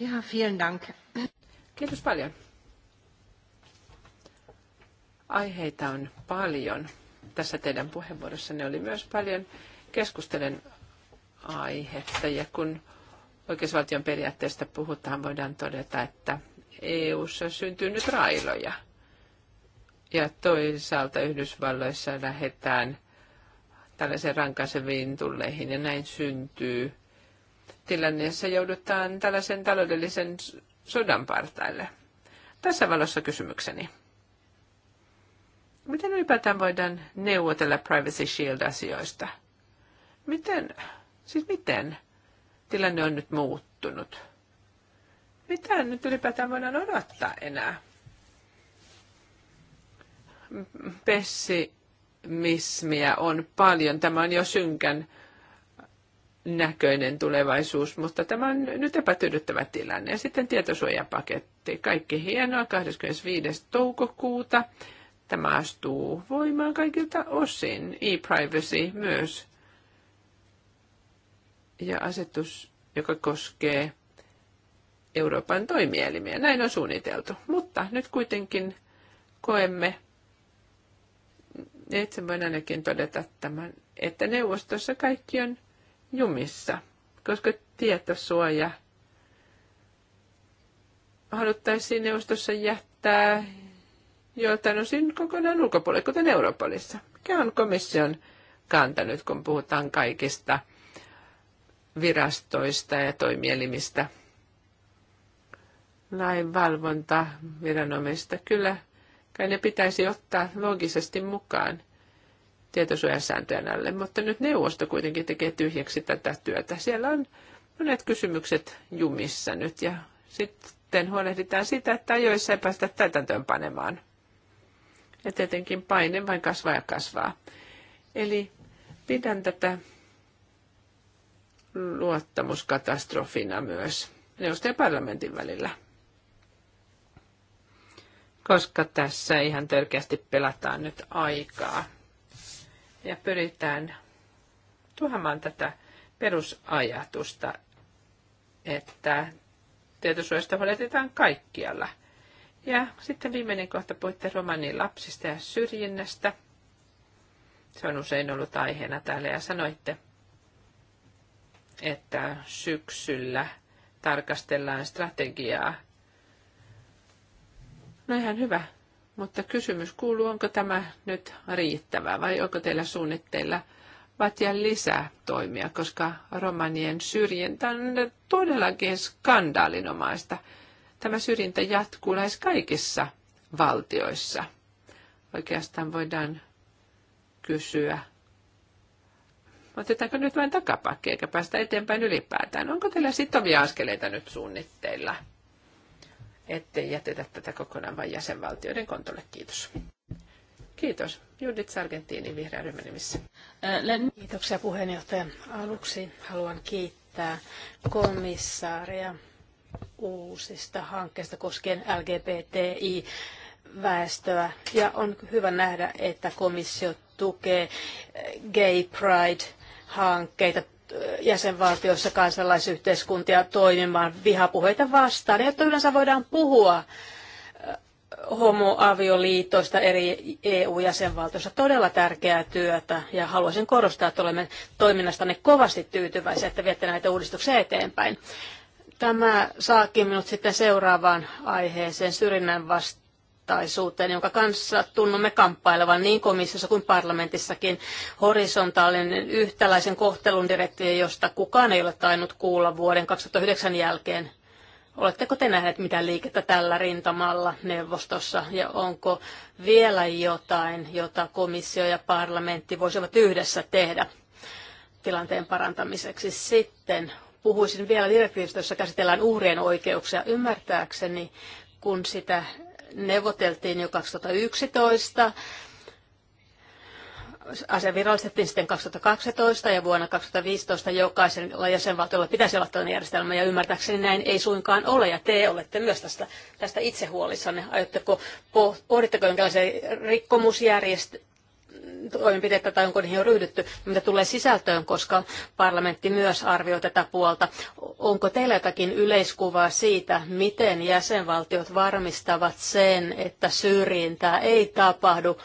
Ja, vielen dank. Kiitos paljon. Aiheita on paljon. Tässä teidän puheenvuorossanne oli myös paljon keskustelen aihetta. Ja kun oikeusvaltion periaatteesta puhutaan, voidaan todeta, että EU-ssa syntyy nyt railoja. Ja toisaalta Yhdysvalloissa lähdetään tällaisiin rankaiseviin tulleihin ja näin syntyy tilanne, jossa joudutaan tällaisen taloudellisen sodan partaille. Tässä valossa kysymykseni. Miten ylipäätään voidaan neuvotella Privacy Shield-asioista? Miten, siis miten tilanne on nyt muuttunut? Mitä nyt ylipäätään voidaan odottaa enää? Pessi optimismia on paljon. Tämä on jo synkän näköinen tulevaisuus, mutta tämä on nyt epätyydyttävä tilanne. Ja sitten tietosuojapaketti. Kaikki hienoa 25. toukokuuta. Tämä astuu voimaan kaikilta osin. E-privacy myös. Ja asetus, joka koskee Euroopan toimielimiä. Näin on suunniteltu. Mutta nyt kuitenkin koemme itse voin ainakin todeta tämän, että neuvostossa kaikki on jumissa, koska tietosuoja haluttaisiin neuvostossa jättää joiltain osin kokonaan ulkopuolelle, kuten Europolissa. Mikä on komission kanta nyt, kun puhutaan kaikista virastoista ja toimielimistä? Lainvalvonta viranomaisista kyllä tai ne pitäisi ottaa loogisesti mukaan tietosuojasääntöjen alle, mutta nyt neuvosto kuitenkin tekee tyhjäksi tätä työtä. Siellä on monet kysymykset jumissa nyt ja sitten huolehditaan sitä, että ajoissa ei päästä täytäntöön panemaan. Ja tietenkin paine vain kasvaa ja kasvaa. Eli pidän tätä luottamuskatastrofina myös ja parlamentin välillä koska tässä ihan törkeästi pelataan nyt aikaa. Ja pyritään tuhamaan tätä perusajatusta, että tietosuojasta huolehditaan kaikkialla. Ja sitten viimeinen kohta puhutte romanin lapsista ja syrjinnästä. Se on usein ollut aiheena täällä ja sanoitte, että syksyllä tarkastellaan strategiaa – No ihan hyvä. Mutta kysymys kuuluu, onko tämä nyt riittävä vai onko teillä suunnitteilla vaatia lisää toimia, koska romanien syrjintä on todellakin skandaalinomaista. Tämä syrjintä jatkuu lähes kaikissa valtioissa. Oikeastaan voidaan kysyä, otetaanko nyt vain takapakki eikä päästä eteenpäin ylipäätään. Onko teillä sitovia askeleita nyt suunnitteilla? ettei jätetä tätä kokonaan vain jäsenvaltioiden kontolle. Kiitos. Kiitos. Judith Sargentini vihreä ryhmä nimissä. Äh, Kiitoksia puheenjohtaja. Aluksi haluan kiittää komissaaria uusista hankkeista koskien LGBTI väestöä ja on hyvä nähdä, että komissio tukee gay pride hankkeita jäsenvaltiossa kansalaisyhteiskuntia toimimaan vihapuheita vastaan, jotta yleensä voidaan puhua homoavioliitoista eri EU-jäsenvaltioissa. Todella tärkeää työtä ja haluaisin korostaa, että olemme toiminnastanne kovasti tyytyväisiä, että viette näitä uudistuksia eteenpäin. Tämä saakin minut sitten seuraavaan aiheeseen syrjinnän vasta vertaisuuteen, jonka kanssa tunnumme kamppailevan niin komissiossa kuin parlamentissakin. Horisontaalinen yhtäläisen kohtelun direktiivi, josta kukaan ei ole tainnut kuulla vuoden 2009 jälkeen. Oletteko te nähneet mitään liikettä tällä rintamalla neuvostossa ja onko vielä jotain, jota komissio ja parlamentti voisivat yhdessä tehdä tilanteen parantamiseksi? Sitten puhuisin vielä direktiivistä, jossa käsitellään uhrien oikeuksia. Ymmärtääkseni, kun sitä neuvoteltiin jo 2011, asia virallistettiin sitten 2012 ja vuonna 2015 jokaisella jäsenvaltiolla pitäisi olla tällainen järjestelmä ja ymmärtääkseni näin ei suinkaan ole ja te olette myös tästä, tästä itse huolissanne. Aiotteko, pohditteko jonkinlaisia rikkomusjärjest, toimenpidettä tai onko niihin jo ryhdytty, mitä tulee sisältöön, koska parlamentti myös arvioi tätä puolta. Onko teillä jotakin yleiskuvaa siitä, miten jäsenvaltiot varmistavat sen, että syrjintää ei tapahdu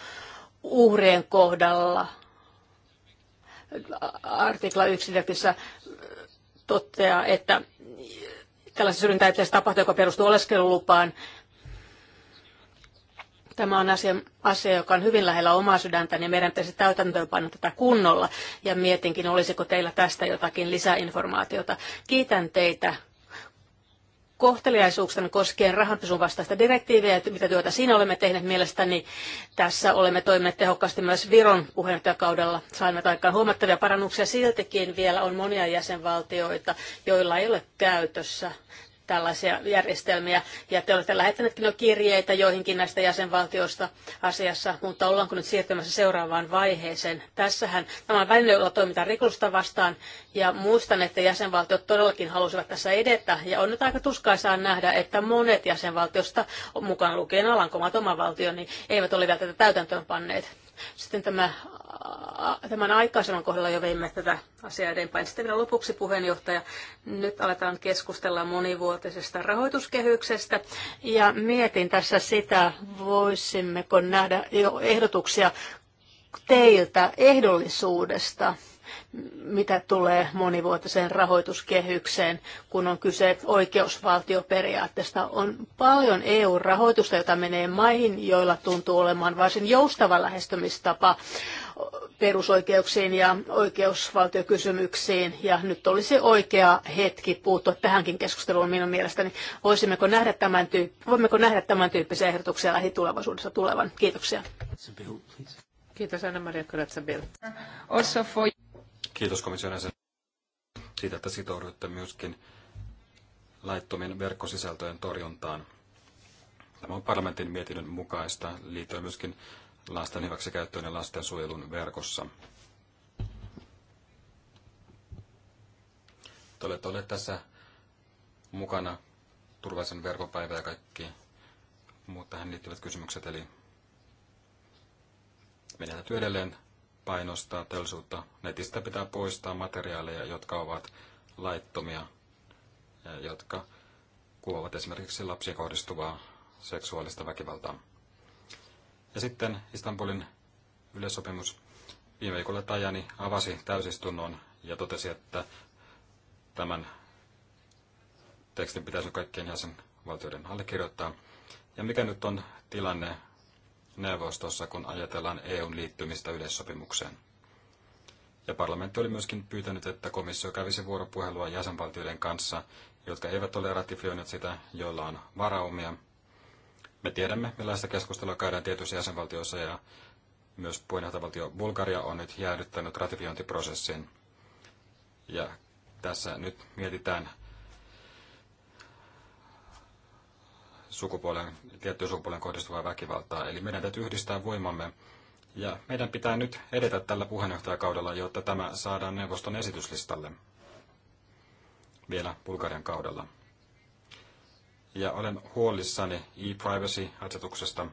uhrien kohdalla? Artikla 1 toteaa, että tällaisen syrjintää ei pitäisi tapahtua, joka perustuu oleskelulupaan Tämä on asia, asia, joka on hyvin lähellä omaa sydäntäni niin ja meidän pitäisi täytäntöönpanna tätä kunnolla. Ja mietinkin, olisiko teillä tästä jotakin lisäinformaatiota. Kiitän teitä kohteliaisuuksien koskien rahanpesun vastaista direktiiviä, mitä työtä siinä olemme tehneet mielestäni. Tässä olemme toimineet tehokkaasti myös Viron puheenjohtajakaudella. Saimme aikaan huomattavia parannuksia. Siltikin vielä on monia jäsenvaltioita, joilla ei ole käytössä tällaisia järjestelmiä. Ja te olette lähettäneetkin jo kirjeitä joihinkin näistä jäsenvaltioista asiassa, mutta ollaanko nyt siirtymässä seuraavaan vaiheeseen? Tässähän tämä on väline, jolla toimitaan rikollista vastaan, ja muistan, että jäsenvaltiot todellakin halusivat tässä edetä, ja on nyt aika tuskaisaa nähdä, että monet jäsenvaltiosta, mukaan lukien Alankomaat oma valtio, niin eivät ole vielä tätä täytäntöön panneet. Sitten tämä, tämän aikaisemman kohdalla jo veimme tätä asiaa eteenpäin. Sitten vielä lopuksi puheenjohtaja. Nyt aletaan keskustella monivuotisesta rahoituskehyksestä. Ja mietin tässä sitä, voisimmeko nähdä jo ehdotuksia teiltä ehdollisuudesta mitä tulee monivuotiseen rahoituskehykseen, kun on kyse oikeusvaltioperiaatteesta. On paljon EU-rahoitusta, jota menee maihin, joilla tuntuu olemaan varsin joustava lähestymistapa perusoikeuksiin ja oikeusvaltiokysymyksiin. Ja nyt olisi oikea hetki puuttua tähänkin keskusteluun minun mielestäni. Voisimmeko nähdä tämän tyyppi, voimmeko nähdä tämän tyyppisiä ehdotuksia lähitulevaisuudessa tulevan? Kiitoksia. Kiitos Anna-Maria Kuratsabil. Also for... Kiitos komission jäsen siitä, että sitouduitte myöskin laittomien verkkosisältöjen torjuntaan. Tämä on parlamentin mietinnön mukaista liittyen myöskin lasten hyväksikäyttöön ja lastensuojelun verkossa. Te olette olleet tässä mukana turvallisen verkopäivä ja kaikki muut tähän liittyvät kysymykset. Eli menetään täytyy edelleen painostaa teollisuutta. Netistä pitää poistaa materiaaleja, jotka ovat laittomia, ja jotka kuvaavat esimerkiksi lapsiin kohdistuvaa seksuaalista väkivaltaa. Ja sitten Istanbulin yleissopimus viime viikolla Tajani avasi täysistunnon ja totesi, että tämän tekstin pitäisi kaikkien jäsenvaltioiden allekirjoittaa. Ja mikä nyt on tilanne neuvostossa, kun ajatellaan EUn liittymistä yleissopimukseen. Ja parlamentti oli myöskin pyytänyt, että komissio kävisi vuoropuhelua jäsenvaltioiden kanssa, jotka eivät ole ratifioineet sitä, joilla on varaumia. Me tiedämme, millaista keskustelua käydään tietyissä jäsenvaltioissa ja myös puheenjohtajavaltio Bulgaria on nyt jäädyttänyt ratifiointiprosessin. Ja tässä nyt mietitään, sukupuolen, tiettyyn sukupuolen kohdistuvaa väkivaltaa. Eli meidän täytyy yhdistää voimamme. Ja meidän pitää nyt edetä tällä puheenjohtajakaudella, jotta tämä saadaan neuvoston esityslistalle vielä Bulgarian kaudella. Ja olen huolissani e-privacy-asetuksesta.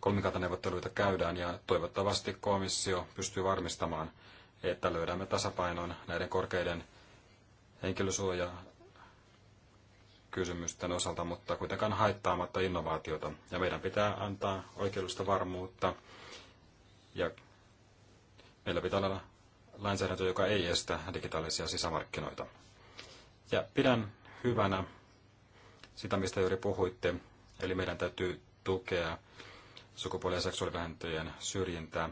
Kolmikantaneuvotteluita käydään ja toivottavasti komissio pystyy varmistamaan, että löydämme tasapainon näiden korkeiden henkilösuoja kysymysten osalta, mutta kuitenkaan haittaamatta innovaatiota. Ja meidän pitää antaa oikeudellista varmuutta ja meillä pitää olla lainsäädäntö, joka ei estä digitaalisia sisämarkkinoita. Ja pidän hyvänä sitä, mistä juuri puhuitte, eli meidän täytyy tukea sukupuoli- ja seksuaalivähentöjen syrjintää.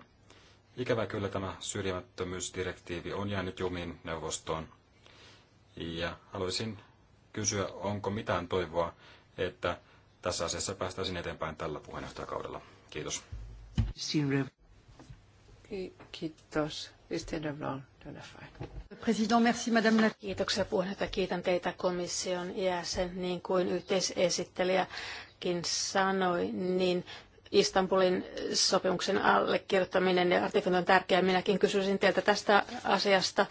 Ikävä kyllä tämä syrjimättömyysdirektiivi on jäänyt jumiin neuvostoon. Ja haluaisin kysyä, onko mitään toivoa, että tässä asiassa päästäisiin eteenpäin tällä puheenjohtajakaudella. Kiitos. Kiitos. President, Kiitoksia puheenjohtaja. Kiitän teitä komission jäsen, niin kuin yhteisesittelijäkin sanoi, niin Istanbulin sopimuksen allekirjoittaminen ja ratifiointi on tärkeä. Minäkin kysyisin teiltä tästä asiasta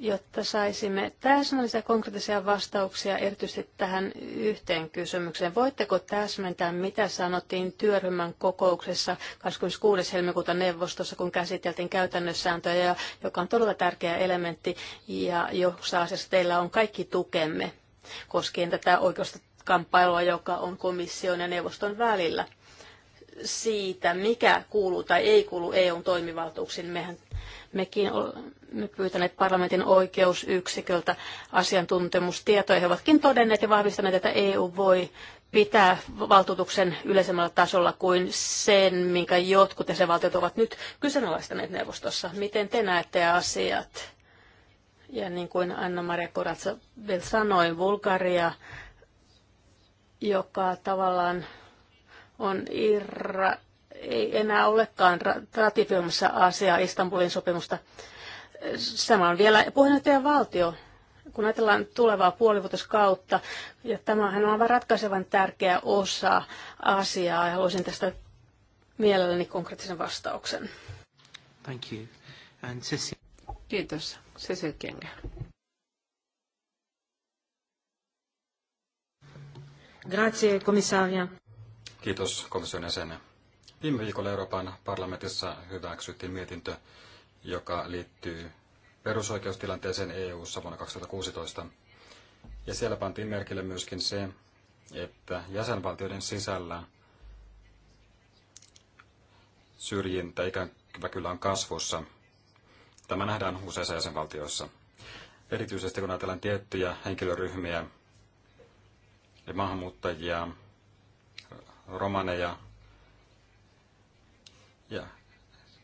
jotta saisimme täsmällisiä konkreettisia vastauksia erityisesti tähän yhteen kysymykseen. Voitteko täsmentää, mitä sanottiin työryhmän kokouksessa 26. helmikuuta neuvostossa, kun käsiteltiin käytännössääntöjä, joka on todella tärkeä elementti ja jossa asiassa teillä on kaikki tukemme koskien tätä oikeusta kamppailua, joka on komission ja neuvoston välillä siitä, mikä kuuluu tai ei kuulu EUn toimivaltuuksiin. Mehän mekin olemme pyytäneet parlamentin oikeusyksiköltä asiantuntemustietoja. He ovatkin todenneet ja vahvistaneet, että EU voi pitää valtuutuksen yleisemmällä tasolla kuin sen, minkä jotkut jäsenvaltiot ovat nyt kyseenalaistaneet neuvostossa. Miten te näette asiat? Ja niin kuin Anna-Maria Koratsa sanoi, Bulgaria, joka tavallaan on Irra, ei enää olekaan ratifioimassa asiaa Istanbulin sopimusta. Sama on vielä puheenjohtajan valtio, kun ajatellaan tulevaa puolivuotoskautta, ja tämähän on aivan ratkaisevan tärkeä osa asiaa, ja haluaisin tästä mielelläni konkreettisen vastauksen. Thank you. And Cecil. Kiitos. Cecil Kenge. Grazie, komissaria. Kiitos komission jäsenen. Viime viikolla Euroopan parlamentissa hyväksyttiin mietintö, joka liittyy perusoikeustilanteeseen EU-ssa vuonna 2016. Ja siellä pantiin merkille myöskin se, että jäsenvaltioiden sisällä syrjintä ikävä kyllä on kasvussa. Tämä nähdään useissa jäsenvaltioissa. Erityisesti kun ajatellaan tiettyjä henkilöryhmiä ja maahanmuuttajia, romaneja. Ja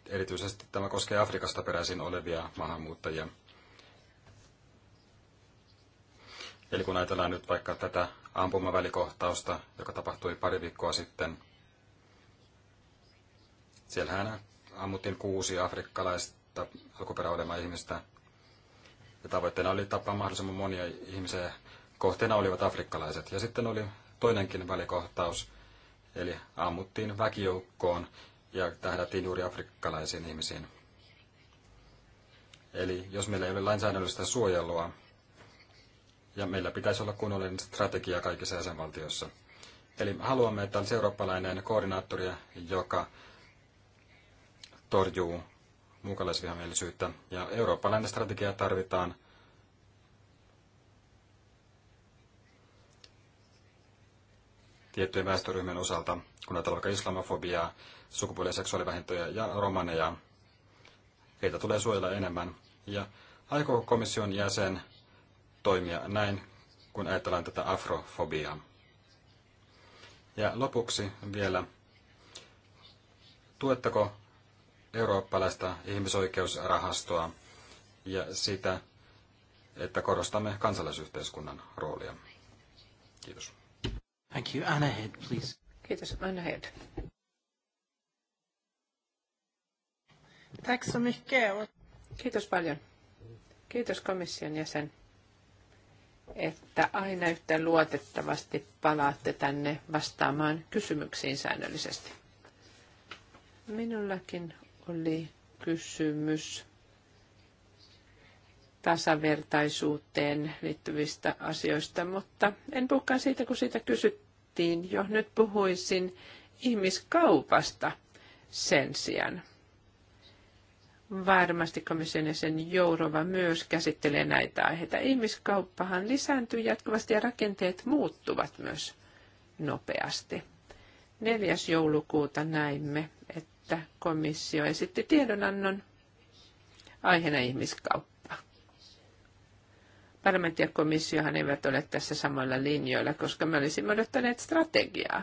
erityisesti tämä koskee Afrikasta peräisin olevia maahanmuuttajia. Eli kun ajatellaan nyt vaikka tätä ampumavälikohtausta, joka tapahtui pari viikkoa sitten, siellähän ammuttiin kuusi afrikkalaista alkuperäolemaa ihmistä. Ja tavoitteena oli tapaa mahdollisimman monia ihmisiä. Kohteena olivat afrikkalaiset. Ja sitten oli toinenkin välikohtaus, Eli ammuttiin väkijoukkoon ja tähdättiin juuri afrikkalaisiin ihmisiin. Eli jos meillä ei ole lainsäädännöllistä suojelua, ja meillä pitäisi olla kunnollinen strategia kaikissa jäsenvaltioissa. Eli haluamme, että olisi eurooppalainen koordinaattori, joka torjuu muukalaisvihamielisyyttä. Ja eurooppalainen strategia tarvitaan tiettyjen väestöryhmien osalta, kun ajatellaan vaikka islamofobiaa, sukupuoli- ja seksuaalivähintöjä ja romaneja. Heitä tulee suojella enemmän. Ja aikoo komission jäsen toimia näin, kun ajatellaan tätä afrofobiaa. Ja lopuksi vielä, tuetteko eurooppalaista ihmisoikeusrahastoa ja sitä, että korostamme kansalaisyhteiskunnan roolia? Kiitos. Thank you. Anna Head, please. Kiitos. Anna Head. Tack så mycket. Kiitos paljon. Kiitos komission jäsen, että aina yhtä luotettavasti palaatte tänne vastaamaan kysymyksiin säännöllisesti. Minullakin oli kysymys tasavertaisuuteen liittyvistä asioista, mutta en puhukaan siitä, kun siitä kysyttiin mainittiin jo. Nyt puhuisin ihmiskaupasta sen sijaan. Varmasti komission jäsen Jourova myös käsittelee näitä aiheita. Ihmiskauppahan lisääntyy jatkuvasti ja rakenteet muuttuvat myös nopeasti. 4. joulukuuta näimme, että komissio esitti tiedonannon aiheena ihmiskauppa. Parlamentti ja komissiohan eivät ole tässä samoilla linjoilla, koska me olisimme odottaneet strategiaa.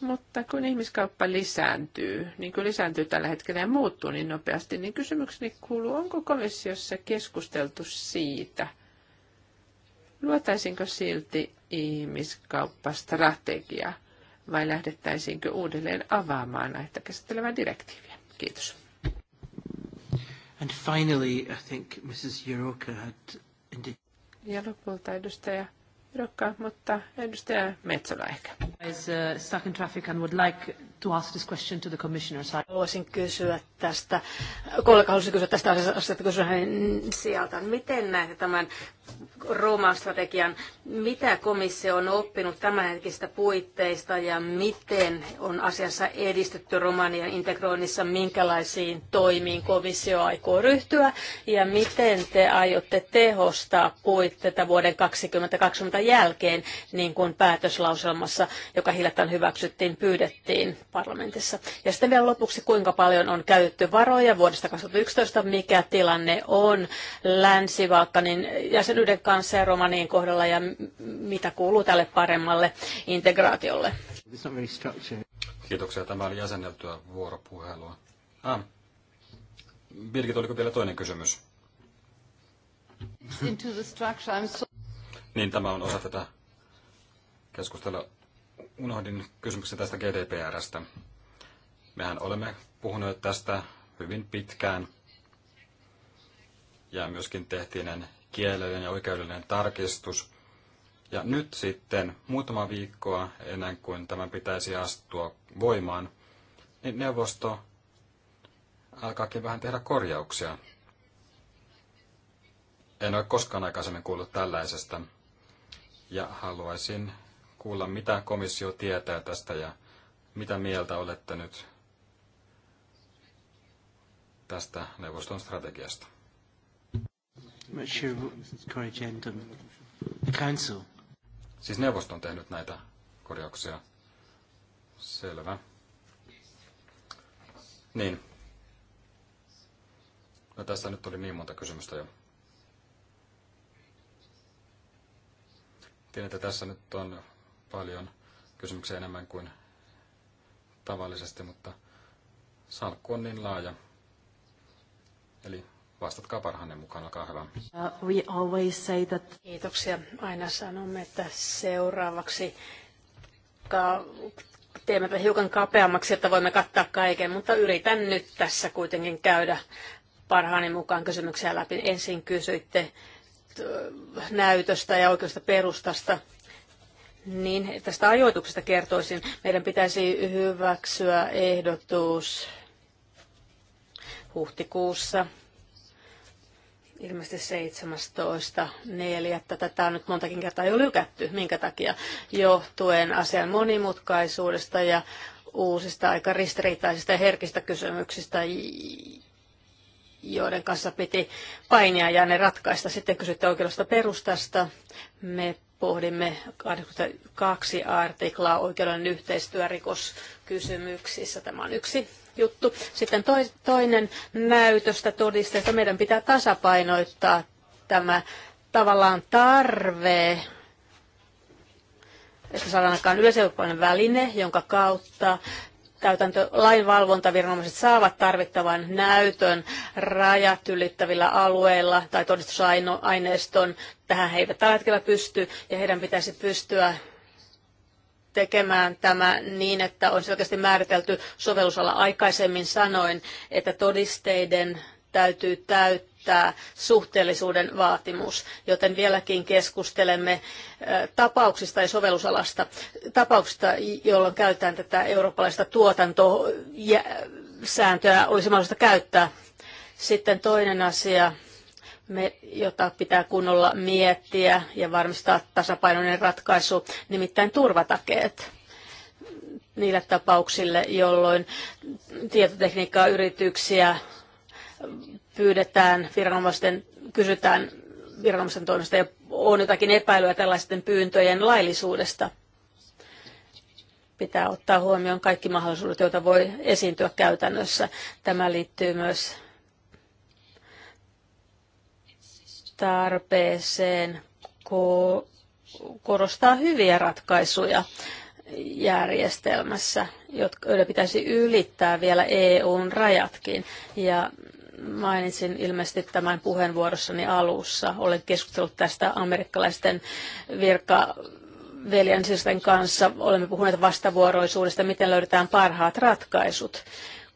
Mutta kun ihmiskauppa lisääntyy, niin kuin lisääntyy tällä hetkellä ja muuttuu niin nopeasti, niin kysymykseni kuuluu, onko komissiossa keskusteltu siitä, luotaisinko silti ihmiskauppastrategia vai lähdettäisiinkö uudelleen avaamaan näitä käsittelevää direktiiviä? Kiitos. And finally, I think Mrs. Yuroka had indeed... Ja lopulta edustaja Yuroka, mutta edustaja Metsola ehkä. Is, uh, stuck in traffic and would like to ask this question to the commissioner. Haluaisin kysyä tästä, kollega haluaisi kysyä tästä asiasta, kysyä hänen sieltä. Miten näette tämän Rooman strategian, mitä komissio on oppinut tämänhetkistä puitteista ja miten on asiassa edistetty Romanian integroinnissa, minkälaisiin toimiin komissio aikoo ryhtyä ja miten te aiotte tehostaa puitteita vuoden 2020 jälkeen, niin kuin päätöslauselmassa, joka hiljattain hyväksyttiin, pyydettiin parlamentissa. Ja sitten vielä lopuksi, kuinka paljon on käytetty varoja vuodesta 2011, mikä tilanne on länsi niin jäsenyyden kanssa ja Romaniin kohdalla ja mitä kuuluu tälle paremmalle integraatiolle. Kiitoksia. Tämä oli jäsenneltyä vuoropuhelua. Ah. Birgit, oliko vielä toinen kysymys? Into the structure. I'm so... Niin, tämä on osa tätä keskustelua unohdin kysymyksen tästä GDPRstä. Mehän olemme puhuneet tästä hyvin pitkään ja myöskin tehtiin kielellinen ja oikeudellinen tarkistus. Ja nyt sitten muutama viikkoa ennen kuin tämän pitäisi astua voimaan, niin neuvosto alkaakin vähän tehdä korjauksia. En ole koskaan aikaisemmin kuullut tällaisesta ja haluaisin kuulla, mitä komissio tietää tästä ja mitä mieltä olette nyt tästä neuvoston strategiasta. Siis neuvosto on tehnyt näitä korjauksia. Selvä. Niin. No tässä nyt oli niin monta kysymystä jo. Tiedän, että tässä nyt on paljon kysymyksiä enemmän kuin tavallisesti, mutta salkku on niin laaja. Eli vastatkaa parhaanne mukaan, olkaa hyvä. Uh, we always say that... Kiitoksia. Aina sanomme, että seuraavaksi ka- teemme hiukan kapeammaksi, että voimme kattaa kaiken, mutta yritän nyt tässä kuitenkin käydä parhaani mukaan kysymyksiä läpi. Ensin kysyitte näytöstä ja oikeasta perustasta. Niin, tästä ajoituksesta kertoisin. Meidän pitäisi hyväksyä ehdotus huhtikuussa, ilmeisesti 17.4. Tätä on nyt montakin kertaa jo lykätty. Minkä takia? Johtuen asian monimutkaisuudesta ja uusista aika ristiriitaisista ja herkistä kysymyksistä, joiden kanssa piti painia ja ne ratkaista. Sitten kysytte oikeudesta perustasta. Me pohdimme 82 artiklaa oikeuden yhteistyörikoskysymyksissä. Tämä on yksi juttu. Sitten toinen näytöstä todisteesta. Meidän pitää tasapainoittaa tämä tavallaan tarve, että saadaan aikaan yleiseurooppalainen väline, jonka kautta täytäntö, lainvalvontaviranomaiset saavat tarvittavan näytön rajat ylittävillä alueilla tai todistusaineiston. Tähän he eivät tällä hetkellä pysty ja heidän pitäisi pystyä tekemään tämä niin, että on selkeästi määritelty sovellusala aikaisemmin sanoin, että todisteiden täytyy täyttää täyttää suhteellisuuden vaatimus, joten vieläkin keskustelemme tapauksista ja sovellusalasta, tapauksista, jolloin käytetään tätä eurooppalaista tuotantosääntöä, olisi mahdollista käyttää. Sitten toinen asia, me, jota pitää kunnolla miettiä ja varmistaa tasapainoinen ratkaisu, nimittäin turvatakeet niille tapauksille, jolloin tietotekniikkayrityksiä pyydetään viranomaisten, kysytään viranomaisten toimesta ja on jotakin epäilyä tällaisten pyyntöjen laillisuudesta. Pitää ottaa huomioon kaikki mahdollisuudet, joita voi esiintyä käytännössä. Tämä liittyy myös tarpeeseen ko- korostaa hyviä ratkaisuja järjestelmässä, joiden pitäisi ylittää vielä EUn rajatkin. Ja mainitsin ilmeisesti tämän puheenvuorossani alussa. Olen keskustellut tästä amerikkalaisten virka veljensiisten kanssa. Olemme puhuneet vastavuoroisuudesta, miten löydetään parhaat ratkaisut,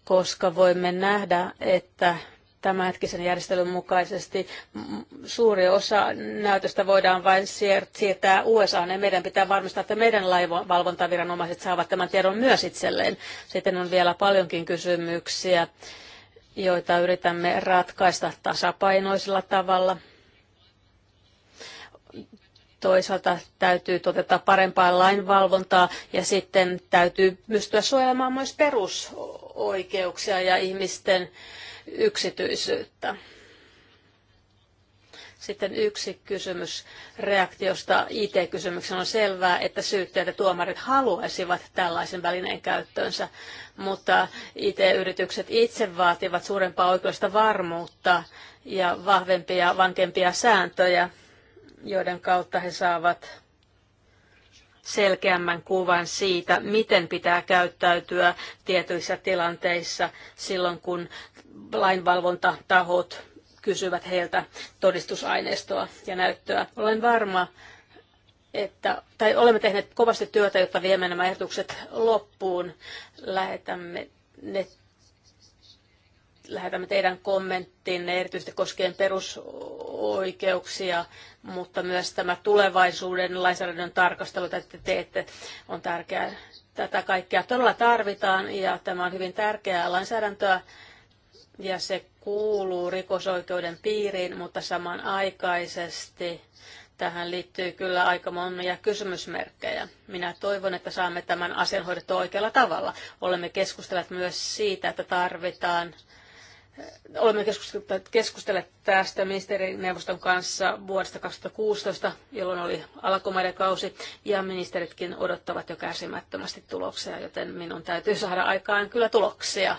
koska voimme nähdä, että tämänhetkisen järjestelyn mukaisesti suuri osa näytöstä voidaan vain siirtää USA, ja meidän pitää varmistaa, että meidän laivavalvontaviranomaiset saavat tämän tiedon myös itselleen. Sitten on vielä paljonkin kysymyksiä joita yritämme ratkaista tasapainoisella tavalla. Toisaalta täytyy toteuttaa parempaa lainvalvontaa ja sitten täytyy pystyä suojelemaan myös perusoikeuksia ja ihmisten yksityisyyttä. Sitten yksi kysymys reaktiosta IT-kysymykseen on selvää, että syyttäjät ja tuomarit haluaisivat tällaisen välineen käyttöönsä, mutta IT-yritykset itse vaativat suurempaa oikeudellista varmuutta ja vahvempia, vankempia sääntöjä, joiden kautta he saavat selkeämmän kuvan siitä, miten pitää käyttäytyä tietyissä tilanteissa silloin, kun lainvalvontatahot kysyvät heiltä todistusaineistoa ja näyttöä. Olen varma, että, tai olemme tehneet kovasti työtä, jotta viemme nämä ehdotukset loppuun. Lähetämme ne lähetämme teidän kommenttinne erityisesti koskien perusoikeuksia, mutta myös tämä tulevaisuuden lainsäädännön tarkastelu, että te teette, on tärkeää. Tätä kaikkea todella tarvitaan ja tämä on hyvin tärkeää lainsäädäntöä, ja se kuuluu rikosoikeuden piiriin, mutta samanaikaisesti tähän liittyy kyllä aika monia kysymysmerkkejä. Minä toivon, että saamme tämän asian hoidettua oikealla tavalla. Olemme keskustelleet myös siitä, että tarvitaan Olemme keskustelleet tästä ministerineuvoston kanssa vuodesta 2016, jolloin oli alakomaiden kausi, ja ministeritkin odottavat jo kärsimättömästi tuloksia, joten minun täytyy saada aikaan kyllä tuloksia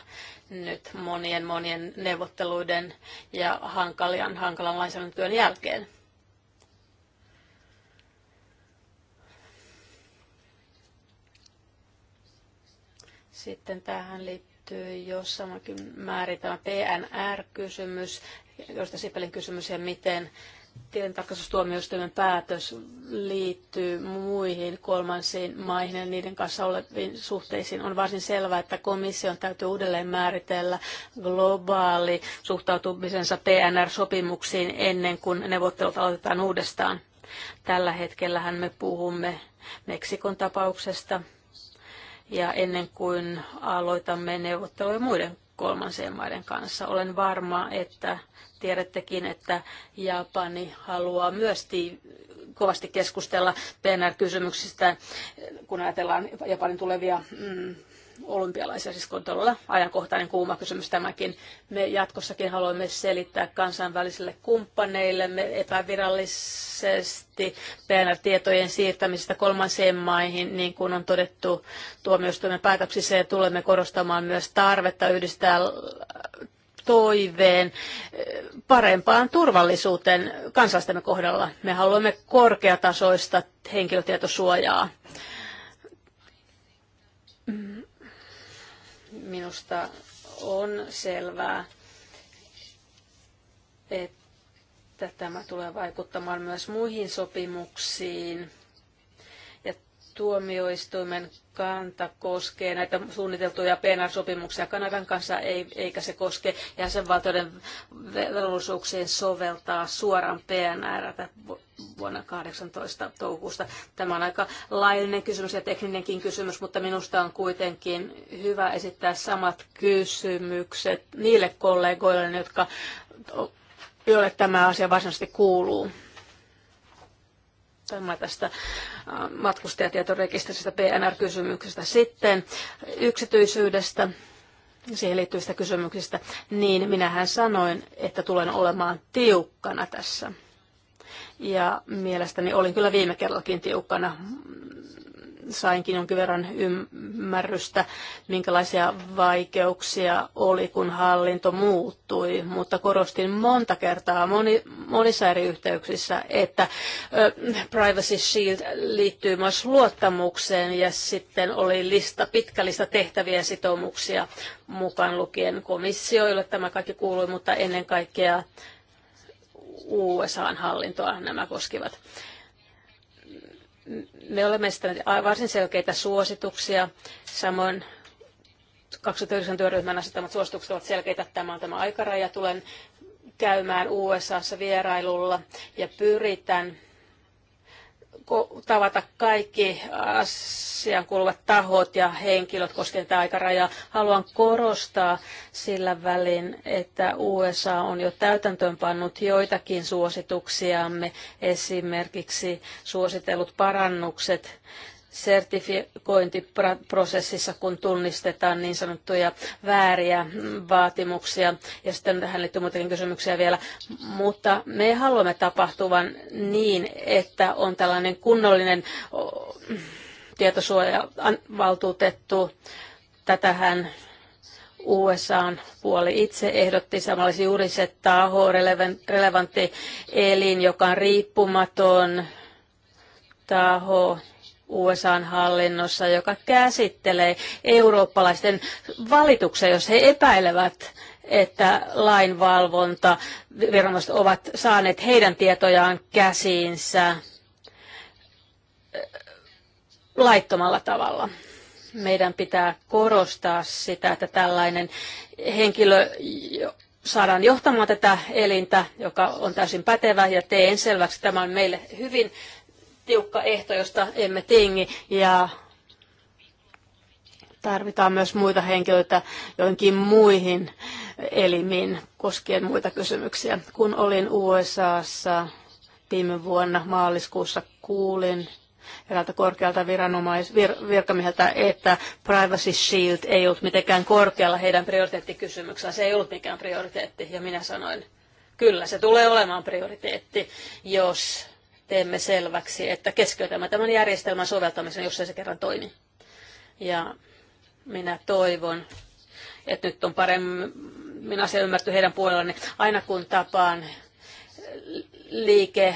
nyt monien monien neuvotteluiden ja hankalian, hankalan lainsäädäntötyön jälkeen. Sitten tähän liittyy liittyy jo määrin tämä PNR-kysymys, josta Sipelin kysymys ja miten tilintarkastustuomioistuimen päätös liittyy muihin kolmansiin maihin ja niiden kanssa oleviin suhteisiin. On varsin selvää, että komission täytyy uudelleen määritellä globaali suhtautumisensa PNR-sopimuksiin ennen kuin neuvottelut aloitetaan uudestaan. Tällä hetkellähän me puhumme Meksikon tapauksesta, ja ennen kuin aloitamme neuvotteluja muiden kolmansien maiden kanssa. Olen varma, että tiedättekin, että Japani haluaa myös kovasti keskustella PNR-kysymyksistä, kun ajatellaan Japanin tulevia mm, olympialaisia, siis on todella ajankohtainen kuuma kysymys tämäkin. Me jatkossakin haluamme selittää kansainvälisille kumppaneillemme epävirallisesti PNR-tietojen siirtämisestä kolmansien maihin, niin kuin on todettu tuomioistuimen päätöksissä, ja tulemme korostamaan myös tarvetta yhdistää toiveen parempaan turvallisuuteen kansalaistemme kohdalla. Me haluamme korkeatasoista henkilötietosuojaa Minusta on selvää, että tämä tulee vaikuttamaan myös muihin sopimuksiin ja tuomioistuimen kanta koskee näitä suunniteltuja PNR-sopimuksia Kanadan kanssa, ei, eikä se koske jäsenvaltioiden velvollisuuksiin soveltaa suoraan PNR vuonna 18 toukokuusta. Tämä on aika laillinen kysymys ja tekninenkin kysymys, mutta minusta on kuitenkin hyvä esittää samat kysymykset niille kollegoille, jotka joille tämä asia varsinaisesti kuuluu tämä tästä äh, matkustajatietorekisteristä PNR-kysymyksestä. Sitten yksityisyydestä, siihen liittyvistä kysymyksistä, niin minähän sanoin, että tulen olemaan tiukkana tässä. Ja mielestäni olin kyllä viime kerrallakin tiukkana sainkin jonkin verran ymmärrystä, minkälaisia vaikeuksia oli, kun hallinto muuttui. Mutta korostin monta kertaa moni, monissa eri yhteyksissä, että Privacy Shield liittyy myös luottamukseen ja sitten oli lista, pitkä lista tehtäviä ja sitoumuksia mukaan lukien komissioille. Tämä kaikki kuului, mutta ennen kaikkea usa hallintoa nämä koskivat. Me olemme esittäneet varsin selkeitä suosituksia, samoin yhdeksän työryhmän asettamat suositukset ovat selkeitä. Tämä on tämä aikaraja. Tulen käymään USAssa vierailulla ja pyritän tavata kaikki asian kuuluvat tahot ja henkilöt koskien tätä aikarajaa. Haluan korostaa sillä välin, että USA on jo täytäntöönpannut joitakin suosituksiamme, esimerkiksi suositellut parannukset sertifikointiprosessissa, kun tunnistetaan niin sanottuja vääriä vaatimuksia. Ja sitten tähän liittyy muitakin kysymyksiä vielä. Mutta me haluamme tapahtuvan niin, että on tällainen kunnollinen tietosuojavaltuutettu. Tätähän USAn puoli itse ehdotti samanlaisia juuri se taho, relevantti elin, joka on riippumaton taho, usa hallinnossa, joka käsittelee eurooppalaisten valituksia, jos he epäilevät että lainvalvonta viranomaiset ovat saaneet heidän tietojaan käsiinsä eh, laittomalla tavalla. Meidän pitää korostaa sitä, että tällainen henkilö saadaan johtamaan tätä elintä, joka on täysin pätevä, ja teen selväksi, tämä on meille hyvin tiukka ehto, josta emme tingi. Ja tarvitaan myös muita henkilöitä joihinkin muihin elimiin koskien muita kysymyksiä. Kun olin USAssa viime vuonna maaliskuussa kuulin eräältä korkealta viranomais, vir, virkamieheltä, että Privacy Shield ei ollut mitenkään korkealla heidän prioriteettikysymyksensä. Se ei ollut mikään prioriteetti, ja minä sanoin, kyllä se tulee olemaan prioriteetti, jos teemme selväksi, että keskeytämme tämän järjestelmän soveltamisen, jos ei se kerran toimi. Ja minä toivon, että nyt on paremmin asia ymmärretty heidän puolellani. aina kun tapaan liike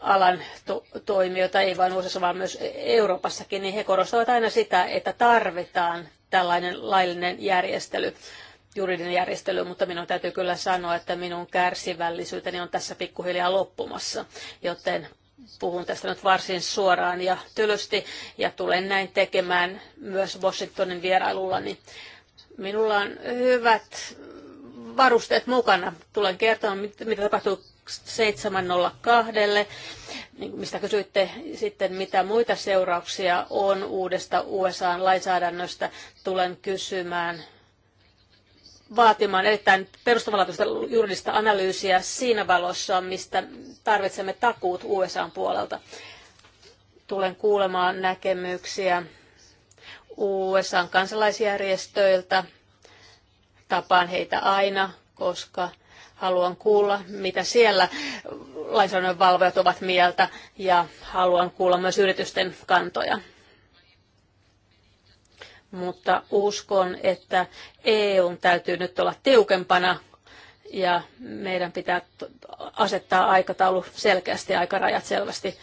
alan to- toimijoita, ei vain USA, vaan myös Euroopassakin, niin he korostavat aina sitä, että tarvitaan tällainen laillinen järjestely juridinen järjestely, mutta minun täytyy kyllä sanoa, että minun kärsivällisyyteni on tässä pikkuhiljaa loppumassa, joten puhun tästä nyt varsin suoraan ja tylysti ja tulen näin tekemään myös Washingtonin vierailullani. Minulla on hyvät varusteet mukana. Tulen kertomaan, mitä tapahtuu 702, niin mistä kysyitte sitten, mitä muita seurauksia on uudesta USA-lainsäädännöstä. Tulen kysymään vaatimaan erittäin perustavanlaatuista juridista analyysiä siinä valossa, mistä tarvitsemme takuut USAn puolelta. Tulen kuulemaan näkemyksiä USAn kansalaisjärjestöiltä. Tapaan heitä aina, koska haluan kuulla, mitä siellä lainsäädännön valvojat ovat mieltä ja haluan kuulla myös yritysten kantoja mutta uskon, että EUn täytyy nyt olla tiukempana ja meidän pitää asettaa aikataulu selkeästi, aikarajat selvästi.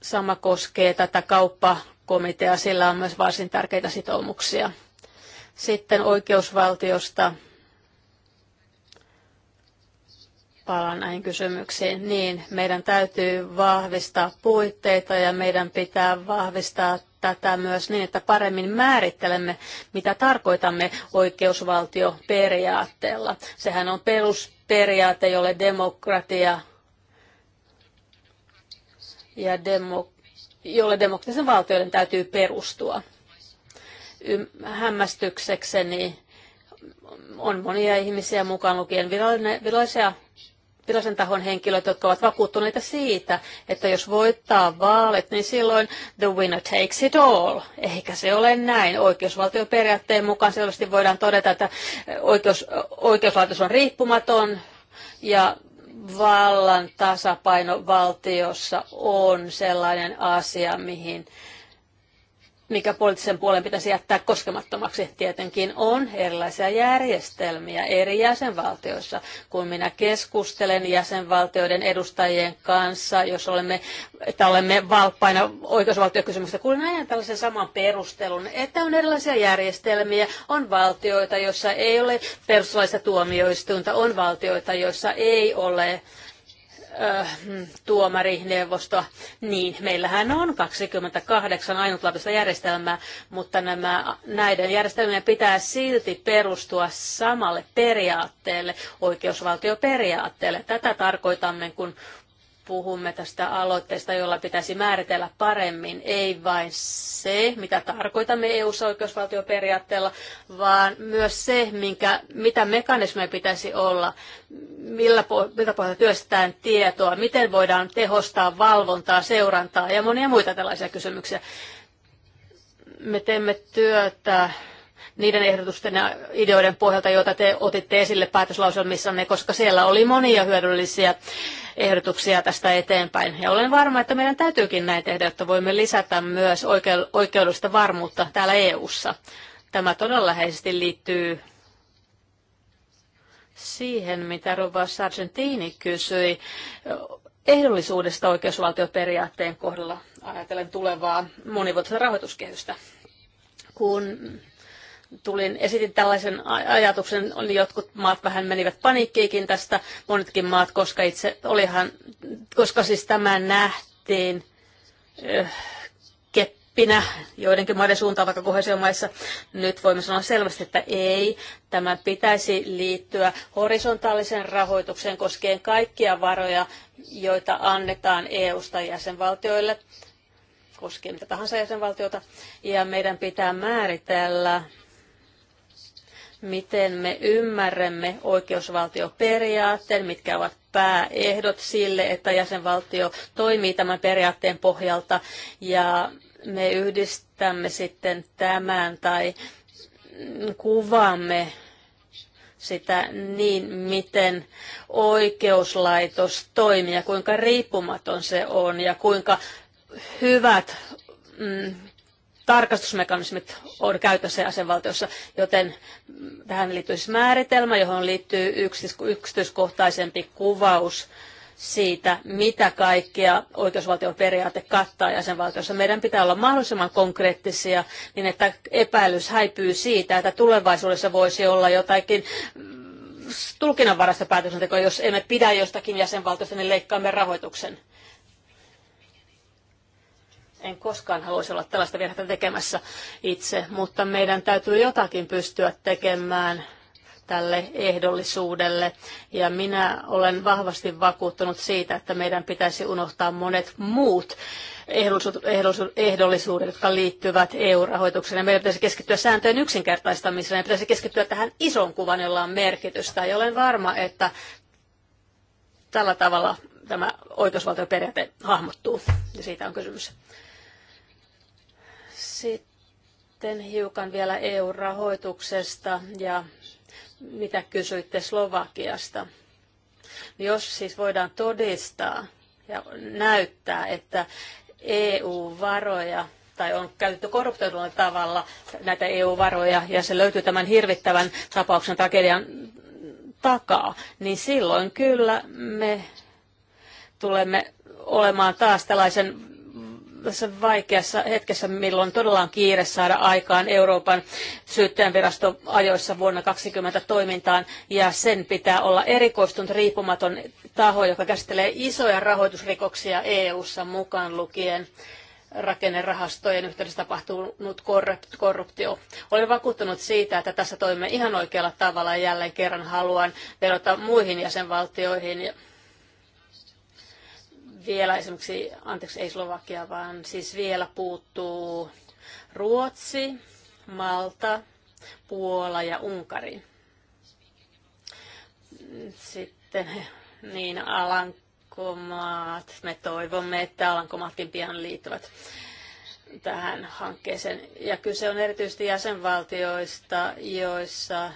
Sama koskee tätä kauppakomitea, sillä on myös varsin tärkeitä sitoumuksia. Sitten oikeusvaltiosta palaan näihin kysymyksiin. Niin, meidän täytyy vahvistaa puitteita ja meidän pitää vahvistaa tätä myös niin, että paremmin määrittelemme, mitä tarkoitamme oikeusvaltioperiaatteella. Sehän on perusperiaate, jolle demokratia ja demo, jolle demokratisen valtioiden täytyy perustua. Hämmästyksekseni on monia ihmisiä mukaan lukien virallisia virallisen tahon henkilöt, jotka ovat vakuuttuneita siitä, että jos voittaa vaalit, niin silloin the winner takes it all. Eikä se ole näin. Oikeusvaltioperiaatteen mukaan selvästi voidaan todeta, että oikeus, oikeuslaitos on riippumaton ja vallan tasapaino valtiossa on sellainen asia, mihin mikä poliittisen puolen pitäisi jättää koskemattomaksi, tietenkin on erilaisia järjestelmiä eri jäsenvaltioissa. Kun minä keskustelen jäsenvaltioiden edustajien kanssa, jos olemme, että olemme valppaina oikeusvaltiokysymyksistä, kuulen aina tällaisen saman perustelun, että on erilaisia järjestelmiä, on valtioita, joissa ei ole perustuslaista tuomioistuinta, on valtioita, joissa ei ole tuomarineuvosto, niin meillähän on 28 ainutlaatuista järjestelmää, mutta nämä, näiden järjestelmien pitää silti perustua samalle periaatteelle, oikeusvaltioperiaatteelle. Tätä tarkoitamme, kun puhumme tästä aloitteesta, jolla pitäisi määritellä paremmin, ei vain se, mitä tarkoitamme EU-oikeusvaltioperiaatteella, vaan myös se, minkä, mitä mekanismeja pitäisi olla, millä, miltä pohjalta työstetään tietoa, miten voidaan tehostaa valvontaa, seurantaa ja monia muita tällaisia kysymyksiä. Me teemme työtä niiden ehdotusten ja ideoiden pohjalta, joita te otitte esille päätöslauselmissanne, koska siellä oli monia hyödyllisiä ehdotuksia tästä eteenpäin. Ja olen varma, että meidän täytyykin näin tehdä, että voimme lisätä myös oikeudellista varmuutta täällä EU:ssa. Tämä todella läheisesti liittyy siihen, mitä Rova Sargentini kysyi ehdollisuudesta oikeusvaltioperiaatteen kohdalla ajatellen tulevaa monivuotista rahoituskehystä. Kun tulin, esitin tällaisen ajatuksen, niin jotkut maat vähän menivät paniikkiikin tästä, monetkin maat, koska itse olihan, koska siis tämä nähtiin äh, keppinä joidenkin maiden suuntaan, vaikka kohesiomaissa. Nyt voimme sanoa selvästi, että ei. Tämä pitäisi liittyä horisontaalisen rahoitukseen koskien kaikkia varoja, joita annetaan EU-sta jäsenvaltioille koskien mitä tahansa jäsenvaltiota, ja meidän pitää määritellä miten me ymmärrämme oikeusvaltioperiaatteen, mitkä ovat pääehdot sille, että jäsenvaltio toimii tämän periaatteen pohjalta ja me yhdistämme sitten tämän tai kuvaamme sitä niin, miten oikeuslaitos toimii ja kuinka riippumaton se on ja kuinka hyvät mm, tarkastusmekanismit on käytössä jäsenvaltiossa, joten tähän liittyy siis määritelmä, johon liittyy yksityiskohtaisempi kuvaus siitä, mitä kaikkea oikeusvaltioperiaate kattaa jäsenvaltiossa. Meidän pitää olla mahdollisimman konkreettisia, niin että epäilys häipyy siitä, että tulevaisuudessa voisi olla jotakin mm, tulkinnanvaraista päätöksentekoa, jos emme pidä jostakin jäsenvaltiosta, niin leikkaamme rahoituksen. En koskaan haluaisi olla tällaista virhettä tekemässä itse, mutta meidän täytyy jotakin pystyä tekemään tälle ehdollisuudelle. Ja minä olen vahvasti vakuuttunut siitä, että meidän pitäisi unohtaa monet muut ehdollisuudet, jotka liittyvät EU-rahoitukseen. Meidän pitäisi keskittyä sääntöjen yksinkertaistamiseen. Meidän pitäisi keskittyä tähän ison kuvan, jolla on merkitystä. Ja olen varma, että tällä tavalla tämä oikeusvaltioperiaate hahmottuu. Ja siitä on kysymys. Sitten hiukan vielä EU-rahoituksesta ja mitä kysyitte Slovakiasta. Jos siis voidaan todistaa ja näyttää, että EU-varoja tai on käytetty korruptoidulla tavalla näitä EU-varoja ja se löytyy tämän hirvittävän tapauksen tragedian takaa, niin silloin kyllä me tulemme olemaan taas tällaisen tässä vaikeassa hetkessä, milloin todella on kiire saada aikaan Euroopan syyttäjänvirasto ajoissa vuonna 2020 toimintaan, ja sen pitää olla erikoistunut riippumaton taho, joka käsittelee isoja rahoitusrikoksia EU-ssa mukaan lukien rakennerahastojen yhteydessä tapahtunut korruptio. Olen vakuuttunut siitä, että tässä toimimme ihan oikealla tavalla ja jälleen kerran haluan vedota muihin jäsenvaltioihin vielä esimerkiksi, anteeksi ei Slovakia, vaan siis vielä puuttuu Ruotsi, Malta, Puola ja Unkari. Sitten niin Alankomaat, me toivomme, että Alankomaatkin pian liittyvät tähän hankkeeseen. Ja kyse on erityisesti jäsenvaltioista, joissa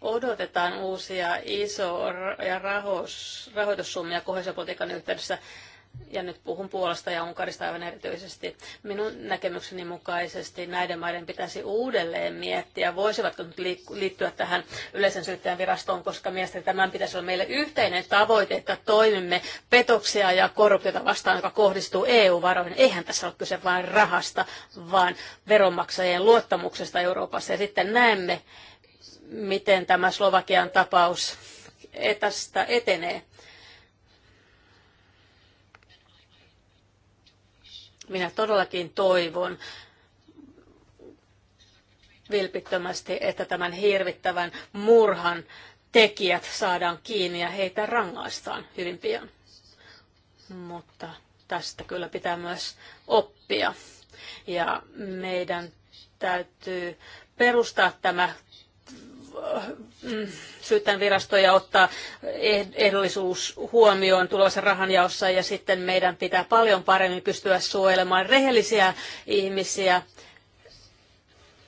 odotetaan uusia isoja rahoitus, rahoitussummia kohesiopolitiikan yhteydessä, ja nyt puhun Puolasta ja Unkarista aivan erityisesti. Minun näkemykseni mukaisesti näiden maiden pitäisi uudelleen miettiä, voisivatko nyt liittyä tähän yleisen syyttäjän virastoon, koska mielestäni tämän pitäisi olla meille yhteinen tavoite, että toimimme petoksia ja korruptiota vastaan, joka kohdistuu EU-varoihin. Eihän tässä ole kyse vain rahasta, vaan veronmaksajien luottamuksesta Euroopassa. Ja sitten näemme, miten tämä Slovakian tapaus etästä etenee. Minä todellakin toivon vilpittömästi, että tämän hirvittävän murhan tekijät saadaan kiinni ja heitä rangaistaan hyvin pian. Mutta tästä kyllä pitää myös oppia. Ja meidän täytyy perustaa tämä syyttäjän virastoja ottaa eh- ehdollisuus huomioon tulevassa rahanjaossa ja sitten meidän pitää paljon paremmin pystyä suojelemaan rehellisiä ihmisiä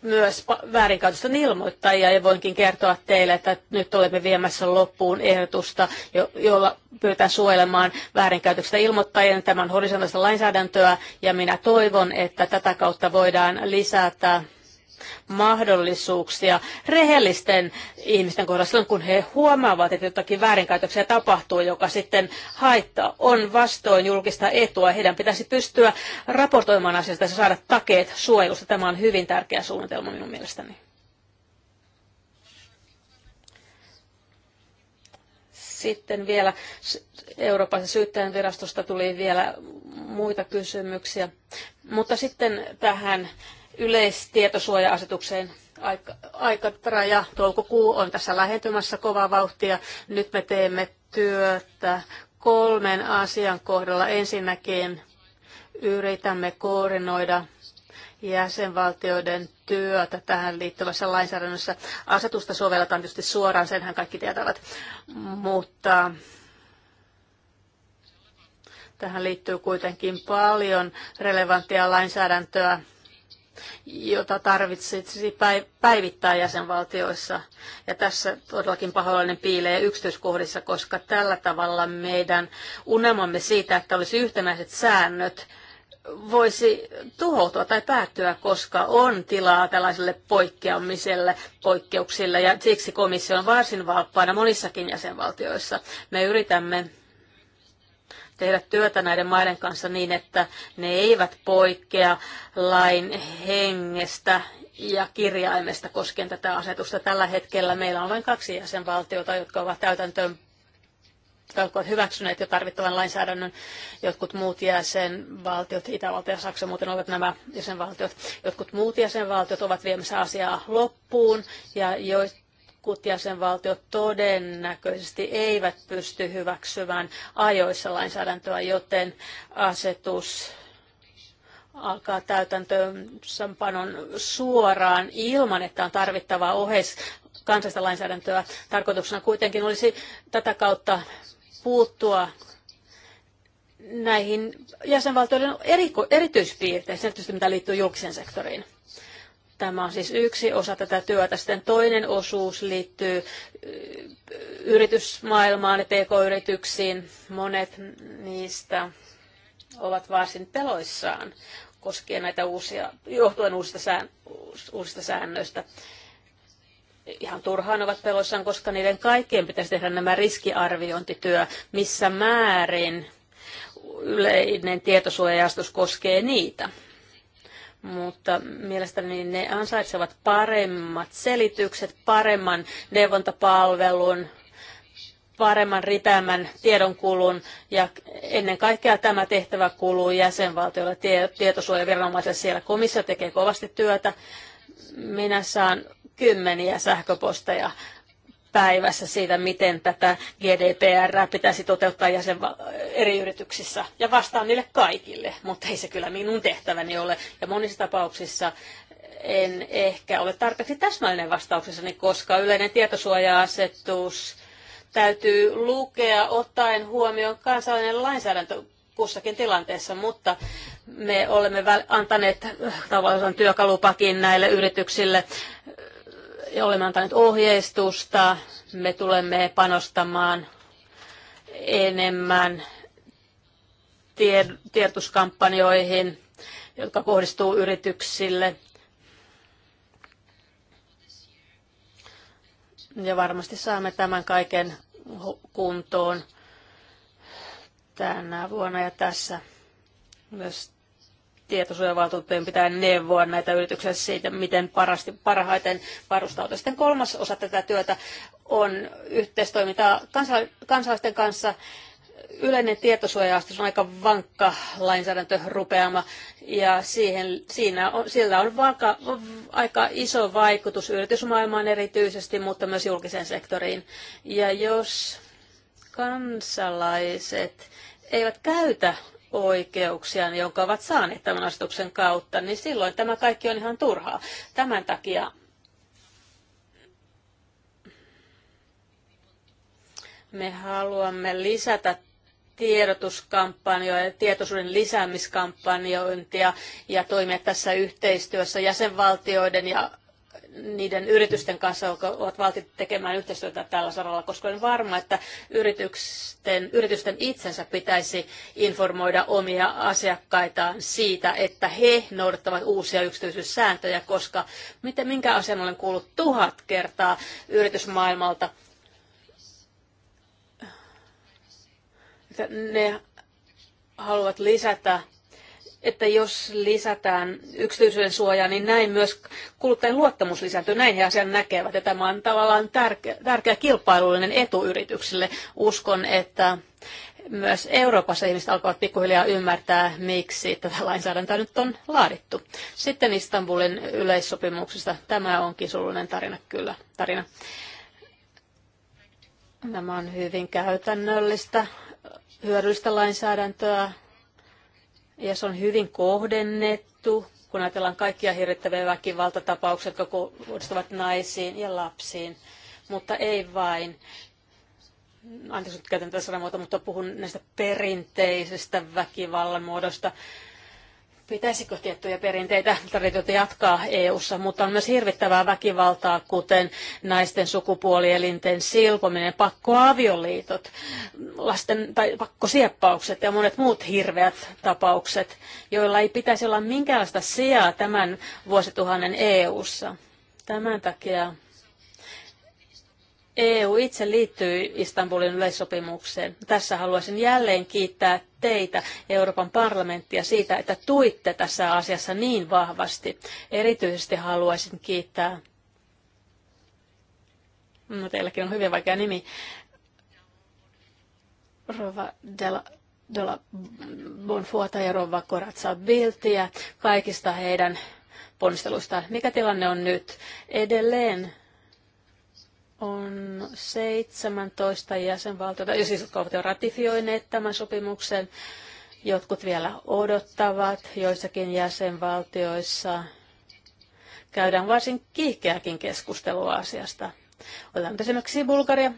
myös väärinkäytösten ilmoittajia ja voinkin kertoa teille, että nyt olemme viemässä loppuun ehdotusta, jolla pyritään suojelemaan väärinkäytöksistä ilmoittajien tämän horisontaalista lainsäädäntöä ja minä toivon, että tätä kautta voidaan lisätä mahdollisuuksia rehellisten ihmisten kohdalla silloin, kun he huomaavat, että jotakin väärinkäytöksiä tapahtuu, joka sitten haittaa, on vastoin julkista etua. Heidän pitäisi pystyä raportoimaan asiasta ja saada takeet suojelusta. Tämä on hyvin tärkeä suunnitelma minun mielestäni. sitten vielä Euroopan syyttäjän virastosta tuli vielä muita kysymyksiä. Mutta sitten tähän yleistietosuoja-asetukseen aika, aikaraja toukokuu on tässä lähentymässä kovaa vauhtia. Nyt me teemme työtä kolmen asian kohdalla. Ensinnäkin yritämme koordinoida jäsenvaltioiden työtä tähän liittyvässä lainsäädännössä. Asetusta sovelletaan tietysti suoraan, senhän kaikki tietävät, mutta tähän liittyy kuitenkin paljon relevanttia lainsäädäntöä jota tarvitsisi päivittää jäsenvaltioissa. Ja tässä todellakin pahoillinen piilee yksityiskohdissa, koska tällä tavalla meidän unelmamme siitä, että olisi yhtenäiset säännöt, voisi tuhoutua tai päättyä, koska on tilaa tällaiselle poikkeamiselle, poikkeuksille, ja siksi komissio on varsin valppaana monissakin jäsenvaltioissa. Me yritämme tehdä työtä näiden maiden kanssa niin, että ne eivät poikkea lain hengestä ja kirjaimesta koskien tätä asetusta. Tällä hetkellä meillä on vain kaksi jäsenvaltiota, jotka ovat täytäntöön jotka ovat hyväksyneet jo tarvittavan lainsäädännön. Jotkut muut jäsenvaltiot, Itävalta ja Saksa muuten ovat nämä jäsenvaltiot, jotkut muut jäsenvaltiot ovat viemässä asiaa loppuun ja joit jotkut jäsenvaltiot todennäköisesti eivät pysty hyväksymään ajoissa lainsäädäntöä, joten asetus alkaa täytäntöönpanon suoraan ilman, että on tarvittavaa oheis kansallista lainsäädäntöä. Tarkoituksena kuitenkin olisi tätä kautta puuttua näihin jäsenvaltioiden eriko, erityispiirteisiin, erityisesti mitä liittyy julkiseen sektoriin. Tämä on siis yksi osa tätä työtä. Sitten toinen osuus liittyy yritysmaailmaan ja pk-yrityksiin. Monet niistä ovat varsin peloissaan koskien näitä uusia, johtuen uusista, sään, uusista säännöistä. Ihan turhaan ovat peloissaan, koska niiden kaikkien pitäisi tehdä nämä riskiarviointityö, missä määrin yleinen tietosuojajastus koskee niitä mutta mielestäni ne ansaitsevat paremmat selitykset, paremman neuvontapalvelun, paremman ripäämän tiedonkulun ja ennen kaikkea tämä tehtävä kuuluu jäsenvaltioille, tietosuojaviranomaisille siellä. Komissio tekee kovasti työtä. Minä saan kymmeniä sähköposteja päivässä siitä, miten tätä GDPR pitäisi toteuttaa jäsen eri yrityksissä. Ja vastaan niille kaikille, mutta ei se kyllä minun tehtäväni ole. Ja monissa tapauksissa en ehkä ole tarpeeksi täsmällinen vastauksessani, koska yleinen tietosuoja-asetus täytyy lukea ottaen huomioon kansallinen lainsäädäntö kussakin tilanteessa, mutta me olemme antaneet tavallaan työkalupakin näille yrityksille olemme antaneet ohjeistusta. Me tulemme panostamaan enemmän tied- tiedotuskampanjoihin, jotka kohdistuu yrityksille. Ja varmasti saamme tämän kaiken kuntoon tänä vuonna ja tässä myös tietosuojavaltuutettujen pitää neuvoa näitä yrityksiä siitä, miten parasti, parhaiten varustautua. Sitten kolmas osa tätä työtä on yhteistoimintaa kansalaisten kanssa. Yleinen tietosuoja on aika vankka rupeama ja siihen, siinä on, sillä on vaka, aika iso vaikutus yritysmaailmaan erityisesti, mutta myös julkiseen sektoriin. Ja jos kansalaiset eivät käytä oikeuksiaan, jonka ovat saaneet tämän asetuksen kautta, niin silloin tämä kaikki on ihan turhaa. Tämän takia me haluamme lisätä tiedotuskampanjoja, tietoisuuden lisäämiskampanjointia ja toimia tässä yhteistyössä jäsenvaltioiden ja niiden yritysten kanssa, jotka ovat valtit tekemään yhteistyötä tällä saralla, koska olen varma, että yritysten, yritysten itsensä pitäisi informoida omia asiakkaitaan siitä, että he noudattavat uusia yksityisyyssääntöjä, koska miten, minkä asian olen kuullut tuhat kertaa yritysmaailmalta, että ne haluavat lisätä että jos lisätään yksityisyyden suojaa, niin näin myös kuluttajan luottamus lisääntyy. Näin he asian näkevät. Ja tämä on tavallaan tärkeä, tärkeä kilpailullinen etu yrityksille. Uskon, että myös Euroopassa ihmiset alkavat pikkuhiljaa ymmärtää, miksi tätä lainsäädäntöä nyt on laadittu. Sitten Istanbulin yleissopimuksista Tämä on kisullinen tarina kyllä. Tarina. Tämä on hyvin käytännöllistä, hyödyllistä lainsäädäntöä, ja se on hyvin kohdennettu, kun ajatellaan kaikkia hirvittäviä väkivaltatapauksia, jotka kohdistuvat naisiin ja lapsiin. Mutta ei vain, anteeksi nyt käytän tätä sanamuotoa, mutta puhun näistä perinteisistä väkivallan muodosta, pitäisikö tiettyjä perinteitä tarjota jatkaa EU-ssa, mutta on myös hirvittävää väkivaltaa, kuten naisten sukupuolielinten silpominen, pakkoavioliitot, lasten tai pakkosieppaukset ja monet muut hirveät tapaukset, joilla ei pitäisi olla minkäänlaista sijaa tämän vuosituhannen EU-ssa. Tämän takia EU itse liittyi Istanbulin yleissopimukseen. Tässä haluaisin jälleen kiittää teitä, Euroopan parlamenttia, siitä, että tuitte tässä asiassa niin vahvasti. Erityisesti haluaisin kiittää, no teilläkin on hyvin vaikea nimi, Rova Della Dola Bonfuota ja Rova Koratsa Biltiä, kaikista heidän ponnisteluistaan. Mikä tilanne on nyt? Edelleen on 17 jäsenvaltiota, Jos siis, jotka ovat jo ratifioineet tämän sopimuksen. Jotkut vielä odottavat, joissakin jäsenvaltioissa käydään varsin kiihkeäkin keskustelua asiasta. Otetaan esimerkiksi Bulgaria,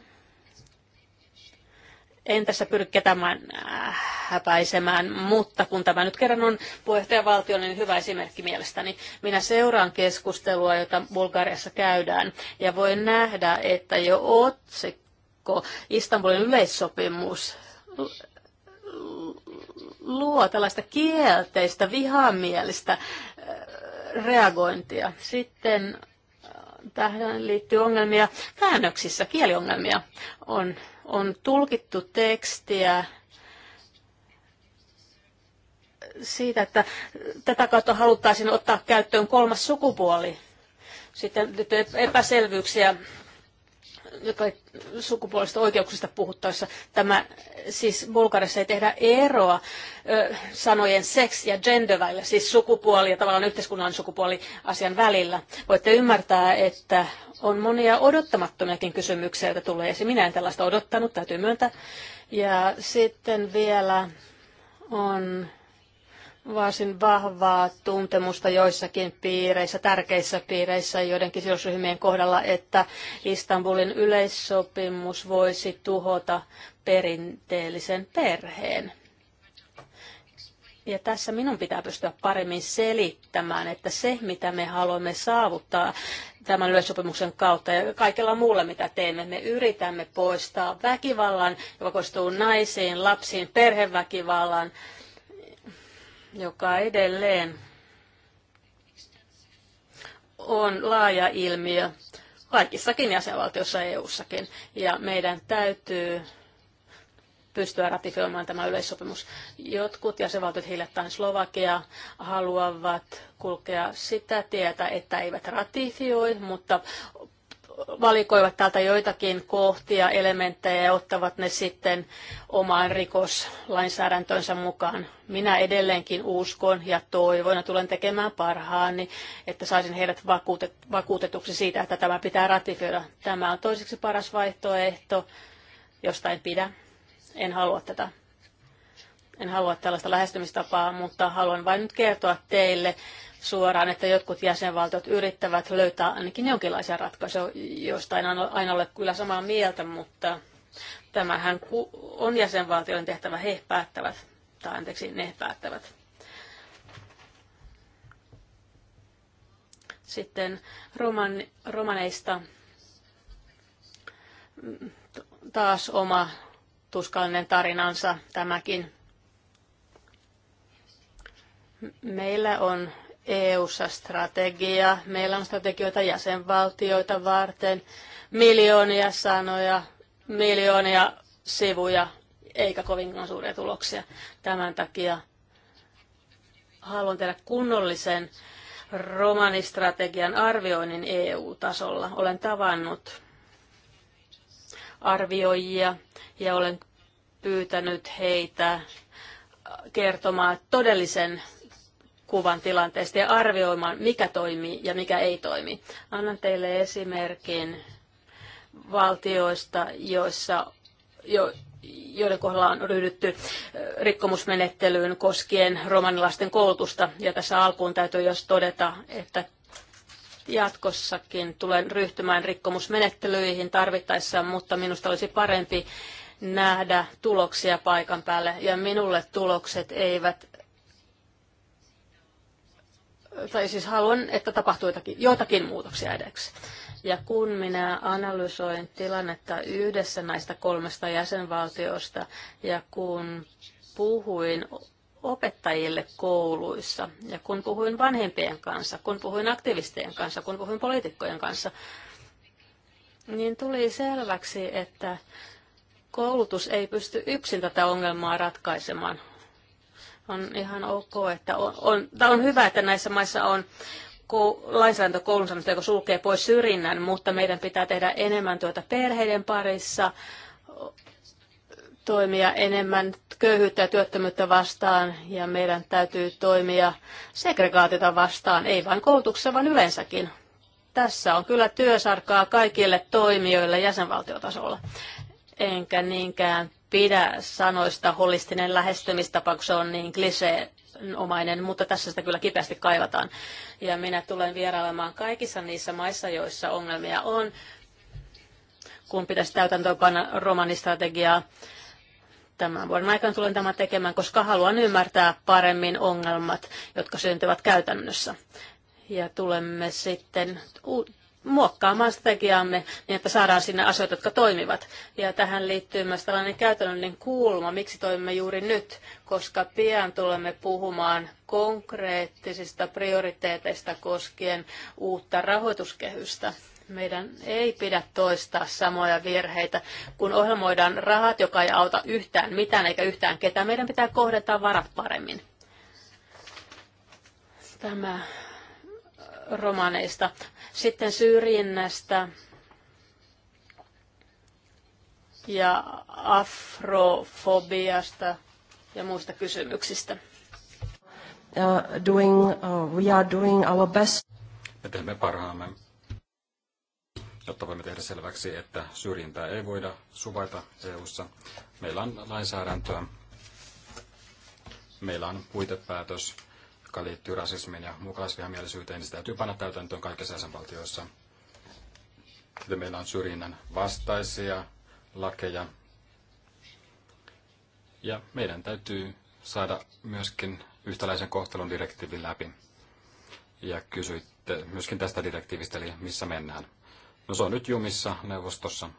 en tässä pyri ketään äh, häpäisemään, mutta kun tämä nyt kerran on puheenjohtajavaltio, niin hyvä esimerkki mielestäni. Minä seuraan keskustelua, jota Bulgariassa käydään, ja voin nähdä, että jo otsikko Istanbulin yleissopimus luo tällaista kielteistä, vihamielistä äh, reagointia. Sitten äh, tähän liittyy ongelmia käännöksissä, kieliongelmia on on tulkittu tekstiä siitä, että tätä kautta haluttaisiin ottaa käyttöön kolmas sukupuoli. Sitten epäselvyyksiä jotka sukupuolista oikeuksista puhuttaessa. Tämä siis Bulgarissa ei tehdä eroa ö, sanojen seks ja gender välillä, siis sukupuoli ja tavallaan yhteiskunnallinen sukupuoli asian välillä. Voitte ymmärtää, että on monia odottamattomiakin kysymyksiä, joita tulee esiin. Minä en tällaista odottanut, täytyy myöntää. Ja sitten vielä on varsin vahvaa tuntemusta joissakin piireissä, tärkeissä piireissä joidenkin sidosryhmien kohdalla, että Istanbulin yleissopimus voisi tuhota perinteellisen perheen. Ja tässä minun pitää pystyä paremmin selittämään, että se, mitä me haluamme saavuttaa tämän yleissopimuksen kautta ja kaikella muulla, mitä teemme, me yritämme poistaa väkivallan, joka koostuu naisiin, lapsiin, perheväkivallan, joka edelleen on laaja ilmiö kaikissakin jäsenvaltioissa EU-sakin. Ja meidän täytyy pystyä ratifioimaan tämä yleissopimus. Jotkut jäsenvaltiot, hiljattain Slovakia, haluavat kulkea sitä tietä, että eivät ratifioi, mutta valikoivat täältä joitakin kohtia, elementtejä ja ottavat ne sitten omaan rikoslainsäädäntönsä mukaan. Minä edelleenkin uskon ja toivon ja tulen tekemään parhaani, että saisin heidät vakuutet, vakuutetuksi siitä, että tämä pitää ratifioida. Tämä on toiseksi paras vaihtoehto, josta en pidä. En halua tätä. En halua tällaista lähestymistapaa, mutta haluan vain nyt kertoa teille, suoraan, että jotkut jäsenvaltiot yrittävät löytää ainakin jonkinlaisia ratkaisuja, joista en aina ole kyllä samaa mieltä, mutta tämähän on jäsenvaltioiden tehtävä, he päättävät, tai anteeksi, ne päättävät. Sitten roman, romaneista taas oma tuskallinen tarinansa tämäkin. Meillä on EU-ssa strategia. Meillä on strategioita jäsenvaltioita varten, miljoonia sanoja, miljoonia sivuja, eikä kovinkaan suuria tuloksia. Tämän takia haluan tehdä kunnollisen romanistrategian arvioinnin EU-tasolla. Olen tavannut arvioijia ja olen pyytänyt heitä kertomaan todellisen kuvan tilanteesta ja arvioimaan, mikä toimii ja mikä ei toimi. Annan teille esimerkin valtioista, joissa, jo, joiden kohdalla on ryhdytty rikkomusmenettelyyn koskien romanilaisten koulutusta. Ja tässä alkuun täytyy jos todeta, että jatkossakin tulen ryhtymään rikkomusmenettelyihin tarvittaessa, mutta minusta olisi parempi nähdä tuloksia paikan päälle. Ja minulle tulokset eivät tai siis haluan, että tapahtuu jotakin, jotakin muutoksia edeksi. Ja kun minä analysoin tilannetta yhdessä näistä kolmesta jäsenvaltiosta ja kun puhuin opettajille kouluissa ja kun puhuin vanhempien kanssa, kun puhuin aktivistien kanssa, kun puhuin poliitikkojen kanssa, niin tuli selväksi, että koulutus ei pysty yksin tätä ongelmaa ratkaisemaan. On ihan ok, että on, on, on hyvä, että näissä maissa on lainsäädäntökoulunsa, joka sulkee pois syrjinnän, mutta meidän pitää tehdä enemmän työtä perheiden parissa, toimia enemmän köyhyyttä ja työttömyyttä vastaan ja meidän täytyy toimia segregaatiota vastaan, ei vain koulutuksessa, vaan yleensäkin. Tässä on kyllä työsarkaa kaikille toimijoille jäsenvaltiotasolla, enkä niinkään pidä sanoista holistinen lähestymistapa, kun se on niin klisee, omainen, mutta tässä sitä kyllä kipeästi kaivataan. Ja minä tulen vierailemaan kaikissa niissä maissa, joissa ongelmia on, kun pitäisi täytäntöönpanna romanistrategiaa. Tämän vuoden aikana tulen tämän tekemään, koska haluan ymmärtää paremmin ongelmat, jotka syntyvät käytännössä. Ja tulemme sitten muokkaamaan strategiaamme niin, että saadaan sinne asioita, jotka toimivat. Ja tähän liittyy myös tällainen käytännöllinen kulma, miksi toimimme juuri nyt, koska pian tulemme puhumaan konkreettisista prioriteeteista koskien uutta rahoituskehystä. Meidän ei pidä toistaa samoja virheitä. Kun ohjelmoidaan rahat, joka ei auta yhtään mitään eikä yhtään ketään, meidän pitää kohdentaa varat paremmin. Tämä romaneista. Sitten syrjinnästä ja afrofobiasta ja muista kysymyksistä. Uh, doing, uh, we are doing our best. Me teemme parhaamme, jotta voimme tehdä selväksi, että syrjintää ei voida suvaita EU:ssa. Meillä on lainsäädäntöä, meillä on puitepäätös jotka liittyy rasismiin ja mukaisvihamielisyyteen, niin sitä täytyy panna täytäntöön kaikissa jäsenvaltioissa. Sitten meillä on syrjinnän vastaisia lakeja. Ja meidän täytyy saada myöskin yhtäläisen kohtelun direktiivin läpi. Ja kysyitte myöskin tästä direktiivistä, eli missä mennään. No se on nyt jumissa neuvostossa.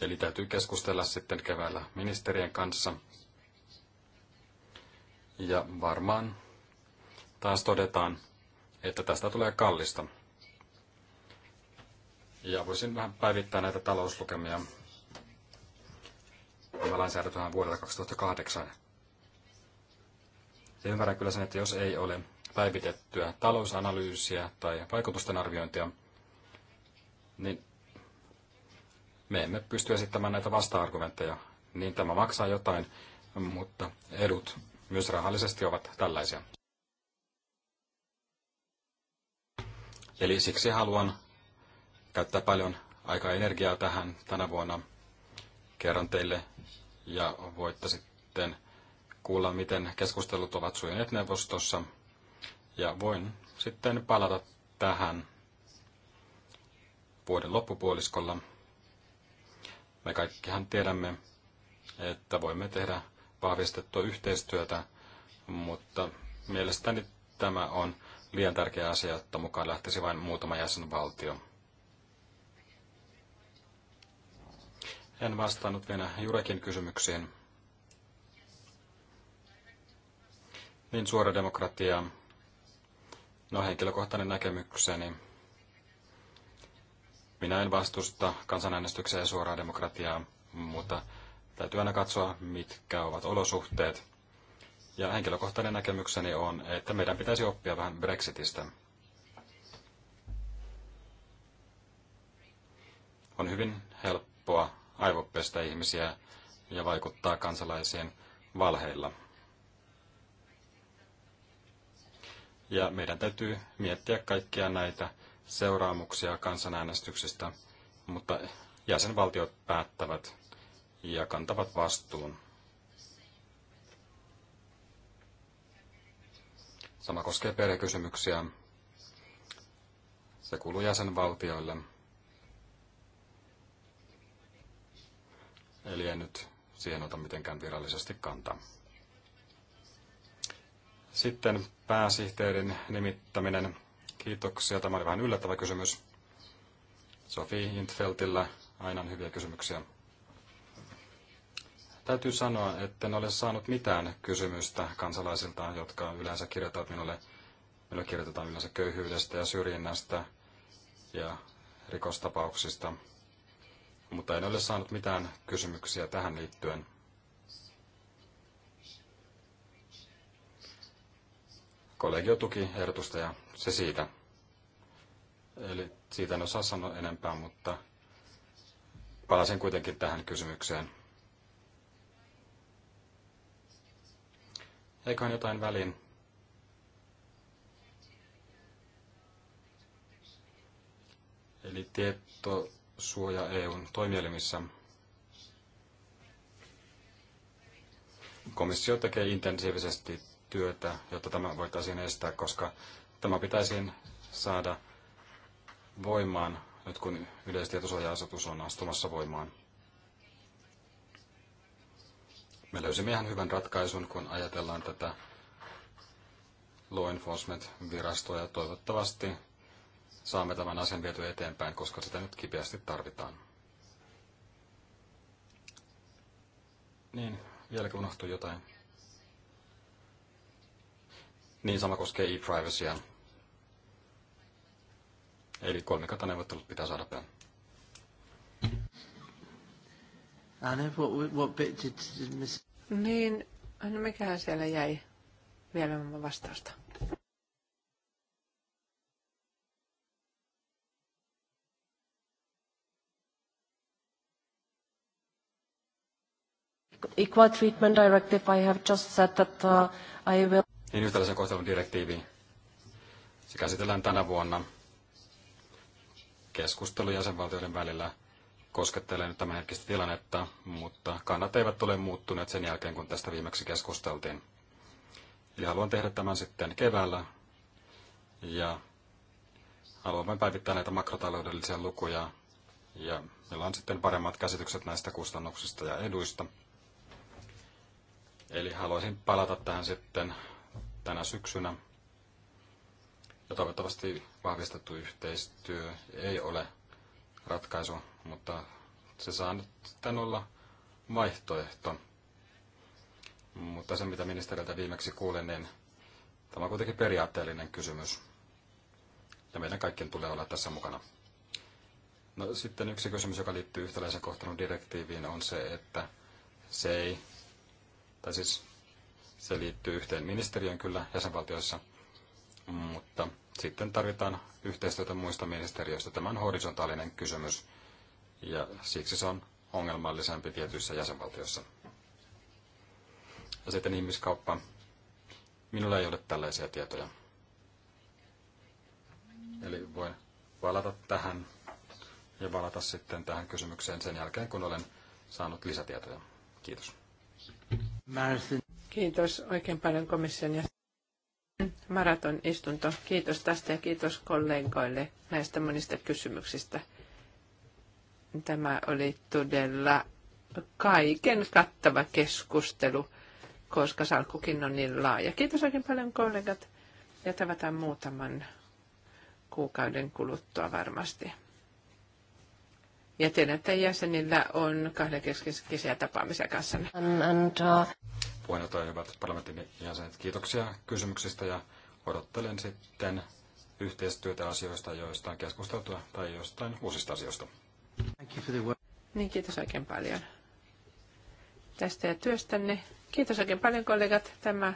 Eli täytyy keskustella sitten keväällä ministerien kanssa. Ja varmaan taas todetaan, että tästä tulee kallista. Ja voisin vähän päivittää näitä talouslukemia. Tämä lainsäädäntö on vuodelta 2008. Ja ymmärrän kyllä sen, että jos ei ole päivitettyä talousanalyysiä tai vaikutusten arviointia, niin me emme pysty esittämään näitä vasta-argumentteja. Niin tämä maksaa jotain, mutta edut myös rahallisesti ovat tällaisia. Eli siksi haluan käyttää paljon aikaa ja energiaa tähän tänä vuonna. Kerron teille ja voitte sitten kuulla, miten keskustelut ovat sujuneet neuvostossa. Ja voin sitten palata tähän vuoden loppupuoliskolla. Me kaikkihan tiedämme, että voimme tehdä vahvistettua yhteistyötä, mutta mielestäni tämä on liian tärkeä asia, että mukaan lähtisi vain muutama jäsenvaltio. En vastannut vielä Jurekin kysymyksiin. Niin suora demokratia. No henkilökohtainen näkemykseni. Minä en vastusta kansanäänestykseen suoraa demokratiaa, mutta Täytyy aina katsoa, mitkä ovat olosuhteet. Ja henkilökohtainen näkemykseni on, että meidän pitäisi oppia vähän Brexitistä. On hyvin helppoa aivopestä ihmisiä ja vaikuttaa kansalaisiin valheilla. Ja meidän täytyy miettiä kaikkia näitä seuraamuksia kansanäänestyksistä, mutta jäsenvaltiot päättävät, ja kantavat vastuun. Sama koskee perhekysymyksiä. Se kuuluu jäsenvaltioille. Eli en nyt siihen ota mitenkään virallisesti kantaa. Sitten pääsihteerin nimittäminen. Kiitoksia. Tämä oli vähän yllättävä kysymys. Sofi Intfeltillä aina on hyviä kysymyksiä. Täytyy sanoa, että en ole saanut mitään kysymystä kansalaisilta, jotka yleensä kirjoittavat minulle. Minulle kirjoitetaan yleensä köyhyydestä ja syrjinnästä ja rikostapauksista, mutta en ole saanut mitään kysymyksiä tähän liittyen. Kollegio tuki ehdotusta ja se siitä. Eli siitä en osaa sanoa enempää, mutta palasin kuitenkin tähän kysymykseen. Eiköhän jotain väliin. Eli tietosuoja EUn toimielimissä. Komissio tekee intensiivisesti työtä, jotta tämä voitaisiin estää, koska tämä pitäisi saada voimaan nyt kun yleistietosuoja-asetus on astumassa voimaan. Me löysimme ihan hyvän ratkaisun, kun ajatellaan tätä law enforcement-virastoa ja toivottavasti saamme tämän asian viety eteenpäin, koska sitä nyt kipeästi tarvitaan. Niin, kun unohtui jotain? Niin, sama koskee e-privacyä. Eli neuvottelut pitää saada päin. what, what bit did, did miss? Niin, no mikähän siellä jäi vielä ilman vastausta? Equal Treatment Directive, I have just said that uh, I will... Niin yhtäläisen kohtelun direktiivi. Se käsitellään tänä vuonna keskustelu jäsenvaltioiden välillä – koskettelee nyt tämänhetkistä tilannetta, mutta kannat eivät ole muuttuneet sen jälkeen, kun tästä viimeksi keskusteltiin. Eli haluan tehdä tämän sitten keväällä ja haluamme päivittää näitä makrotaloudellisia lukuja ja meillä on sitten paremmat käsitykset näistä kustannuksista ja eduista. Eli haluaisin palata tähän sitten tänä syksynä. Ja toivottavasti vahvistettu yhteistyö ei ole ratkaisu, mutta se saa nyt tämän olla vaihtoehto. Mutta se, mitä ministeriltä viimeksi kuulin, niin tämä on kuitenkin periaatteellinen kysymys. Ja meidän kaikkien tulee olla tässä mukana. No sitten yksi kysymys, joka liittyy yhtäläisen kohtelun direktiiviin, on se, että se ei, tai siis se liittyy yhteen ministeriön kyllä jäsenvaltioissa, mutta sitten tarvitaan yhteistyötä muista ministeriöistä. Tämä on horisontaalinen kysymys ja siksi se on ongelmallisempi tietyissä jäsenvaltioissa. Ja sitten ihmiskauppa. Minulla ei ole tällaisia tietoja. Eli voin valata tähän ja valata sitten tähän kysymykseen sen jälkeen, kun olen saanut lisätietoja. Kiitos. Kiitos oikein paljon komission jäsen maraton istunto. Kiitos tästä ja kiitos kollegoille näistä monista kysymyksistä. Tämä oli todella kaiken kattava keskustelu, koska salkkukin on niin laaja. Kiitos oikein paljon kollegat ja tavataan muutaman kuukauden kuluttua varmasti. Ja tiedän, että jäsenillä on kahdenkeskisiä tapaamisia kanssanne. Um, uh, Puheenjohtaja, hyvät parlamentin jäsenet, kiitoksia kysymyksistä ja odottelen sitten yhteistyötä asioista, joista on keskusteltu tai jostain uusista asioista. Niin, kiitos oikein paljon tästä ja työstänne. Kiitos oikein paljon kollegat. Tämä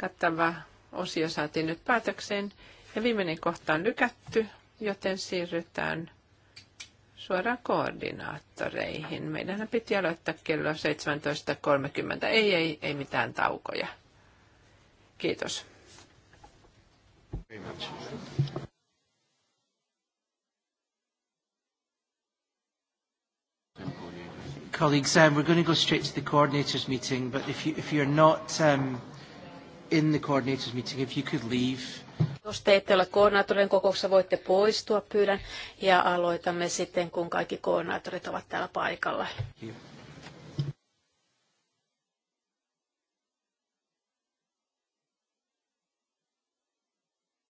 kattava osio saatiin nyt päätökseen ja viimeinen kohta on lykätty, joten siirrytään suoraan koordinaattoreihin. Meidän piti aloittaa kello 17.30. Ei, ei, ei mitään taukoja. Kiitos. Colleagues, um, we're going to go straight to the coordinators meeting, but if, you, if you're not um, in the coordinators meeting, if you could leave. Jos te ette ole koordinaattorien kokouksessa, voitte poistua, pyydän. Ja aloitamme sitten, kun kaikki koordinaattorit ovat täällä paikalla. Kiitos.